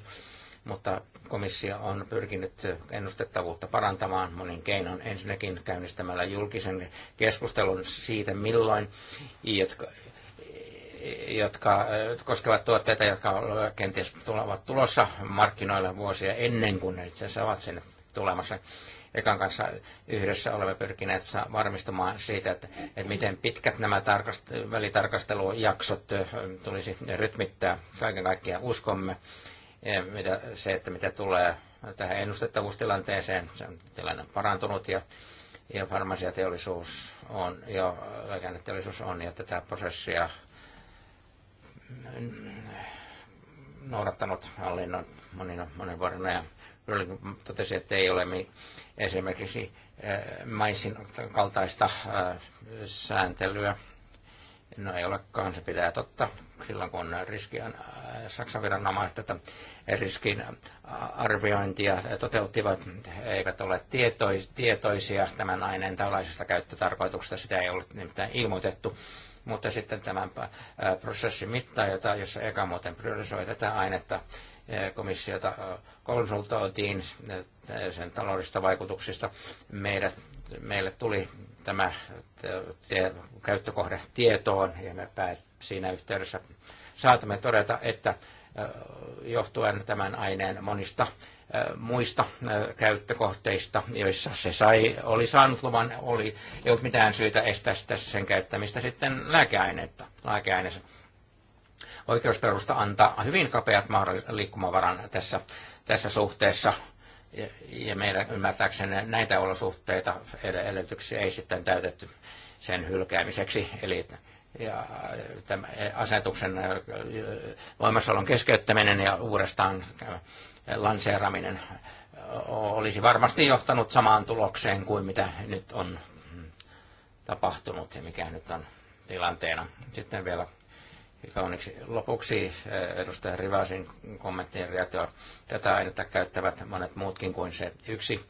mutta komissio on pyrkinyt ennustettavuutta parantamaan monin keinon Ensinnäkin käynnistämällä julkisen keskustelun siitä, milloin, jotka, jotka koskevat tuotteita, jotka kenties tulevat tulossa markkinoille vuosia ennen kuin ne itse asiassa ovat sinne tulemassa. Ekan kanssa yhdessä olemme pyrkineet varmistumaan siitä, että, että miten pitkät nämä tarkast- välitarkastelujaksot tulisi rytmittää. Kaiken kaikkiaan uskomme, mitä, se, että mitä tulee tähän ennustettavuustilanteeseen, se on tilanne parantunut ja, ja farmasiateollisuus on jo, lääkäneteollisuus on jo tätä prosessia noudattanut hallinnon monina, monen vuoden ja totesi, että ei ole esimerkiksi eh, maisin kaltaista eh, sääntelyä. No ei olekaan, se pitää totta silloin kun riskien, äh, Saksan viranomaiset tätä riskin äh, arviointia toteuttivat, eivät ole tietoisia tämän aineen tällaisesta käyttötarkoituksesta, sitä ei ollut nimittäin ilmoitettu. Mutta sitten tämän äh, prosessin mittaa, jota, jossa eka muuten priorisoi tätä ainetta, komissiota konsultoitiin sen taloudellisista vaikutuksista. Meidät, meille tuli tämä te, käyttökohde tietoon ja me päät, siinä yhteydessä saatamme todeta, että johtuen tämän aineen monista muista käyttökohteista, joissa se sai, oli saanut luvan, oli, ei ollut mitään syytä estää sitä sen käyttämistä sitten lääkeaineetta, lääkeaineessa. Oikeusperusta antaa hyvin kapeat liikkumavaran tässä, tässä suhteessa, ja, ja meidän ymmärtääkseni näitä olosuhteita edellytyksiä ei sitten täytetty sen hylkäämiseksi. Eli ja äh, tämän äh, asetuksen äh, voimassaolon keskeyttäminen ja uudestaan lanseeraminen olisi varmasti johtanut samaan tulokseen kuin mitä nyt on mm, tapahtunut ja mikä nyt on tilanteena. Sitten vielä kauniksi lopuksi edustaja Rivasin kommenttien reaktio. Tätä ainetta käyttävät monet muutkin kuin se yksi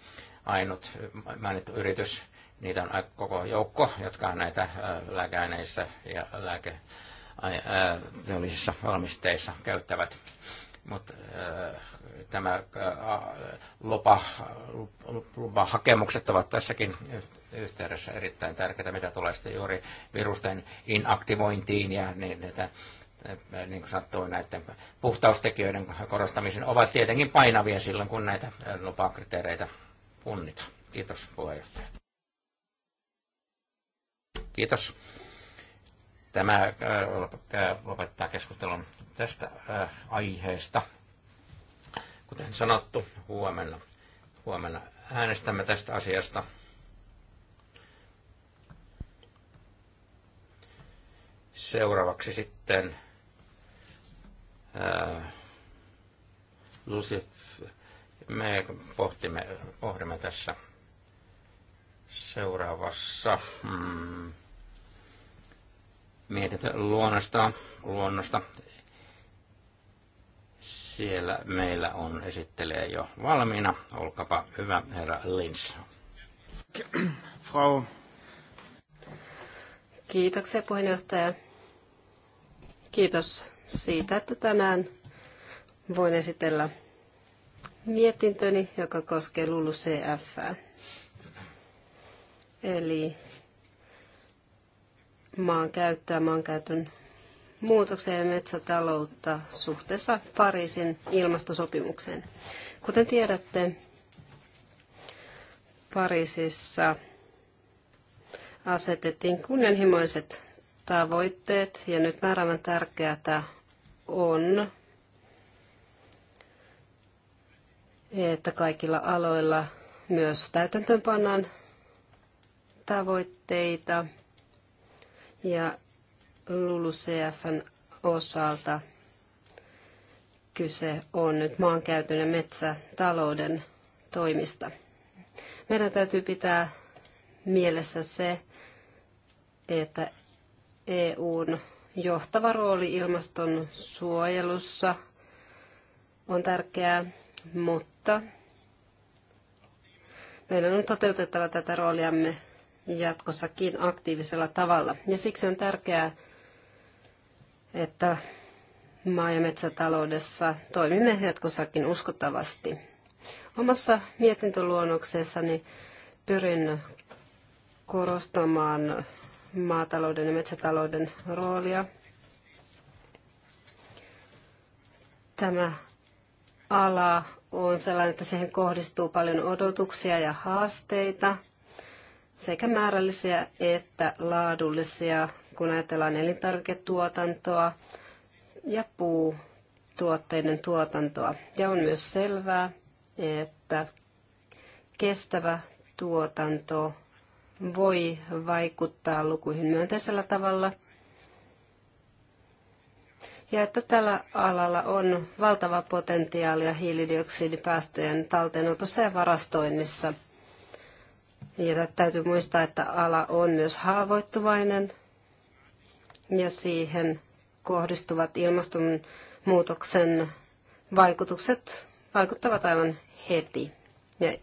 ainut mainittu yritys. Niitä on koko joukko, jotka on näitä lääkeaineissa ja lääketeollisissa valmisteissa käyttävät. Mutta tämä lupa, hakemukset ovat tässäkin yhteydessä erittäin tärkeitä, mitä tulee sitten juuri virusten inaktivointiin ja niin, niin että niin kuin sattuu näiden puhtaustekijöiden korostamisen, ovat tietenkin painavia silloin, kun näitä lupakriteereitä punnitaan. Kiitos puheenjohtaja. Kiitos. Tämä äh, lopettaa keskustelun tästä äh, aiheesta. Kuten sanottu, huomenna, huomenna äänestämme tästä asiasta. Seuraavaksi sitten ää, äh, me pohtimme, pohdimme tässä seuraavassa. Mm, mietit luonnosta, luonnosta. Siellä meillä on esittelee jo valmiina. Olkapa hyvä, herra Lins. Frau. Kiitoksia puheenjohtaja. Kiitos siitä, että tänään voin esitellä mietintöni, joka koskee LULUCF, eli maankäyttöä, maankäytön muutokseen ja metsätaloutta suhteessa Pariisin ilmastosopimukseen. Kuten tiedätte, Pariisissa asetettiin kunnianhimoiset tavoitteet ja nyt määrävän tärkeää on, että kaikilla aloilla myös täytäntöönpannaan tavoitteita – ja LULUCFn osalta kyse on nyt maankäytön ja metsätalouden toimista. Meidän täytyy pitää mielessä se, että EUn johtava rooli ilmaston suojelussa on tärkeää, mutta meidän on toteutettava tätä rooliamme jatkossakin aktiivisella tavalla. Ja siksi on tärkeää, että maa- ja metsätaloudessa toimimme jatkossakin uskottavasti. Omassa mietintöluonnoksessani pyrin korostamaan maatalouden ja metsätalouden roolia. Tämä ala on sellainen, että siihen kohdistuu paljon odotuksia ja haasteita – sekä määrällisiä että laadullisia, kun ajatellaan elintarviketuotantoa ja puutuotteiden tuotantoa. Ja on myös selvää, että kestävä tuotanto voi vaikuttaa lukuihin myönteisellä tavalla ja että tällä alalla on valtava potentiaalia hiilidioksidipäästöjen talteenotossa ja varastoinnissa – ja täytyy muistaa, että ala on myös haavoittuvainen ja siihen kohdistuvat ilmastonmuutoksen vaikutukset vaikuttavat aivan heti. Ja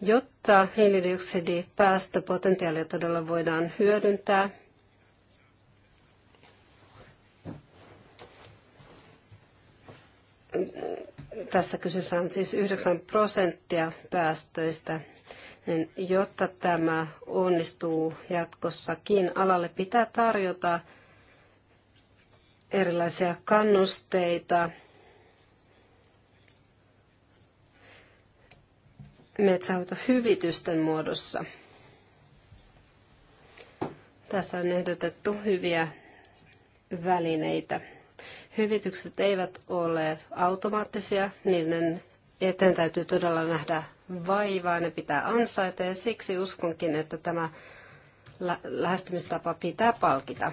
jotta hiilidioksidipäästöpotentiaalia todella voidaan hyödyntää, tässä kyseessä on siis 9 prosenttia päästöistä. Niin jotta tämä onnistuu jatkossakin, alalle pitää tarjota erilaisia kannusteita, metsähoitohyvitysten muodossa. Tässä on ehdotettu hyviä välineitä. Hyvitykset eivät ole automaattisia, ne eteen täytyy todella nähdä vaivaa, ne pitää ansaita ja siksi uskonkin, että tämä lähestymistapa pitää palkita.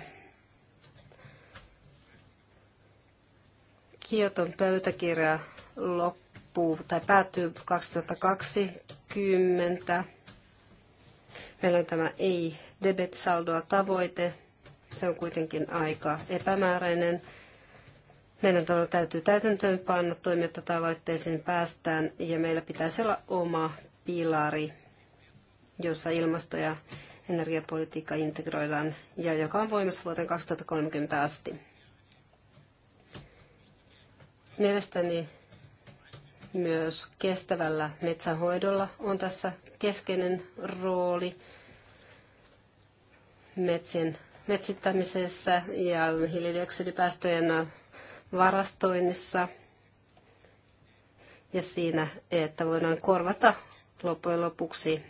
Kioton pöytäkirja loppuu tai päättyy 2020. Meillä on tämä ei debet saldoa tavoite. Se on kuitenkin aika epämääräinen. Meidän todella täytyy täytäntöön panna toimijoita tavoitteeseen päästään ja meillä pitäisi olla oma pilari, jossa ilmasto- ja energiapolitiikka integroidaan ja joka on voimassa vuoteen 2030 asti. Mielestäni myös kestävällä metsähoidolla on tässä keskeinen rooli metsien metsittämisessä ja hiilidioksidipäästöjen varastoinnissa ja siinä, että voidaan korvata loppujen lopuksi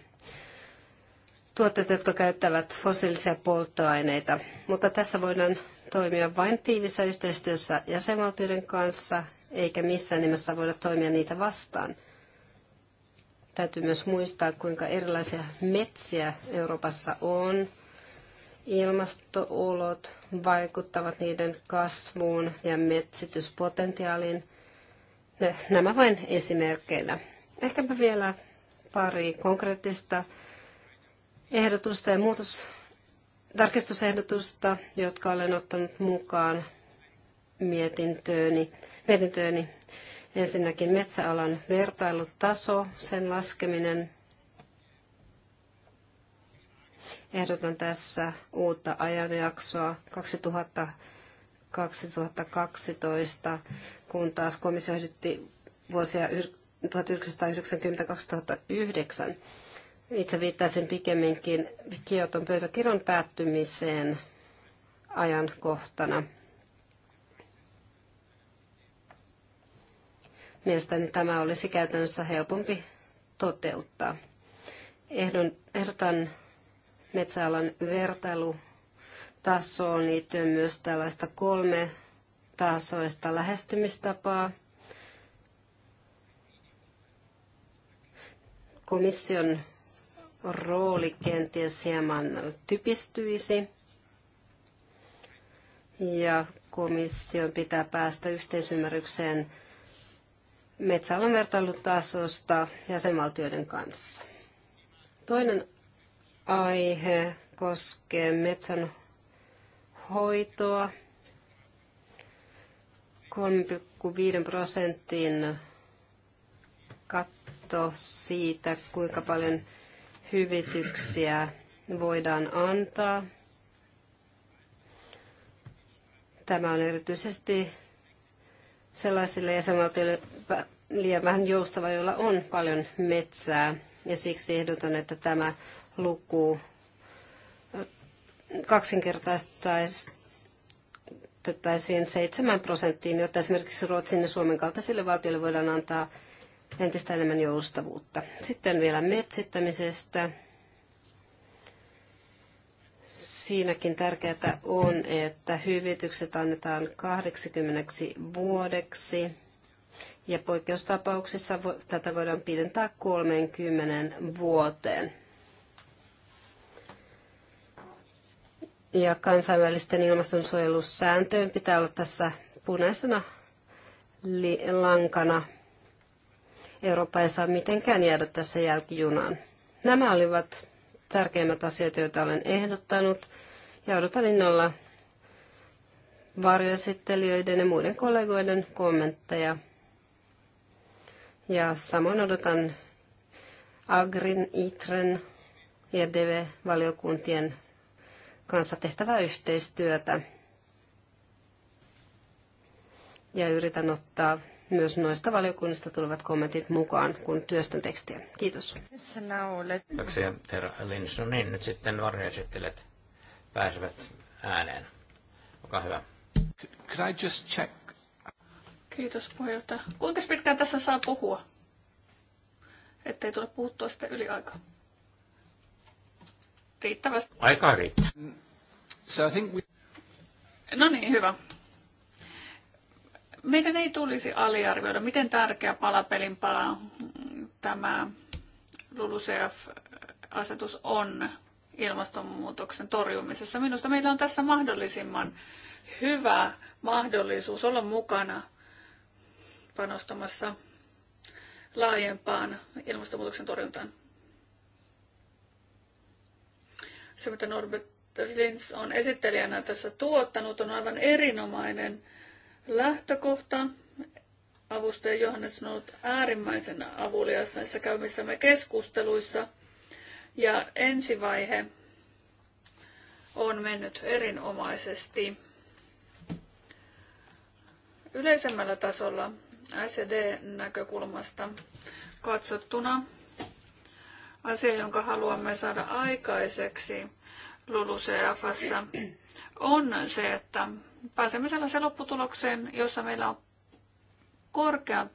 tuotteet, jotka käyttävät fossiilisia polttoaineita. Mutta tässä voidaan toimia vain tiivissä yhteistyössä jäsenvaltioiden kanssa, eikä missään nimessä voida toimia niitä vastaan. Täytyy myös muistaa, kuinka erilaisia metsiä Euroopassa on ilmastoolot vaikuttavat niiden kasvuun ja metsityspotentiaaliin. Nämä vain esimerkkeillä. Ehkäpä vielä pari konkreettista ehdotusta ja muutos, tarkistusehdotusta, jotka olen ottanut mukaan mietintööni. mietintööni. Ensinnäkin metsäalan vertailutaso, sen laskeminen – Ehdotan tässä uutta ajanjaksoa 2000-2012, kun taas komissio ehdotti vuosia 1990-2009. Itse viittaisin pikemminkin Kioton pöytäkirjan päättymiseen ajankohtana. Mielestäni tämä olisi käytännössä helpompi toteuttaa. Ehdon, ehdotan metsäalan vertailutasoon liittyen myös tällaista kolme tasoista lähestymistapaa. Komission rooli kenties hieman typistyisi ja komission pitää päästä yhteisymmärrykseen metsäalan vertailutasosta jäsenvaltioiden kanssa. Toinen aihe koskee metsän hoitoa. 3,5 prosentin katto siitä, kuinka paljon hyvityksiä voidaan antaa. Tämä on erityisesti sellaisille jäsenvaltioille liian vähän joustava, joilla on paljon metsää. Ja siksi ehdotan, että tämä luku kaksinkertaistettaisiin 7 prosenttiin, jotta esimerkiksi Ruotsin ja Suomen kaltaisille valtioille voidaan antaa entistä enemmän joustavuutta. Sitten vielä metsittämisestä. Siinäkin tärkeää on, että hyvitykset annetaan 80 vuodeksi ja poikkeustapauksissa tätä voidaan pidentää 30 vuoteen. ja kansainvälisten ilmastonsuojelussääntöjen pitää olla tässä punaisena lankana. Eurooppa ei saa mitenkään jäädä tässä jälkijunaan. Nämä olivat tärkeimmät asiat, joita olen ehdottanut ja odotan innolla varjoesittelijöiden ja muiden kollegoiden kommentteja. Ja samoin odotan Agrin, Itren ja DV-valiokuntien kanssa tehtävää yhteistyötä. Ja yritän ottaa myös noista valiokunnista tulevat kommentit mukaan, kun työstön tekstiä. Kiitos. Kiitoksia, herra Linsson. No niin, nyt sitten varjoesittelijät pääsevät ääneen. Olkaa hyvä. Could I just check? Kiitos puheenjohtaja. Kuinka pitkään tässä saa puhua? Ettei tule puhuttua sitä yliaikaa? riittävästi. Aika riittää. So we... No niin, hyvä. Meidän ei tulisi aliarvioida, miten tärkeä palapelin pala tämä LULUCF-asetus on ilmastonmuutoksen torjumisessa. Minusta meillä on tässä mahdollisimman hyvä mahdollisuus olla mukana panostamassa laajempaan ilmastonmuutoksen torjuntaan. Se, mitä Norbert Lins on esittelijänä tässä tuottanut, on aivan erinomainen lähtökohta. Avustaja Johannes on ollut äärimmäisen avulias näissä käymissämme keskusteluissa. Ja ensivaihe on mennyt erinomaisesti. Yleisemmällä tasolla SED-näkökulmasta katsottuna asia, jonka haluamme saada aikaiseksi LULUCFssä, on se, että pääsemme sellaiseen lopputulokseen, jossa meillä on korkean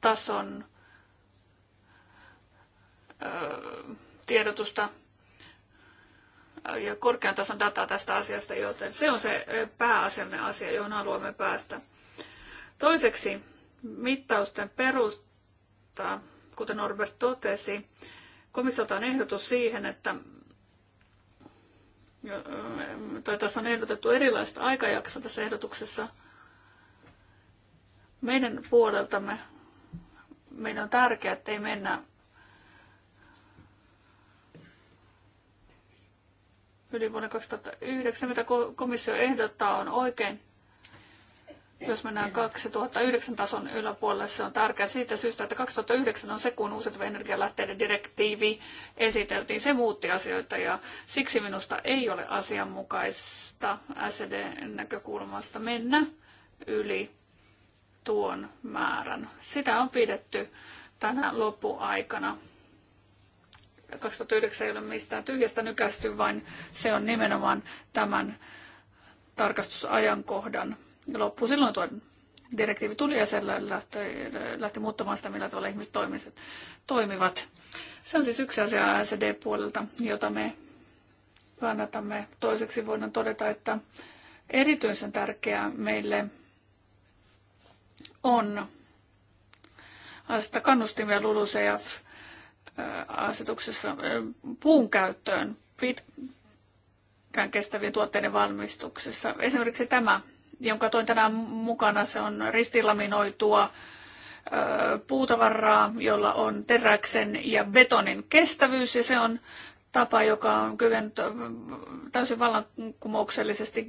tason tiedotusta ja korkean tason dataa tästä asiasta, joten se on se pääasiallinen asia, johon haluamme päästä. Toiseksi mittausten perusta, kuten Norbert totesi, Komissiolta on ehdotus siihen, että tai tässä on ehdotettu erilaista aikajaksoa tässä ehdotuksessa. Meidän puoleltamme meidän on tärkeää, että ei mennä yli vuonna 2009, mitä komissio ehdottaa, on oikein jos mennään 2009 tason yläpuolelle, se on tärkeää siitä syystä, että 2009 on se, kun uusiutuvan energialähteiden direktiivi esiteltiin. Se muutti asioita ja siksi minusta ei ole asianmukaista SED-näkökulmasta mennä yli tuon määrän. Sitä on pidetty tänä loppuaikana. 2009 ei ole mistään tyhjästä nykästy, vaan se on nimenomaan tämän tarkastusajankohdan ja loppu silloin tuo direktiivi tuli ja se lähti, lähti muuttamaan sitä, millä tavalla ihmiset toimiset, toimivat. Se on siis yksi asia asd puolelta jota me kannatamme. Toiseksi voidaan todeta, että erityisen tärkeää meille on asettaa kannustimia LULUCF-asetuksessa äh, äh, puun käyttöön pitkään kestävien tuotteiden valmistuksessa. Esimerkiksi tämä jonka toin tänään mukana. Se on ristilaminoitua puutavaraa, jolla on teräksen ja betonin kestävyys ja se on tapa, joka on kykenyt täysin vallankumouksellisesti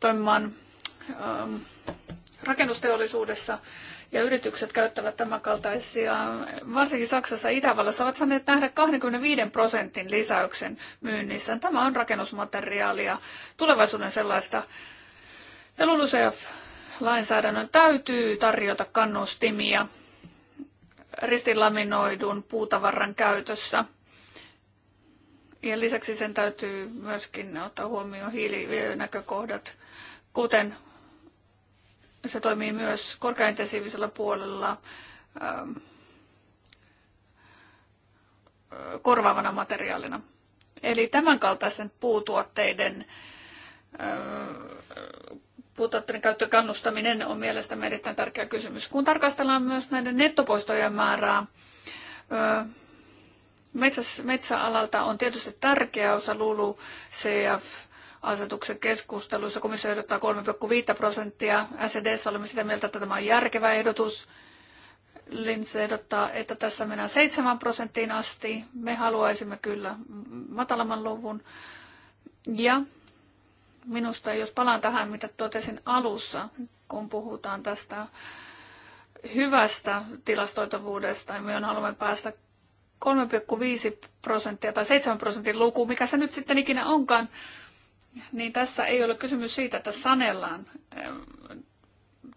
toimimaan rakennusteollisuudessa ja yritykset käyttävät tämän kaltaisia. Varsinkin Saksassa ja Itävallassa ovat saaneet nähdä 25 prosentin lisäyksen myynnissä. Tämä on rakennusmateriaalia, tulevaisuuden sellaista, ja LULUCF-lainsäädännön täytyy tarjota kannustimia ristilaminoidun puutavaran käytössä. Ja lisäksi sen täytyy myöskin ottaa huomioon hiilinäkökohdat, kuten se toimii myös korkeaintensiivisellä puolella ähm, korvaavana materiaalina. Eli tämänkaltaisten puutuotteiden äh, puutuotteiden käyttö kannustaminen on mielestäni erittäin tärkeä kysymys. Kun tarkastellaan myös näiden nettopoistojen määrää, metsäs, metsäalalta on tietysti tärkeä osa LULU CF asetuksen keskusteluissa. Komissio ehdottaa 3,5 prosenttia. SEDssä olemme sitä mieltä, että tämä on järkevä ehdotus. Lins ehdottaa, että tässä mennään 7 prosenttiin asti. Me haluaisimme kyllä matalamman luvun. Ja Minusta, jos palaan tähän, mitä totesin alussa, kun puhutaan tästä hyvästä tilastoitavuudesta, niin me haluamme päästä 3,5 prosenttia tai 7 prosentin luku, mikä se nyt sitten ikinä onkaan, niin tässä ei ole kysymys siitä, että sanellaan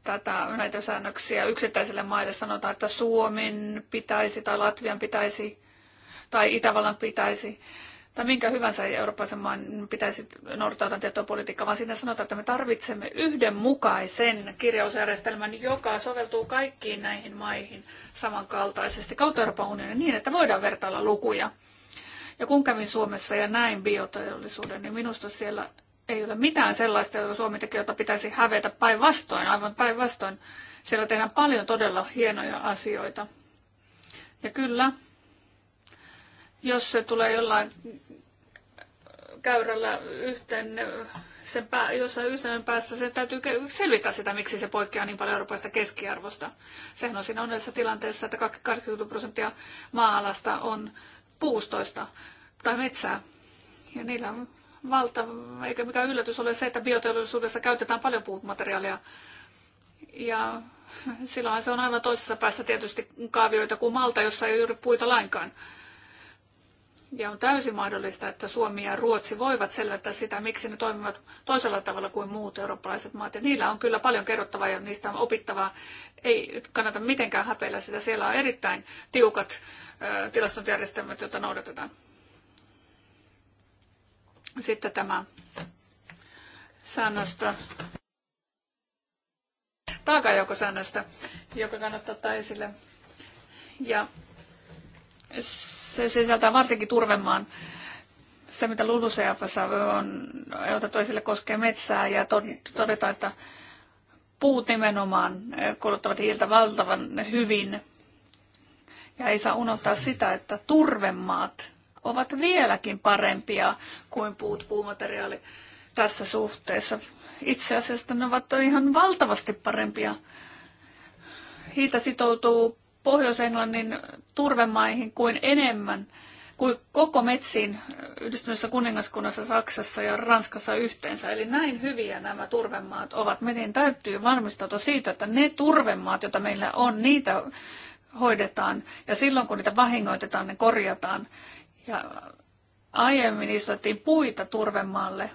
tätä, näitä säännöksiä yksittäisille maille. Sanotaan, että Suomen pitäisi tai Latvian pitäisi tai Itävallan pitäisi tai minkä hyvänsä Euroopan maan pitäisi noudattaa tiettyä politiikkaa, vaan siinä sanotaan, että me tarvitsemme yhdenmukaisen kirjausjärjestelmän, joka soveltuu kaikkiin näihin maihin samankaltaisesti kautta Euroopan unionin niin, että voidaan vertailla lukuja. Ja kun kävin Suomessa ja näin bioteollisuuden, niin minusta siellä ei ole mitään sellaista, jota Suomi tekee, jota pitäisi hävetä päinvastoin, aivan päinvastoin. Siellä tehdään paljon todella hienoja asioita. Ja kyllä, jos se tulee jollain käyrällä yhteen, sen pää, jossain yhteen päässä, sen täytyy selvittää sitä, miksi se poikkeaa niin paljon eurooppalaisesta keskiarvosta. Sehän on siinä onnellisessa tilanteessa, että 80 prosenttia maa-alasta on puustoista tai metsää. Ja niillä on valta, eikä mikään yllätys ole se, että bioteollisuudessa käytetään paljon puumateriaalia. Ja silloinhan se on aivan toisessa päässä tietysti kaavioita kuin Malta, jossa ei juuri puita lainkaan. Ja on täysin mahdollista, että Suomi ja Ruotsi voivat selvittää sitä, miksi ne toimivat toisella tavalla kuin muut eurooppalaiset maat. Ja niillä on kyllä paljon kerrottavaa ja niistä on opittavaa. Ei kannata mitenkään häpeillä sitä. Siellä on erittäin tiukat ö, tilastojärjestelmät, joita noudatetaan. Sitten tämä säännöstä, taakanjaukosäännöstä, joka kannattaa ottaa esille. Ja se sisältää varsinkin turvemaan. Se, mitä LULUCFssä on otettu esille, koskee metsää ja todetaan, että puut nimenomaan eh, kuluttavat hiiltä valtavan hyvin. Ja ei saa unohtaa sitä, että turvemaat ovat vieläkin parempia kuin puut, puumateriaali tässä suhteessa. Itse asiassa ne ovat ihan valtavasti parempia. Hiitä sitoutuu Pohjois-Englannin turvemaihin kuin enemmän kuin koko metsiin yhdistyneessä kuningaskunnassa, Saksassa ja Ranskassa yhteensä. Eli näin hyviä nämä turvemaat ovat. Meidän täytyy varmistautua siitä, että ne turvemaat, joita meillä on, niitä hoidetaan. Ja silloin, kun niitä vahingoitetaan, ne korjataan. Ja aiemmin istutettiin puita turvemaalle,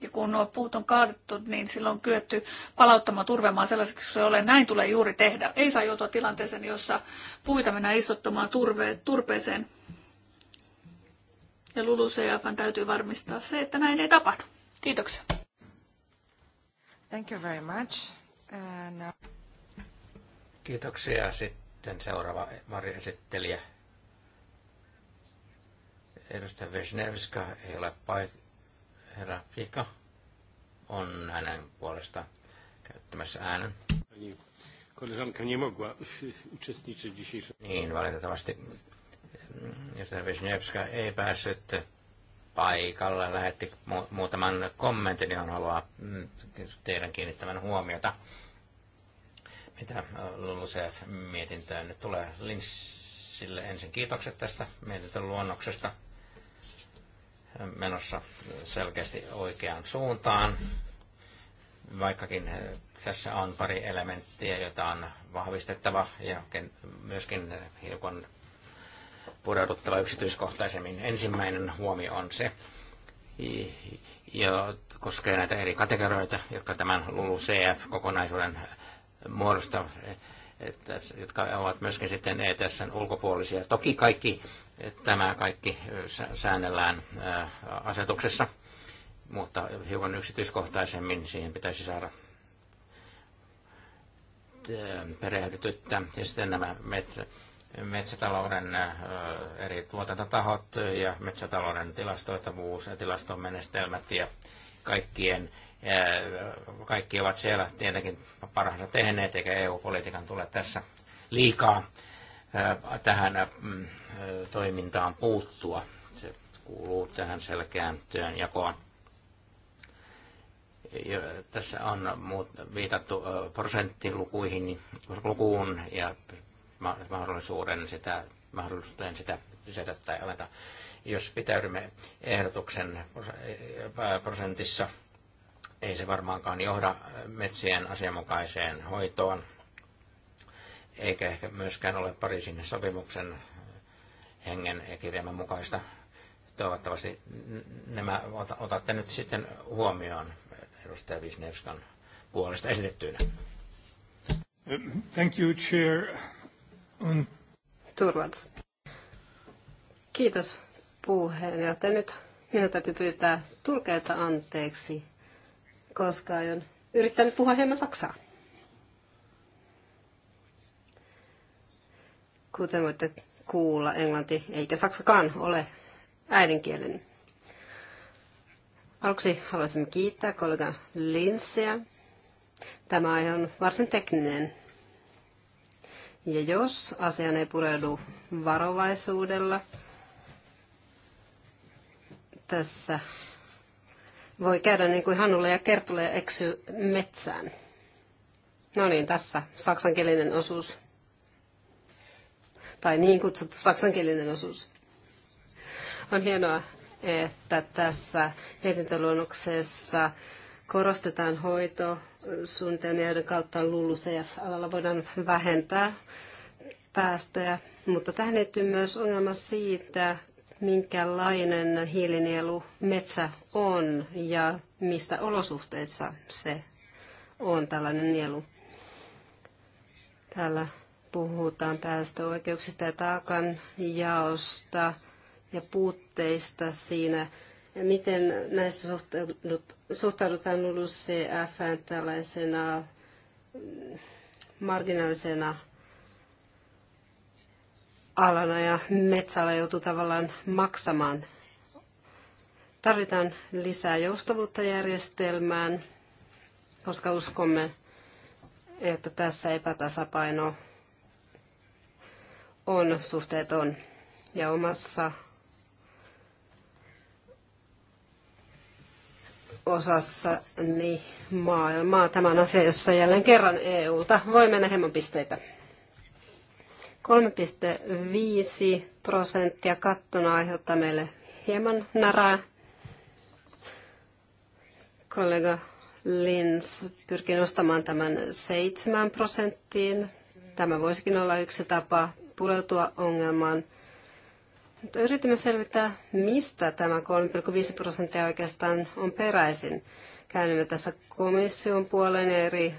ja kun nuo puut on kaadettu, niin silloin on kyetty palauttamaan turvemaan sellaiseksi, kun se ole. Näin tulee juuri tehdä. Ei saa joutua tilanteeseen, jossa puita mennään istuttamaan turve, turpeeseen. Ja LULUCFn täytyy varmistaa se, että näin ei tapahdu. Kiitoksia. Thank you very much. Uh, now... Kiitoksia. Sitten seuraava varjoesittelijä. Edustaja Vesnevska ei ole paikalla herra Pika on hänen puolesta käyttämässä äänen. Koleżanka nie mogła uczestniczyć dzisiejszym... Niin, valitettavasti Jutta Wisniewska ei päässyt paikalle. Lähetti mu- muutaman kommentin, johon haluaa mm, teidän kiinnittämän huomiota. Mitä äh, LULUCF-mietintöön nyt tulee? Linssille ensin kiitokset tästä mietintön luonnoksesta menossa selkeästi oikeaan suuntaan, vaikkakin tässä on pari elementtiä, joita on vahvistettava ja myöskin hiukan pureuduttava yksityiskohtaisemmin. Ensimmäinen huomio on se, ja koskee näitä eri kategorioita, jotka tämän LULU-CF-kokonaisuuden muodostavat että, jotka ovat myöskin sitten ETSn ulkopuolisia. Toki kaikki, tämä kaikki säännellään asetuksessa, mutta hiukan yksityiskohtaisemmin siihen pitäisi saada perehdytyttä. Ja sitten nämä metsä, metsätalouden eri tuotantotahot ja metsätalouden tilastoitavuus ja tilastomenestelmät ja kaikkien kaikki ovat siellä tietenkin parhaansa tehneet, eikä EU-politiikan tule tässä liikaa tähän mm, toimintaan puuttua. Se kuuluu tähän selkeään työnjakoon. Ja tässä on viitattu prosenttilukuihin lukuun ja mahdollisuuden sitä, mahdollisuuteen sitä lisätä tai alentaa. Jos pitäydymme ehdotuksen prosentissa, ei se varmaankaan johda äh, metsien asianmukaiseen hoitoon, eikä ehkä myöskään ole Pariisin sopimuksen äh, hengen ja kirjaimen mukaista. Toivottavasti nämä otatte nyt sitten huomioon edustaja Wisniewskan puolesta esitettyinä. Thank you, Chair. Um... Turvans. Kiitos puheenjohtaja. Nyt minun täytyy pyytää tulkeita anteeksi koska aion yrittänyt puhua hieman saksaa. Kuten voitte kuulla, englanti eikä saksakaan ole äidinkielen. Aluksi haluaisimme kiittää kollega Linssiä. Tämä aihe on varsin tekninen. Ja jos asian ei pureudu varovaisuudella, tässä voi käydä niin kuin Hannulle ja Kertulle eksy metsään. No niin, tässä saksankielinen osuus. Tai niin kutsuttu saksankielinen osuus. On hienoa, että tässä mietintöluonnoksessa korostetaan hoito joiden kautta LULUCF-alalla voidaan vähentää päästöjä. Mutta tähän liittyy myös ongelma siitä, minkälainen hiilinielu metsä on ja missä olosuhteissa se on tällainen nielu. Täällä puhutaan päästöoikeuksista ja taakan jaosta ja puutteista siinä. Ja miten näissä suhtaudutaan LULUCF tällaisena marginaalisena alana ja metsäala joutuu tavallaan maksamaan. Tarvitaan lisää joustavuutta järjestelmään, koska uskomme, että tässä epätasapaino on suhteeton. Ja omassa osassa niin maailmaa. Tämä on asia, jossa jälleen kerran EUlta voi mennä hieman pisteitä. 3,5 prosenttia kattona aiheuttaa meille hieman naraa, Kollega Lins pyrkii nostamaan tämän 7 prosenttiin. Tämä voisikin olla yksi tapa pureutua ongelmaan. Mutta yritimme selvittää, mistä tämä 3,5 prosenttia oikeastaan on peräisin. Käännymme tässä komission puoleen ja eri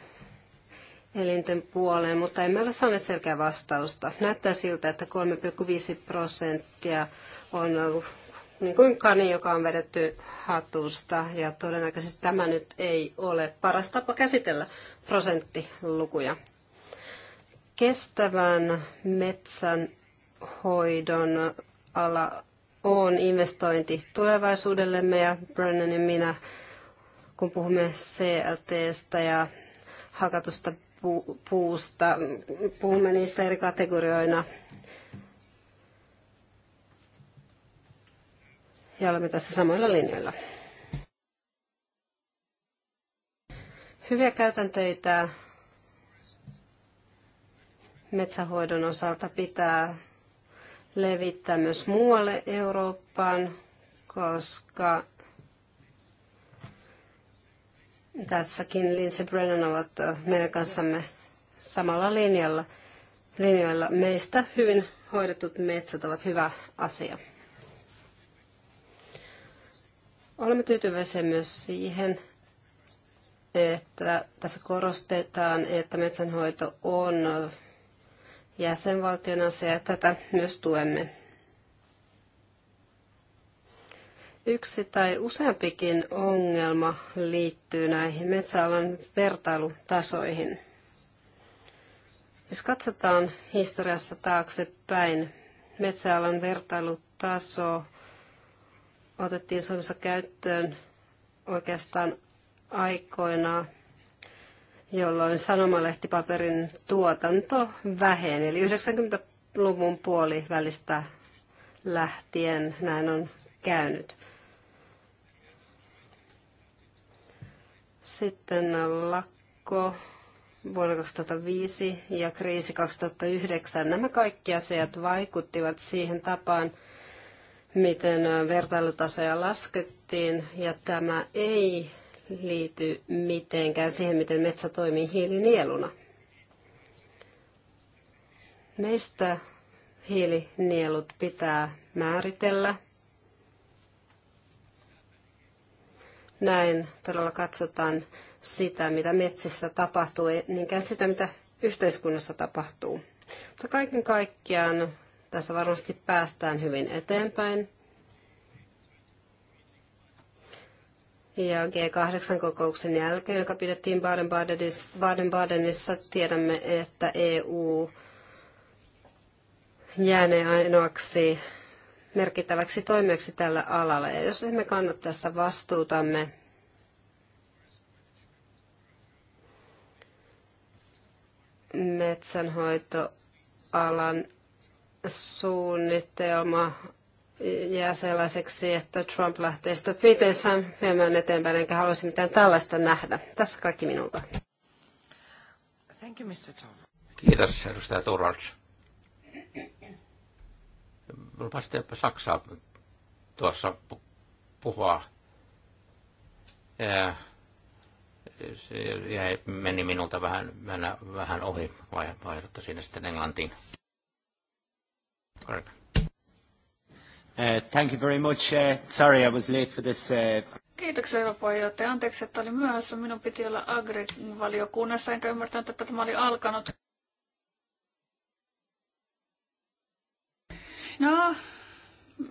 elinten puoleen, mutta emme ole saaneet selkeää vastausta. Näyttää siltä, että 3,5 prosenttia on ollut niin kuin kani, joka on vedetty hatusta, ja todennäköisesti tämä nyt ei ole paras tapa käsitellä prosenttilukuja. Kestävän metsän hoidon ala on investointi tulevaisuudellemme, ja Brennan ja minä, kun puhumme CLTstä ja hakatusta puusta. Puhumme niistä eri kategorioina. Ja olemme tässä samoilla linjoilla. Hyviä käytänteitä metsähoidon osalta pitää levittää myös muualle Eurooppaan, koska Tässäkin Lindsey Brennan ovat meidän kanssamme samalla linjalla. linjoilla. Meistä hyvin hoidetut metsät ovat hyvä asia. Olemme tyytyväisiä myös siihen, että tässä korostetaan, että metsänhoito on jäsenvaltion asia ja tätä myös tuemme. Yksi tai useampikin ongelma liittyy näihin metsäalan vertailutasoihin. Jos katsotaan historiassa taaksepäin, metsäalan vertailutaso otettiin Suomessa käyttöön oikeastaan aikoina, jolloin sanomalehtipaperin tuotanto väheni. Eli 90-luvun puoli välistä lähtien näin on käynyt. Sitten lakko vuonna 2005 ja kriisi 2009. Nämä kaikki asiat vaikuttivat siihen tapaan, miten vertailutasoja laskettiin, ja tämä ei liity mitenkään siihen, miten metsä toimii hiilinieluna. Meistä hiilinielut pitää määritellä Näin todella katsotaan sitä, mitä metsissä tapahtuu, niinkään sitä, mitä yhteiskunnassa tapahtuu. Mutta kaiken kaikkiaan tässä varmasti päästään hyvin eteenpäin. Ja G8-kokouksen jälkeen, joka pidettiin Baden-Badenissa, tiedämme, että EU jäänee ainoaksi merkittäväksi toimijaksi tällä alalla. Ja jos emme kanna tässä vastuutamme, metsänhoitoalan suunnitelma jää sellaiseksi, että Trump lähtee sitä Twitterissään viemään eteenpäin, enkä haluaisi mitään tällaista nähdä. Tässä kaikki minulta. Thank you, Mr. Kiitos, edustaja Turvalds jopa Saksaa tuossa puhua. Ja, jäi, meni minulta vähän, mennä, vähän ohi, vai vaihdotta siinä sitten englantiin. Correct. Uh, thank you very much. Uh, sorry I was late for this. Uh... Kiitoksia hyvä puheenjohtaja. Anteeksi, että olin myöhässä. Minun piti olla Agri-valiokunnassa, enkä ymmärtänyt, että tämä oli alkanut. No,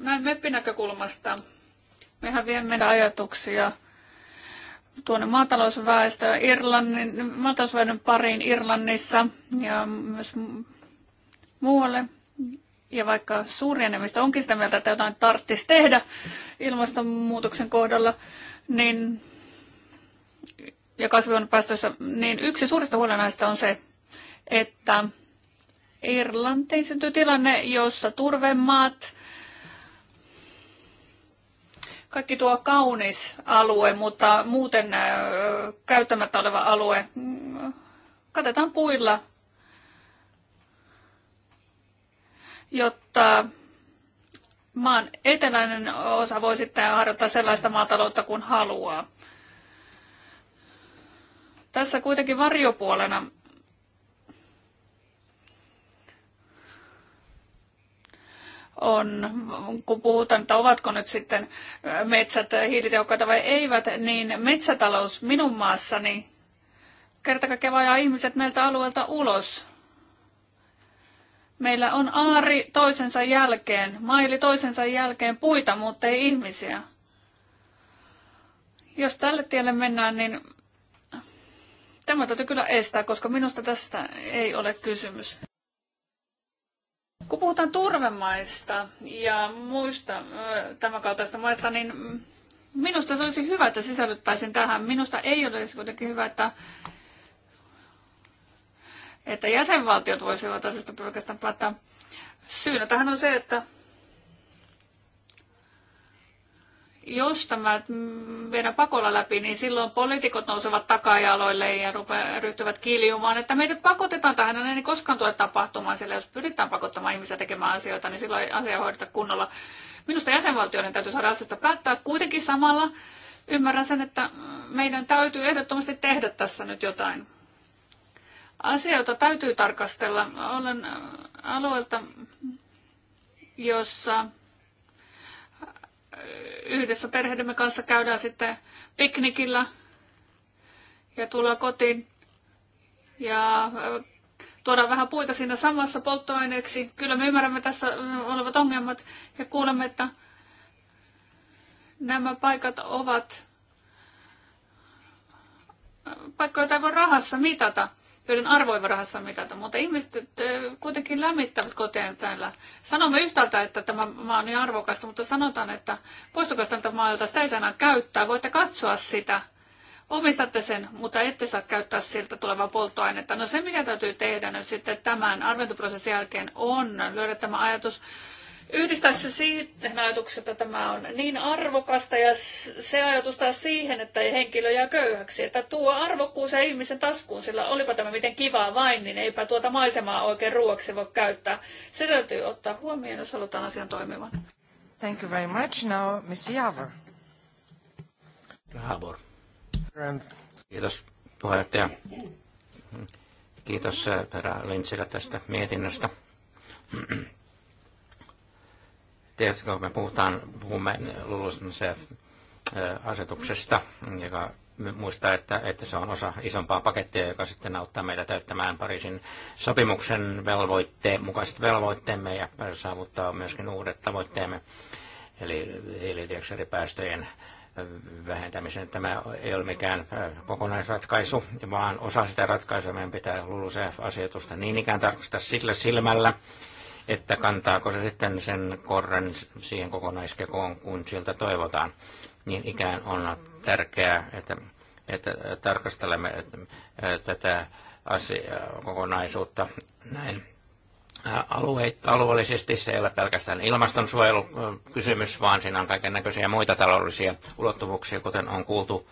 näin näkökulmasta. Mehän viemme ajatuksia tuonne maatalousväestöön Irlannin, maatalousväestön pariin Irlannissa ja myös muualle. Ja vaikka suuri enemmistö onkin sitä mieltä, että jotain tarttisi tehdä ilmastonmuutoksen kohdalla, niin ja kasvihuonepäästöissä, niin yksi suurista huolenaista on se, että Irlantiin syntyi tilanne, jossa turvemaat, kaikki tuo kaunis alue, mutta muuten äh, käyttämättä oleva alue, mm, katetaan puilla, jotta maan eteläinen osa voi sitten harjoittaa sellaista maataloutta kuin haluaa. Tässä kuitenkin varjopuolena on, kun puhutaan, että ovatko nyt sitten metsät hiilitehokkaita vai eivät, niin metsätalous minun maassani kerta vajaa ihmiset näiltä alueilta ulos. Meillä on aari toisensa jälkeen, maili toisensa jälkeen puita, mutta ei ihmisiä. Jos tälle tielle mennään, niin tämä täytyy kyllä estää, koska minusta tästä ei ole kysymys. Kun puhutaan turvemaista ja muista tämän kaltaista maista, niin minusta se olisi hyvä, että sisällyttäisin tähän. Minusta ei olisi kuitenkin hyvä, että, että jäsenvaltiot voisivat asiasta pelkästään päättää. Syynä tähän on se, että Jos tämä viedään pakolla läpi, niin silloin poliitikot nousevat takajaloille ja rupe, ryhtyvät kiljumaan, että meidät pakotetaan tähän, niin ei koskaan tule tapahtumaan, sillä jos pyritään pakottamaan ihmisiä tekemään asioita, niin silloin ei asia hoideta kunnolla. Minusta jäsenvaltioiden täytyy saada asiasta päättää. Kuitenkin samalla ymmärrän sen, että meidän täytyy ehdottomasti tehdä tässä nyt jotain. Asioita täytyy tarkastella. Olen alueelta, jossa yhdessä perheidemme kanssa käydään sitten piknikillä ja tullaan kotiin ja äh, tuodaan vähän puita siinä samassa polttoaineeksi. Kyllä me ymmärrämme tässä äh, olevat ongelmat ja kuulemme, että nämä paikat ovat äh, paikkoja, joita ei voi rahassa mitata joiden arvoa rahassa mitata, mutta ihmiset eh, kuitenkin lämmittävät koteen täällä. Sanomme yhtäältä, että tämä maa on niin arvokasta, mutta sanotaan, että poistukaa tältä maalta, sitä ei saa käyttää, voitte katsoa sitä, omistatte sen, mutta ette saa käyttää siltä tulevaa polttoainetta. No se, mikä täytyy tehdä nyt sitten tämän arviointiprosessin jälkeen, on löydä tämä ajatus se siihen ajatukseen, että tämä on niin arvokasta ja se ajatus taas siihen, että ei henkilö jää köyhäksi, että tuo arvokkuus ja ihmisen taskuun, sillä olipa tämä miten kivaa vain, niin eipä tuota maisemaa oikein ruoaksi voi käyttää. Se täytyy ottaa huomioon, jos halutaan asian toimivan. Thank you very much. Now, Mr. Javor. Javor. Kiitos puheenjohtaja. Kiitos Perä äh, Lintzillä tästä mietinnöstä Tietysti kun me puhutaan, puhumme LULUCF-asetuksesta, joka muistaa, että, että se on osa isompaa pakettia, joka sitten auttaa meitä täyttämään Pariisin sopimuksen velvoitteen, mukaiset velvoitteemme ja saavuttaa myöskin uudet tavoitteemme, eli hiilidioksidipäästöjen vähentämisen. Tämä ei ole mikään kokonaisratkaisu, vaan osa sitä ratkaisua meidän pitää LULUCF-asetusta niin ikään tarkastaa sillä silmällä, että kantaako se sitten sen korren siihen kokonaiskekoon, kun sieltä toivotaan. Niin ikään on tärkeää, että, että tarkastelemme tätä asiaa, kokonaisuutta näin alueet, alueellisesti. Se ei ole pelkästään ilmastonsuojelukysymys, vaan siinä on kaiken näköisiä muita taloudellisia ulottuvuuksia, kuten on kuultu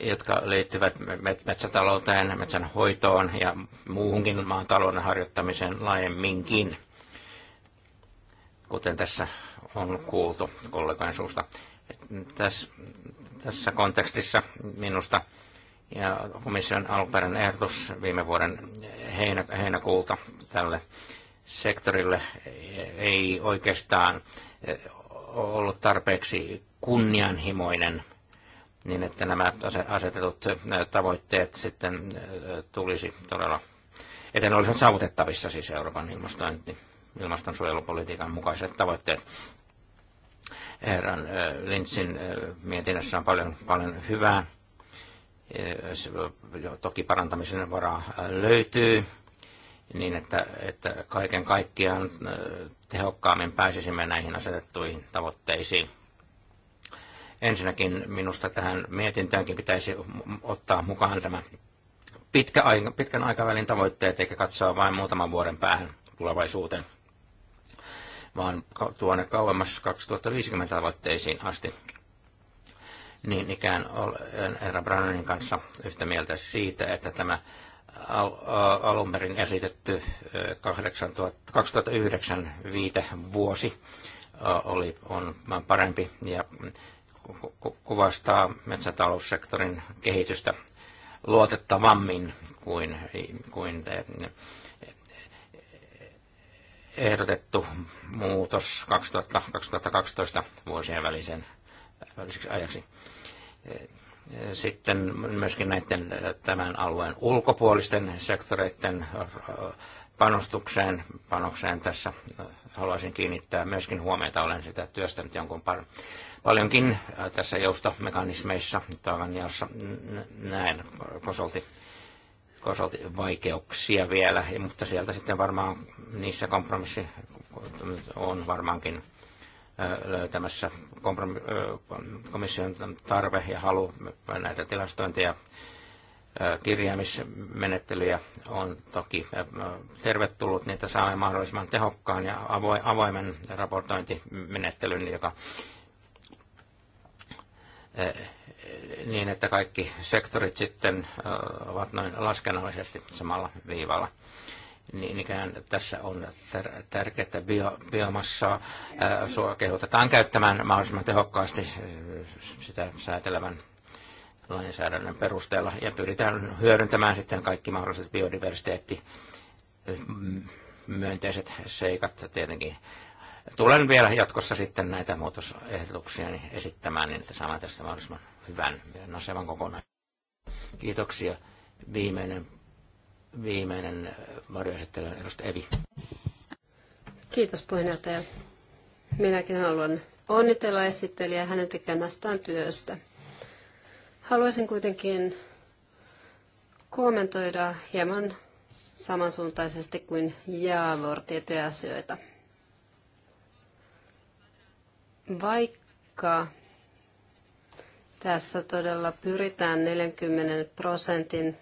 jotka liittyvät metsätalouteen, metsänhoitoon ja muuhunkin maatalouden harjoittamiseen laajemminkin, kuten tässä on kuultu kollegojen suusta. Tässä, tässä kontekstissa minusta ja komission alkuperäinen ehdotus viime vuoden heinä, heinäkuulta tälle sektorille ei oikeastaan eh, ollut tarpeeksi kunnianhimoinen – niin että nämä asetetut tavoitteet sitten tulisi todella, että ne olisivat saavutettavissa siis Euroopan ilmastonsuojelupolitiikan mukaiset tavoitteet. Herran Lintzin mietinnössä on paljon, paljon hyvää. Toki parantamisen varaa löytyy niin, että, että kaiken kaikkiaan tehokkaammin pääsisimme näihin asetettuihin tavoitteisiin Ensinnäkin minusta tähän mietintöönkin pitäisi ottaa mukaan tämä pitkä aika, pitkän aikavälin tavoitteet, eikä katsoa vain muutaman vuoden päähän tulevaisuuteen, vaan tuonne kauemmas 2050 tavoitteisiin asti. Niin ikään olen herra Brannanin kanssa yhtä mieltä siitä, että tämä al- alun perin esitetty 2009 viite vuosi oli, on parempi ja kuvastaa metsätaloussektorin kehitystä luotettavammin kuin, kuin ehdotettu muutos 2000-2012 vuosien välisen, väliseksi ajaksi. Sitten myöskin näiden tämän alueen ulkopuolisten sektoreiden panostukseen, panokseen tässä haluaisin kiinnittää myöskin huomiota. Olen sitä työstänyt jonkun paljon paljonkin äh, tässä joustomekanismeissa taakanjaossa näen kosolti, kosolti vaikeuksia vielä, mutta sieltä sitten varmaan niissä kompromissi on varmaankin äh, löytämässä äh, komission tarve ja halu näitä tilastointeja kirjaamismenettelyjä on toki tervetullut, niitä saamme mahdollisimman tehokkaan ja avoimen raportointimenettelyn, joka Eh, niin, että kaikki sektorit sitten ovat noin laskennallisesti samalla viivalla. Niin ikään tässä on tärkeää, että bio, biomassaa sua kehotetaan käyttämään mahdollisimman tehokkaasti sitä säätelevän lainsäädännön perusteella ja pyritään hyödyntämään sitten kaikki mahdolliset biodiversiteetti myönteiset seikat tietenkin tulen vielä jatkossa sitten näitä muutosehdotuksia esittämään, niin että saamme tästä mahdollisimman hyvän, ja no, aseman kokonaan. Kiitoksia. Viimeinen, viimeinen äh, varjoesittely, edustaja Evi. Kiitos puheenjohtaja. Minäkin haluan onnitella esittelijää hänen tekemästään työstä. Haluaisin kuitenkin kommentoida hieman samansuuntaisesti kuin Jaavor tiettyjä asioita. Vaikka tässä todella pyritään 40 prosentin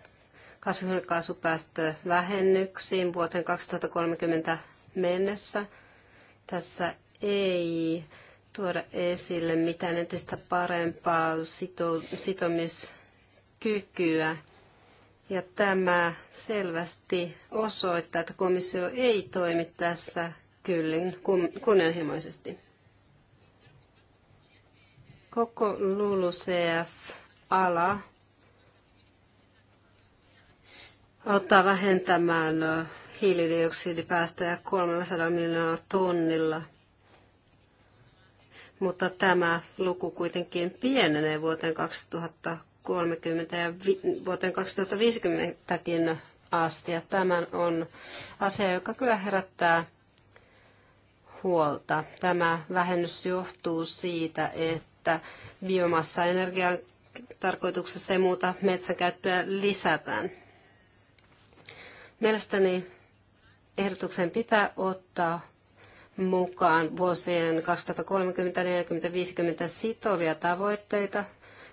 kasvihuonekaasupäästövähennyksiin vuoteen 2030 mennessä, tässä ei tuoda esille mitään entistä parempaa sitomiskykyä. Ja tämä selvästi osoittaa, että komissio ei toimi tässä kyllin kunnianhimoisesti. Koko LULUCF-ala ottaa vähentämään hiilidioksidipäästöjä 300 miljoonaa tonnilla. Mutta tämä luku kuitenkin pienenee vuoteen 2030 ja vuoteen 2050kin asti. Ja tämän on asia, joka kyllä herättää huolta. Tämä vähennys johtuu siitä, että että biomassa energian tarkoituksessa ja muuta metsäkäyttöä lisätään. Mielestäni ehdotuksen pitää ottaa mukaan vuosien 2030, 2050 sitovia tavoitteita,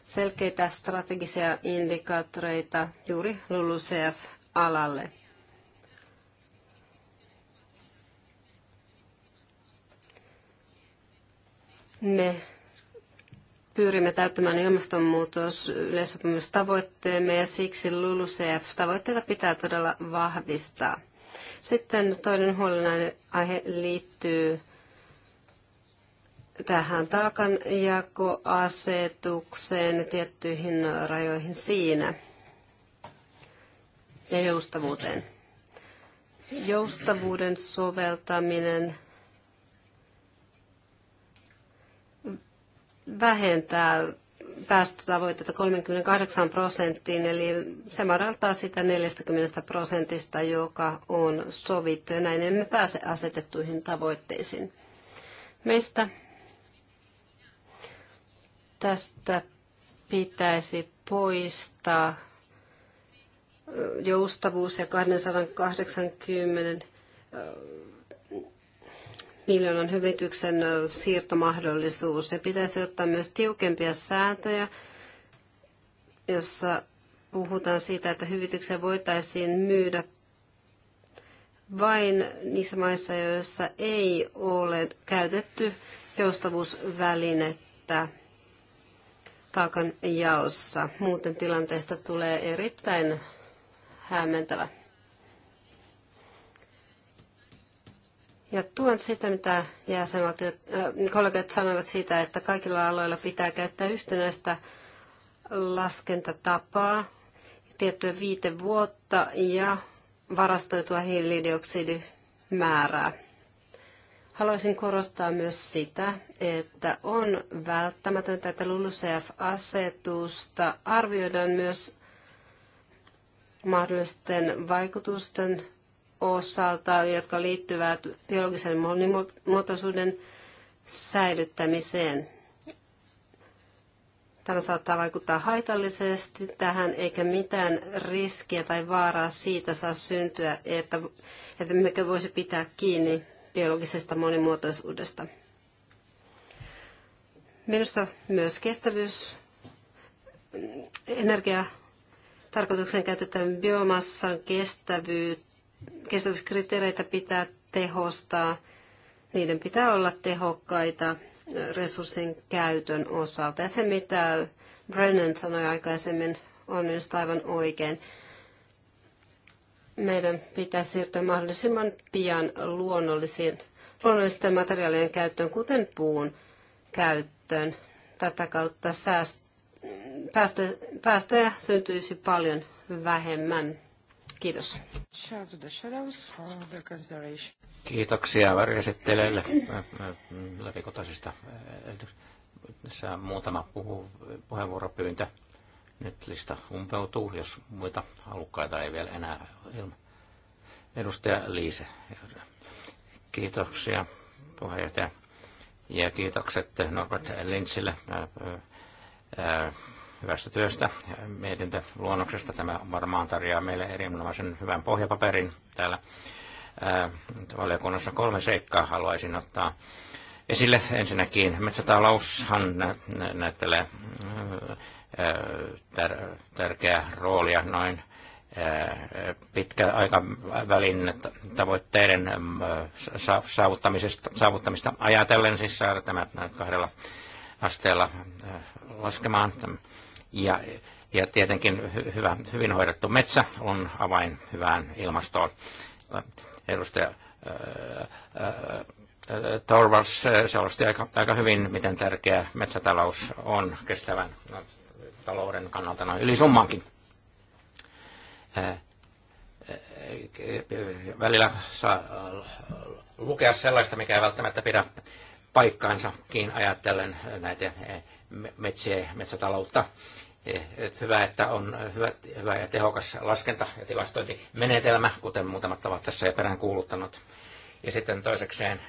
selkeitä strategisia indikaattoreita juuri LULUCF-alalle. Me pyrimme täyttämään ilmastonmuutos yleissopimustavoitteemme ja siksi LULUCF-tavoitteita pitää todella vahvistaa. Sitten toinen huolenaihe liittyy tähän taakanjakoasetukseen ja tiettyihin rajoihin siinä ja joustavuuteen. Joustavuuden soveltaminen vähentää päästötavoitetta 38 prosenttiin, eli se madaltaa sitä 40 prosentista, joka on sovittu, ja näin emme pääse asetettuihin tavoitteisiin. Meistä tästä pitäisi poistaa joustavuus ja 280 miljoonan hyvityksen siirtomahdollisuus. Ja pitäisi ottaa myös tiukempia sääntöjä, jossa puhutaan siitä, että hyvityksiä voitaisiin myydä vain niissä maissa, joissa ei ole käytetty joustavuusvälinettä taakan jaossa. Muuten tilanteesta tulee erittäin hämmentävä. Ja tuen sitä, mitä jäsenvaltiot, äh, kollegat sanoivat siitä, että kaikilla aloilla pitää käyttää yhtenäistä laskentatapaa, tiettyä viite vuotta ja varastoitua hiilidioksidimäärää. Haluaisin korostaa myös sitä, että on välttämätöntä, että LULUCF-asetusta arvioidaan myös mahdollisten vaikutusten osalta, jotka liittyvät biologisen monimuotoisuuden säilyttämiseen. Tämä saattaa vaikuttaa haitallisesti tähän, eikä mitään riskiä tai vaaraa siitä saa syntyä, että, että mekö voisi pitää kiinni biologisesta monimuotoisuudesta. Minusta myös kestävyys, energia tarkoituksen käytetään biomassan kestävyys, kestävyyskriteereitä pitää tehostaa. Niiden pitää olla tehokkaita resurssien käytön osalta. Ja se, mitä Brennan sanoi aikaisemmin, on minusta aivan oikein. Meidän pitää siirtyä mahdollisimman pian luonnollisiin, luonnollisten materiaalien käyttöön, kuten puun käyttöön. Tätä kautta sääst- päästö- päästöjä syntyisi paljon vähemmän. Kiitos. Kiitoksia varjoesittelijöille mm, läpikotaisista. Äh, tässä on muutama puhu, puheenvuoropyyntö. Nyt lista umpeutuu, jos muita halukkaita ei vielä enää ilma. Edustaja Liise. Kiitoksia puheenjohtaja. Ja kiitokset Norbert Lynchille äh, äh, hyvästä työstä mietintöluonnoksesta. Tämä varmaan tarjoaa meille erinomaisen hyvän pohjapaperin täällä valiokunnassa. Kolme seikkaa haluaisin ottaa esille. Ensinnäkin metsätaloushan näyttelee tärkeää roolia noin pitkä aikavälin tavoitteiden saavuttamista, saavuttamista ajatellen, siis saada tämä kahdella asteella äh, laskemaan. Ja, ja tietenkin hyvä, hyvin hoidettu metsä on avain hyvään ilmastoon. Edustaja äh, äh, Torvals selosti aika, aika hyvin, miten tärkeä metsätalous on kestävän talouden kannalta noin yli summankin. Välillä saa lukea sellaista, mikä ei välttämättä pidä paikkaansakin ajatellen näitä eh, metsiä, metsätaloutta. Eh, et hyvä, että on hyvä, hyvä ja tehokas laskenta- ja tilastointimenetelmä, kuten muutamat ovat tässä jo perään kuuluttanut. Ja sitten toisekseen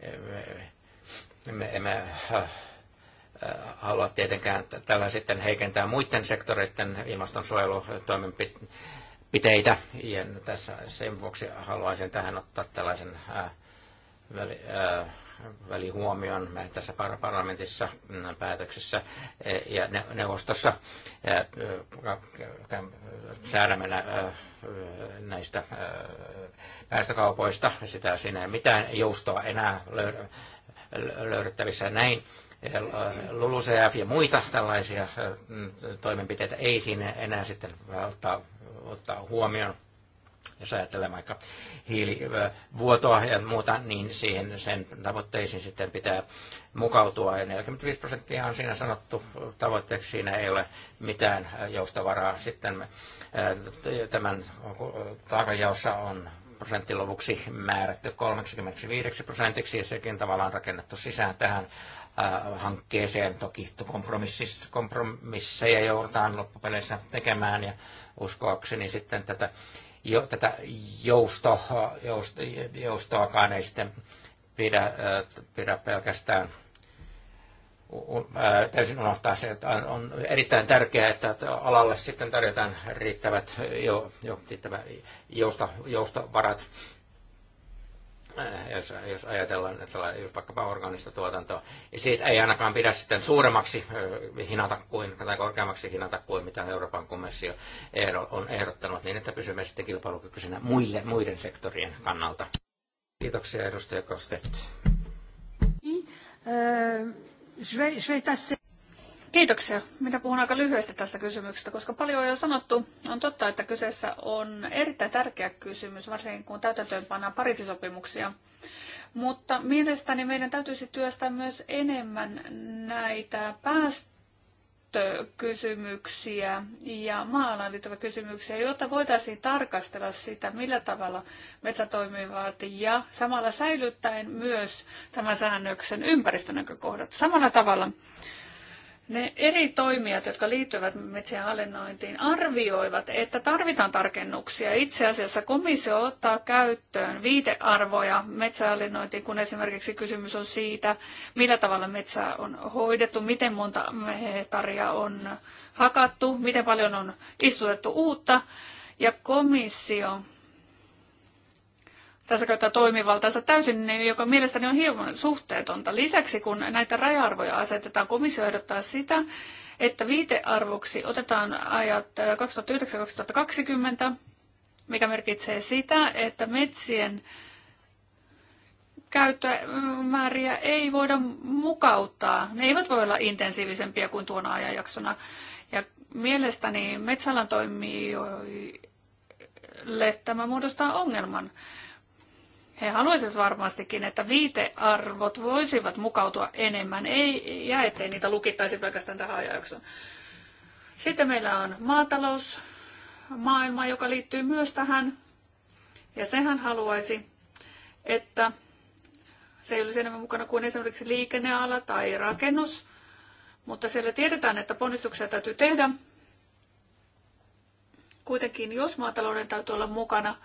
eh, me emme halua tietenkään tällä sitten heikentää muiden sektoreiden ilmastonsuojelutoimenpiteitä. Ja tässä sen vuoksi haluaisin tähän ottaa tällaisen väli, ää, välihuomion tässä parlamentissa mm, päätöksessä e, ja neuvostossa e, säädämällä näistä e, päästökaupoista. Sitä siinä ei mitään joustoa enää löydettävissä näin. LULUCF ja muita tällaisia mm, toimenpiteitä ei siinä enää sitten ottaa, ottaa huomioon jos ajattelemme vaikka hiilivuotoa ja muuta, niin siihen, sen tavoitteisiin sitten pitää mukautua. Ja 45 prosenttia on siinä sanottu tavoitteeksi, siinä ei ole mitään joustavaraa. Sitten tämän taakajaossa on prosenttiluvuksi määrätty 35 prosentiksi, ja sekin tavallaan rakennettu sisään tähän hankkeeseen. Toki kompromisseja joudutaan loppupeleissä tekemään, ja uskoakseni sitten tätä jo, tätä jousto, jousto, joustoakaan ei sitten pidä, pidä pelkästään täysin unohtaa se, että on erittäin tärkeää, että alalle sitten tarjotaan riittävät jo, jo, riittävä jousta, joustovarat. Äh, jos, jos ajatellaan tällä, jos vaikkapa organista tuotantoa, ja niin siitä ei ainakaan pidä sitten suuremmaksi äh, hinata kuin, tai korkeammaksi hinata kuin mitä Euroopan komissio on ehdottanut, niin että pysymme sitten kilpailukykyisenä muille, muiden sektorien kannalta. Kiitoksia edustaja Kostet. Äh, Kiitoksia. Minä puhun aika lyhyesti tästä kysymyksestä, koska paljon on jo sanottu. On totta, että kyseessä on erittäin tärkeä kysymys, varsinkin kun täytäntöönpannaan Pariisisopimuksia. Mutta mielestäni meidän täytyisi työstää myös enemmän näitä päästökysymyksiä ja maalaan liittyviä kysymyksiä, jotta voitaisiin tarkastella sitä, millä tavalla metsä toimivat ja samalla säilyttäen myös tämän säännöksen ympäristönäkökohdat. Samalla tavalla ne eri toimijat, jotka liittyvät metsien hallinnointiin, arvioivat, että tarvitaan tarkennuksia. Itse asiassa komissio ottaa käyttöön viitearvoja metsähallinnointiin, kun esimerkiksi kysymys on siitä, millä tavalla metsää on hoidettu, miten monta hehtaaria on hakattu, miten paljon on istutettu uutta. Ja komissio tässä käyttää toimivaltaansa täysin, niin joka mielestäni on hieman suhteetonta. Lisäksi kun näitä raja-arvoja asetetaan, komissio ehdottaa sitä, että viitearvoksi otetaan ajat 2009-2020, äh, mikä merkitsee sitä, että metsien käyttömääriä ei voida mukauttaa. Ne eivät voi olla intensiivisempiä kuin tuona ajanjaksona. Ja mielestäni metsäalan toimijoille tämä muodostaa ongelman. He haluaisivat varmastikin, että viitearvot voisivat mukautua enemmän ei, ja ettei niitä lukittaisi pelkästään tähän ajanjaksoon. Sitten meillä on maatalousmaailma, joka liittyy myös tähän. Ja sehän haluaisi, että se ei olisi enemmän mukana kuin esimerkiksi liikenneala tai rakennus, mutta siellä tiedetään, että ponnistuksia täytyy tehdä. Kuitenkin, jos maatalouden täytyy olla mukana,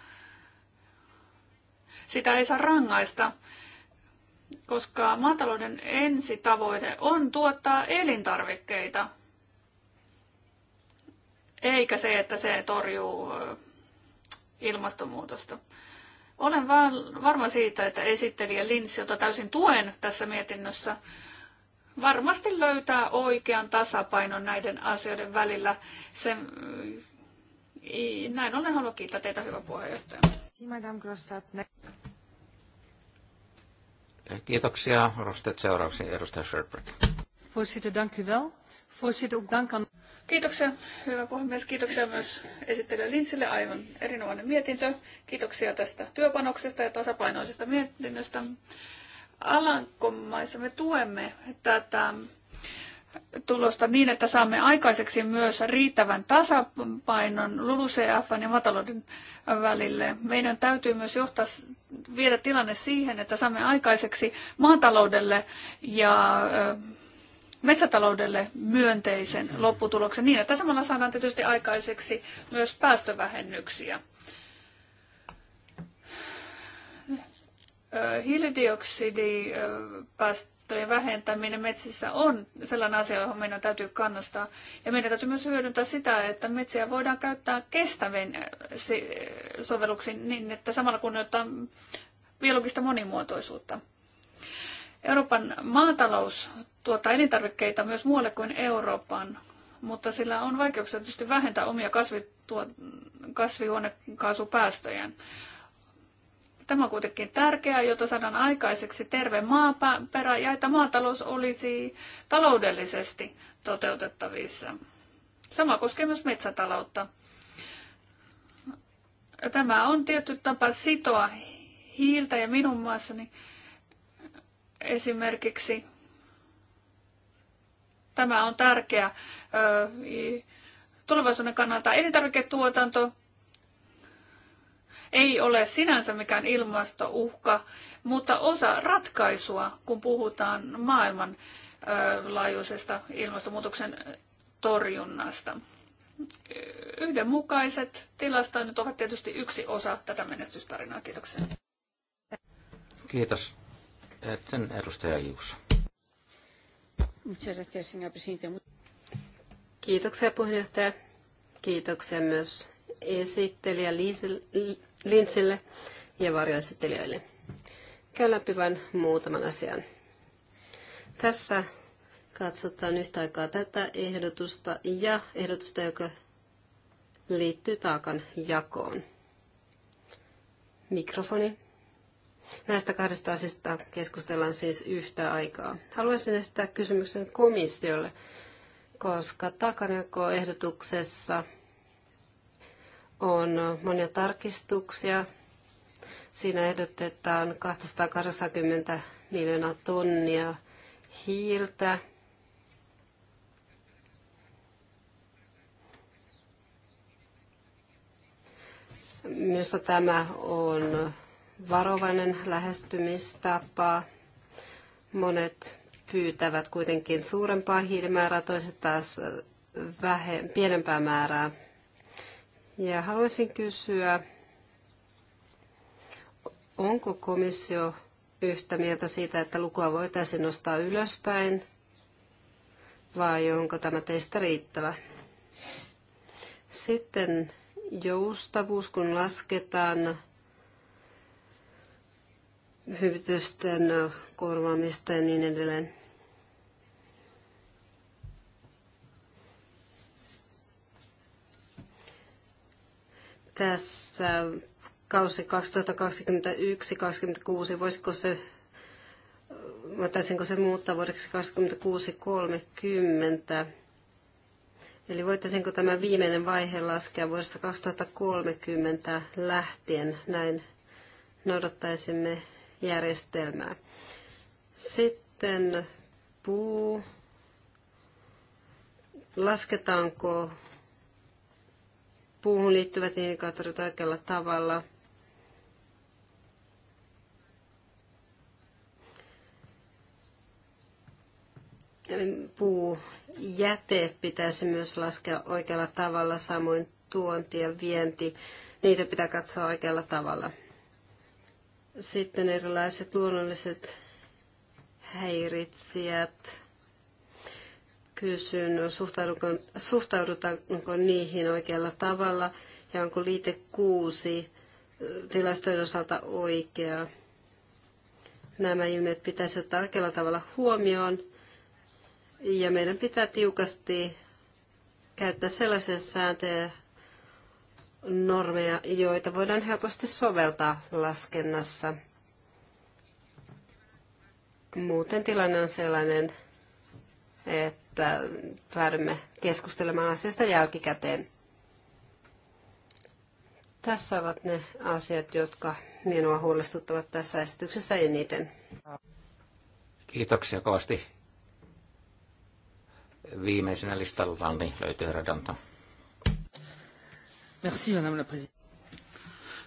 sitä ei saa rangaista, koska maatalouden ensitavoite on tuottaa elintarvikkeita, eikä se, että se torjuu ilmastonmuutosta. Olen varma siitä, että esittelijä Lins, jota täysin tuen tässä mietinnössä, varmasti löytää oikean tasapainon näiden asioiden välillä. Se, mm, näin ollen haluan kiittää teitä, hyvä puheenjohtaja. Kiitoksia. Rostet seuraavaksi edustaja Sherbert. Voorzitter, dank u wel. Voorzitter, ook dank aan... Kiitoksia, hyvä puhemies. Kiitoksia myös esittelijä Linsille. Aivan erinomainen mietintö. Kiitoksia tästä työpanoksesta ja tasapainoisesta mietinnöstä. Alankomaissa me tuemme tätä tulosta niin, että saamme aikaiseksi myös riittävän tasapainon LULUCF ja maatalouden välille. Meidän täytyy myös johtaa, viedä tilanne siihen, että saamme aikaiseksi maataloudelle ja metsätaloudelle myönteisen lopputuloksen niin, että samalla saadaan tietysti aikaiseksi myös päästövähennyksiä. Hiilidioksidipäästö haittojen vähentäminen metsissä on sellainen asia, johon meidän täytyy kannustaa. Ja meidän täytyy myös hyödyntää sitä, että metsiä voidaan käyttää kestävin eh, sovelluksiin niin, että samalla kunnioittaa biologista monimuotoisuutta. Euroopan maatalous tuottaa elintarvikkeita myös muualle kuin Euroopan, mutta sillä on vaikeuksia tietysti vähentää omia kasvituo- kasvihuonekaasupäästöjään. Tämä on kuitenkin tärkeää, jotta saadaan aikaiseksi terve maaperä ja että maatalous olisi taloudellisesti toteutettavissa. Sama koskee myös metsätaloutta. Tämä on tietty tapa sitoa hiiltä ja minun maassani esimerkiksi tämä on tärkeä tulevaisuuden kannalta elintarviketuotanto ei ole sinänsä mikään ilmastouhka, mutta osa ratkaisua, kun puhutaan maailmanlaajuisesta ilmastonmuutoksen torjunnasta. Yhdenmukaiset tilastoinnit ovat tietysti yksi osa tätä menestystarinaa. Kiitoksia. Kiitos. Sen edustaja Kiitoksia puheenjohtaja. Kiitoksia myös esittelijä Liisel, Linsille ja varjoesittelijöille. Käy läpi vain muutaman asian. Tässä katsotaan yhtä aikaa tätä ehdotusta ja ehdotusta, joka liittyy taakan jakoon. Mikrofoni. Näistä kahdesta asiasta keskustellaan siis yhtä aikaa. Haluaisin esittää kysymyksen komissiolle, koska takanjako ehdotuksessa on monia tarkistuksia. Siinä ehdotetaan 280 miljoonaa tonnia hiiltä. Minusta tämä on varovainen lähestymistapa. Monet pyytävät kuitenkin suurempaa hiilimäärää, toiset taas vähe, pienempää määrää ja haluaisin kysyä, onko komissio yhtä mieltä siitä, että lukua voitaisiin nostaa ylöspäin, vai onko tämä teistä riittävä? Sitten joustavuus, kun lasketaan hyvitysten korvaamista ja niin edelleen. tässä kausi 2021-2026, voisiko se, voitaisinko se muuttaa vuodeksi 2026-2030? Eli voitaisinko tämä viimeinen vaihe laskea vuodesta 2030 lähtien, näin noudattaisimme järjestelmää. Sitten puu. Lasketaanko puuhun liittyvät indikaattorit oikealla tavalla. Puujäte pitäisi myös laskea oikealla tavalla, samoin tuonti ja vienti. Niitä pitää katsoa oikealla tavalla. Sitten erilaiset luonnolliset häiritsijät kysyn, suhtaudutaanko, suhtaudutaanko niihin oikealla tavalla ja onko liite kuusi tilastojen osalta oikea. Nämä ilmiöt pitäisi ottaa oikealla tavalla huomioon ja meidän pitää tiukasti käyttää sellaisia sääntöjä, normeja, joita voidaan helposti soveltaa laskennassa. Muuten tilanne on sellainen, että että päädymme keskustelemaan asiasta jälkikäteen. Tässä ovat ne asiat, jotka minua huolestuttavat tässä esityksessä eniten. Kiitoksia kovasti. Viimeisenä listaltaan niin löytyy radanta. Merci, madame la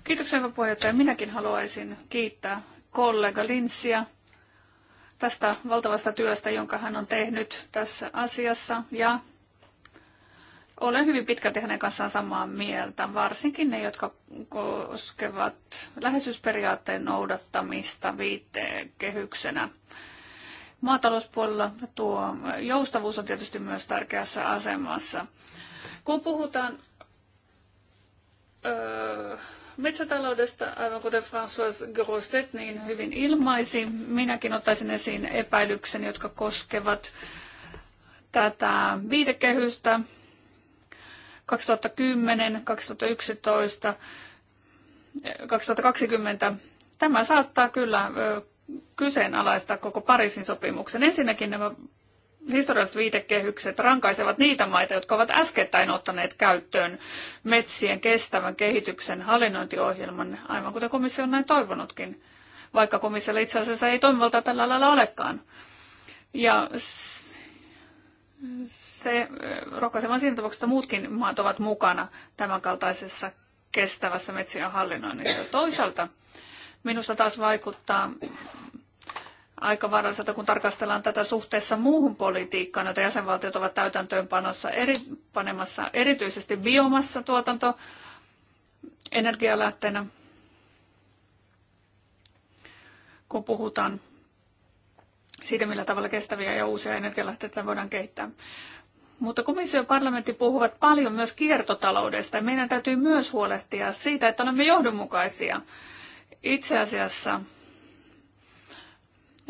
Kiitoksia, puheenjohtaja. Minäkin haluaisin kiittää kollega Linssiä tästä valtavasta työstä, jonka hän on tehnyt tässä asiassa. Ja olen hyvin pitkälti hänen kanssaan samaa mieltä, varsinkin ne, jotka koskevat läheisyysperiaatteen noudattamista viitteen kehyksenä. Maatalouspuolella tuo joustavuus on tietysti myös tärkeässä asemassa. Kun puhutaan öö, Metsätaloudesta, aivan kuten François Grostet niin hyvin ilmaisi, minäkin ottaisin esiin epäilyksen, jotka koskevat tätä viitekehystä 2010, 2011, 2020. Tämä saattaa kyllä kyseenalaistaa koko Pariisin sopimuksen. Ensinnäkin nämä historialliset viitekehykset rankaisevat niitä maita, jotka ovat äskettäin ottaneet käyttöön metsien kestävän kehityksen hallinnointiohjelman, aivan kuten komissio on näin toivonutkin, vaikka komissiolla itse asiassa ei toimivalta tällä lailla olekaan. Ja se rohkaisemaan siinä tapauksessa, että muutkin maat ovat mukana tämänkaltaisessa kestävässä metsien hallinnoinnissa. Toisaalta minusta taas vaikuttaa Aika aikavaraiselta, kun tarkastellaan tätä suhteessa muuhun politiikkaan, jota jäsenvaltiot ovat täytäntöönpanossa eri, panemassa, erityisesti biomassatuotanto energialähteenä, kun puhutaan siitä, millä tavalla kestäviä ja uusia energialähteitä voidaan kehittää. Mutta komissio ja parlamentti puhuvat paljon myös kiertotaloudesta ja meidän täytyy myös huolehtia siitä, että olemme johdonmukaisia. Itse asiassa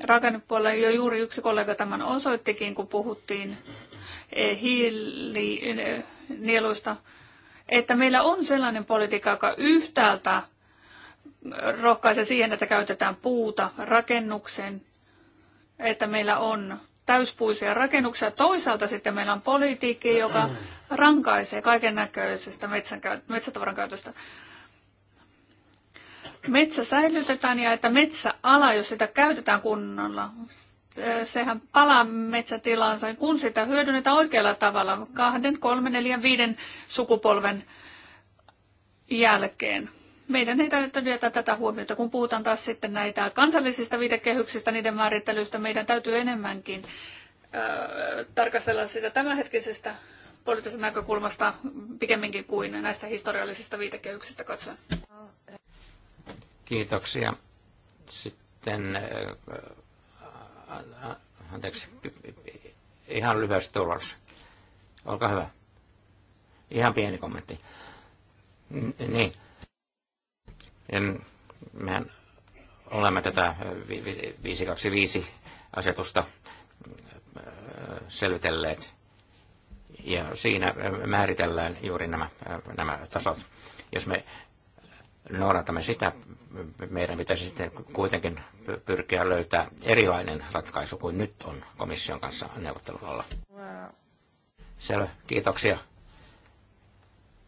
rakennepuolella jo juuri yksi kollega tämän osoittikin, kun puhuttiin eh, hiilinieluista, eh, että meillä on sellainen politiikka, joka yhtäältä rohkaisee siihen, että käytetään puuta rakennuksen, että meillä on täyspuisia rakennuksia. Toisaalta sitten meillä on politiikki, joka rankaisee kaiken näköisestä metsätavaran käytöstä metsä säilytetään ja että metsäala, jos sitä käytetään kunnolla, eh, sehän palaa metsätilansa, kun sitä hyödynnetään oikealla tavalla kahden, kolmen, neljän, viiden sukupolven jälkeen. Meidän ei täytyy jättää tätä huomiota, kun puhutaan taas sitten näitä kansallisista viitekehyksistä, niiden määrittelystä. Meidän täytyy enemmänkin ö, eh, tarkastella sitä tämänhetkisestä poliittisesta näkökulmasta pikemminkin kuin näistä historiallisista viitekehyksistä katsoen. Äh, Kiitoksia. Sitten, äh, äh, äh, anteeksi, ihan lyhyesti tulos. Olkaa hyvä. Ihan pieni kommentti. Niin. En, mehän olemme tätä 525 asetusta selvitelleet. Ja siinä määritellään juuri nämä, nämä tasot. Jos me noudatamme sitä, meidän pitäisi sitten kuitenkin pyrkiä löytää erilainen ratkaisu kuin nyt on komission kanssa neuvottelulla. Wow. Selvä, kiitoksia.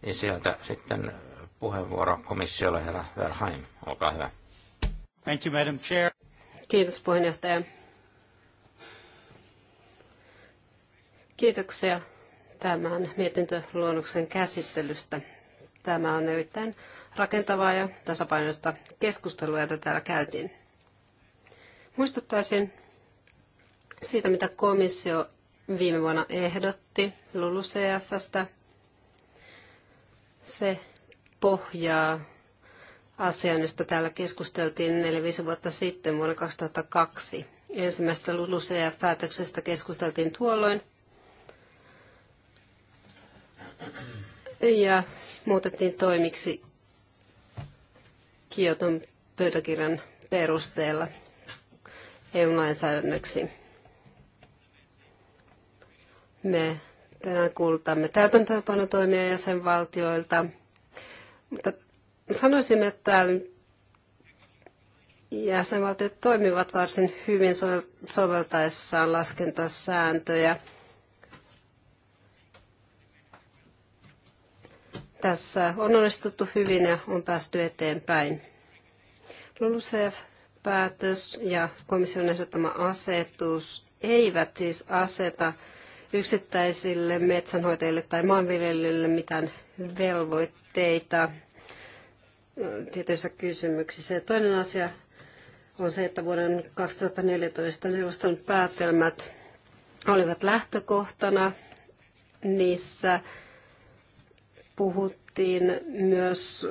Ja sieltä sitten puheenvuoro komissiolle, herra Verheim, olkaa hyvä. Thank you, Madam Chair. Kiitos puheenjohtaja. Kiitoksia tämän mietintöluonnoksen käsittelystä. Tämä on erittäin rakentavaa ja tasapainoista keskustelua, jota täällä käytiin. Muistuttaisin siitä, mitä komissio viime vuonna ehdotti LULUCFstä. Se pohjaa asian, josta täällä keskusteltiin 4-5 vuotta sitten vuonna 2002. Ensimmäistä LULUCF-päätöksestä keskusteltiin tuolloin. Ja muutettiin toimiksi Kioton pöytäkirjan perusteella EU-lainsäädännöksi. Me kuulutamme täytäntöönpanotoimia jäsenvaltioilta, mutta sanoisimme, että jäsenvaltiot toimivat varsin hyvin soveltaessaan laskentasääntöjä – Tässä on onnistuttu hyvin ja on päästy eteenpäin. LULUCF-päätös ja komission ehdottama asetus eivät siis aseta yksittäisille metsänhoitajille tai maanviljelijöille mitään velvoitteita tietyissä kysymyksissä. Ja toinen asia on se, että vuoden 2014 neuvoston päätelmät olivat lähtökohtana. Niissä Puhuttiin myös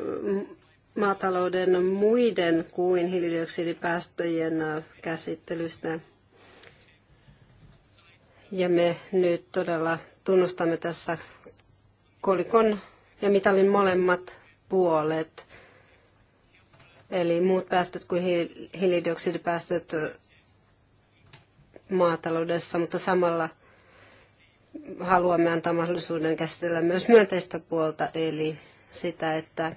maatalouden muiden kuin hiilidioksidipäästöjen käsittelystä. Ja me nyt todella tunnustamme tässä kolikon ja mitalin molemmat puolet. Eli muut päästöt kuin hiilidioksidipäästöt maataloudessa, mutta samalla – haluamme antaa mahdollisuuden käsitellä myös myönteistä puolta, eli sitä, että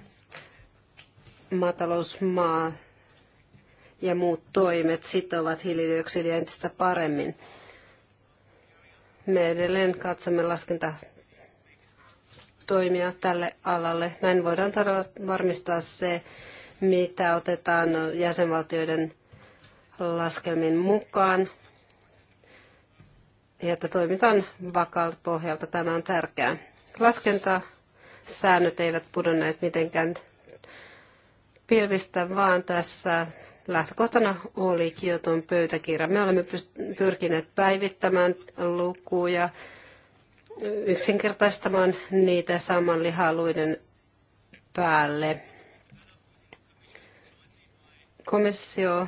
maatalousmaa ja muut toimet sitovat hiilidioksidia entistä paremmin. Me edelleen katsomme laskenta toimia tälle alalle. Näin voidaan varmistaa se, mitä otetaan jäsenvaltioiden laskelmin mukaan ja että toimitaan vakaalta pohjalta. Tämä on tärkeää. Laskentasäännöt eivät pudonneet mitenkään pilvistä, vaan tässä lähtökohtana oli Kioton pöytäkirja. Me olemme pyrkineet päivittämään lukuja, yksinkertaistamaan niitä saman lihaluiden päälle. Komissio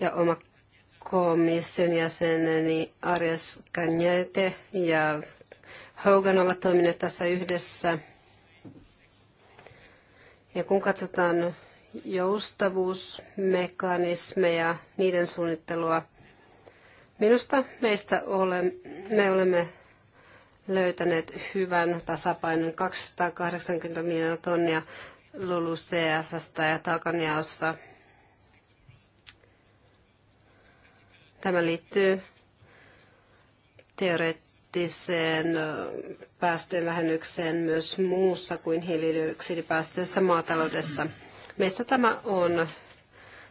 ja oma komission jäseneni Arias Kanjete ja Hogan ovat toimineet tässä yhdessä. Ja kun katsotaan joustavuusmekanismeja, niiden suunnittelua, minusta meistä ole, me olemme löytäneet hyvän tasapainon 280 miljoonaa tonnia LULUCFstä ja taakanjaossa Tämä liittyy teoreettiseen päästöjen vähennykseen myös muussa kuin hiilidioksidipäästöissä maataloudessa. Meistä tämä on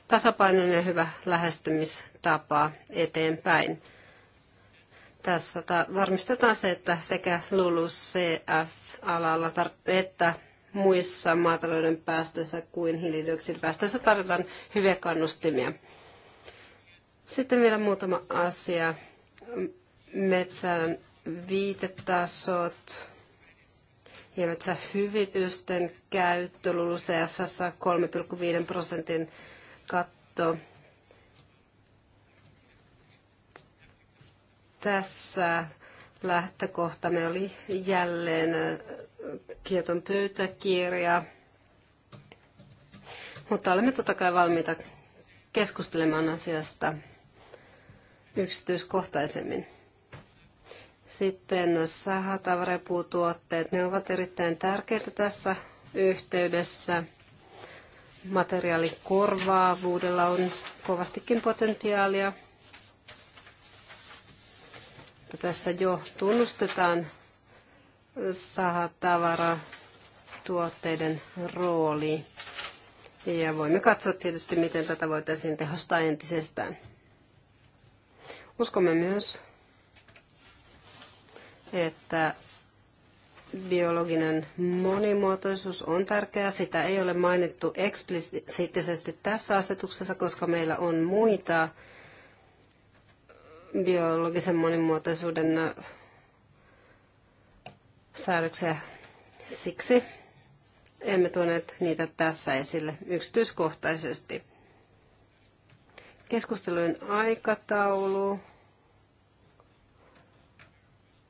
tasapainoinen ja hyvä lähestymistapa eteenpäin. Tässä varmistetaan se, että sekä LULUCF-alalla että muissa maatalouden päästöissä kuin hiilidioksidipäästöissä tarvitaan hyviä kannustimia. Sitten vielä muutama asia. Metsän viitetasot ja metsähyvitysten käyttö LULUCFssä 3,5 prosentin katto. Tässä me oli jälleen kieton pöytäkirja, mutta olemme totta kai valmiita keskustelemaan asiasta yksityiskohtaisemmin. Sitten sahatavara- ja puutuotteet, ne ovat erittäin tärkeitä tässä yhteydessä. Materiaalikorvaavuudella on kovastikin potentiaalia. Tässä jo tunnustetaan sahatavara tuotteiden rooli. Ja voimme katsoa tietysti, miten tätä voitaisiin tehostaa entisestään. Uskomme myös, että biologinen monimuotoisuus on tärkeää. Sitä ei ole mainittu eksplisiittisesti tässä asetuksessa, koska meillä on muita biologisen monimuotoisuuden äh, säädöksiä. Siksi emme tuoneet niitä tässä esille yksityiskohtaisesti. Keskustelujen aikataulu.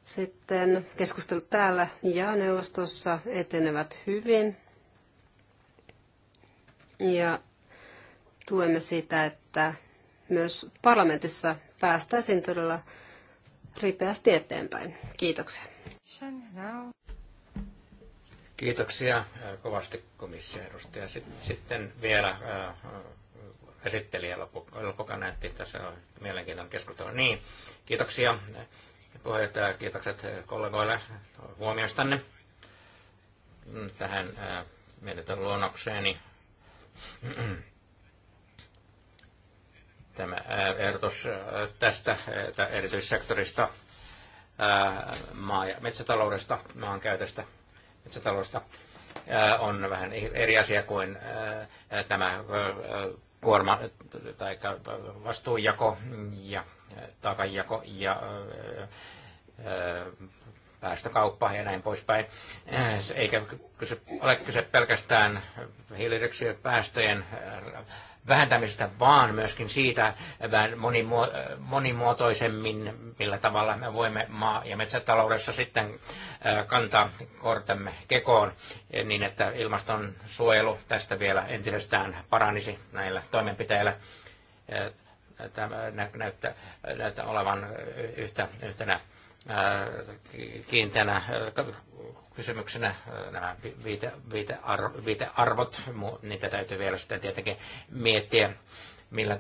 Sitten keskustelut täällä ja neuvostossa etenevät hyvin. Ja tuemme sitä, että myös parlamentissa päästäisiin todella ripeästi eteenpäin. Kiitoksia. Kiitoksia kovasti komission edustaja. Sitten vielä äh, esittelijä loppukaneetti. Tässä on mielenkiintoinen keskustelu. Niin, kiitoksia puheenjohtaja, kiitokset kollegoille huomioistanne tähän mietitön luonnokseeni. Tämä ehdotus tästä erityissektorista, maa- ja metsätaloudesta, maankäytöstä, metsätaloudesta, on vähän eri asia kuin tämä kuorma, tai vastuunjako ja takajako ja päästökauppa ja näin poispäin. Eikä kyse, ole kyse pelkästään hiilidioksidipäästöjen vähentämisestä, vaan myöskin siitä monimuotoisemmin, millä tavalla me voimme maa- ja metsätaloudessa sitten kantaa kortemme kekoon, eh, niin että ilmaston suojelu tästä vielä entisestään paranisi näillä toimenpiteillä eh, tämä näyttää, näyttää olevan yhtä, yhtenä kiinteänä kysymyksenä nämä viite, viitearvot, viitearvot, niitä täytyy vielä sitten tietenkin miettiä, millä,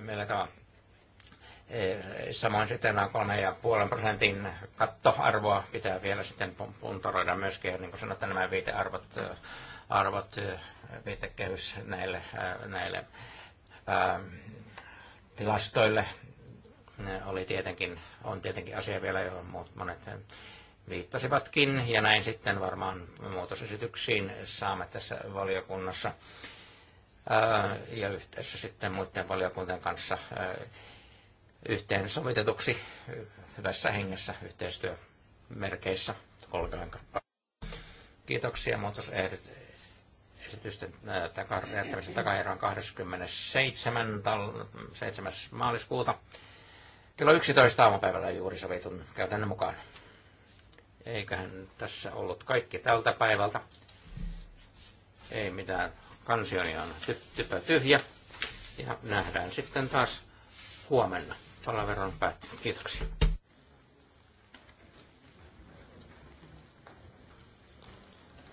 millä tavalla. E, samoin sitten nämä kolme ja puolen prosentin kattoarvoa pitää vielä sitten puntaroida myöskin, niin kuin sanotaan, nämä viitearvot, arvot, viitekehys näille, näille ää, tilastoille ne oli tietenkin, on tietenkin asia vielä, johon monet viittasivatkin, ja näin sitten varmaan muutosesityksiin saamme tässä valiokunnassa ja yhteydessä sitten muiden valiokuntien kanssa yhteensovitetuksi hyvässä hengessä yhteistyömerkeissä kolkelen Kiitoksia. muutosesitysten esitysten jättämisen on 27. Tal- 7. maaliskuuta kello 11 aamupäivällä juuri sovitun käytännön mukaan. Eiköhän tässä ollut kaikki tältä päivältä. Ei mitään. Kansioni on ty- typä tyhjä. Ja nähdään sitten taas huomenna. Palaveron päättyy. Kiitoksia.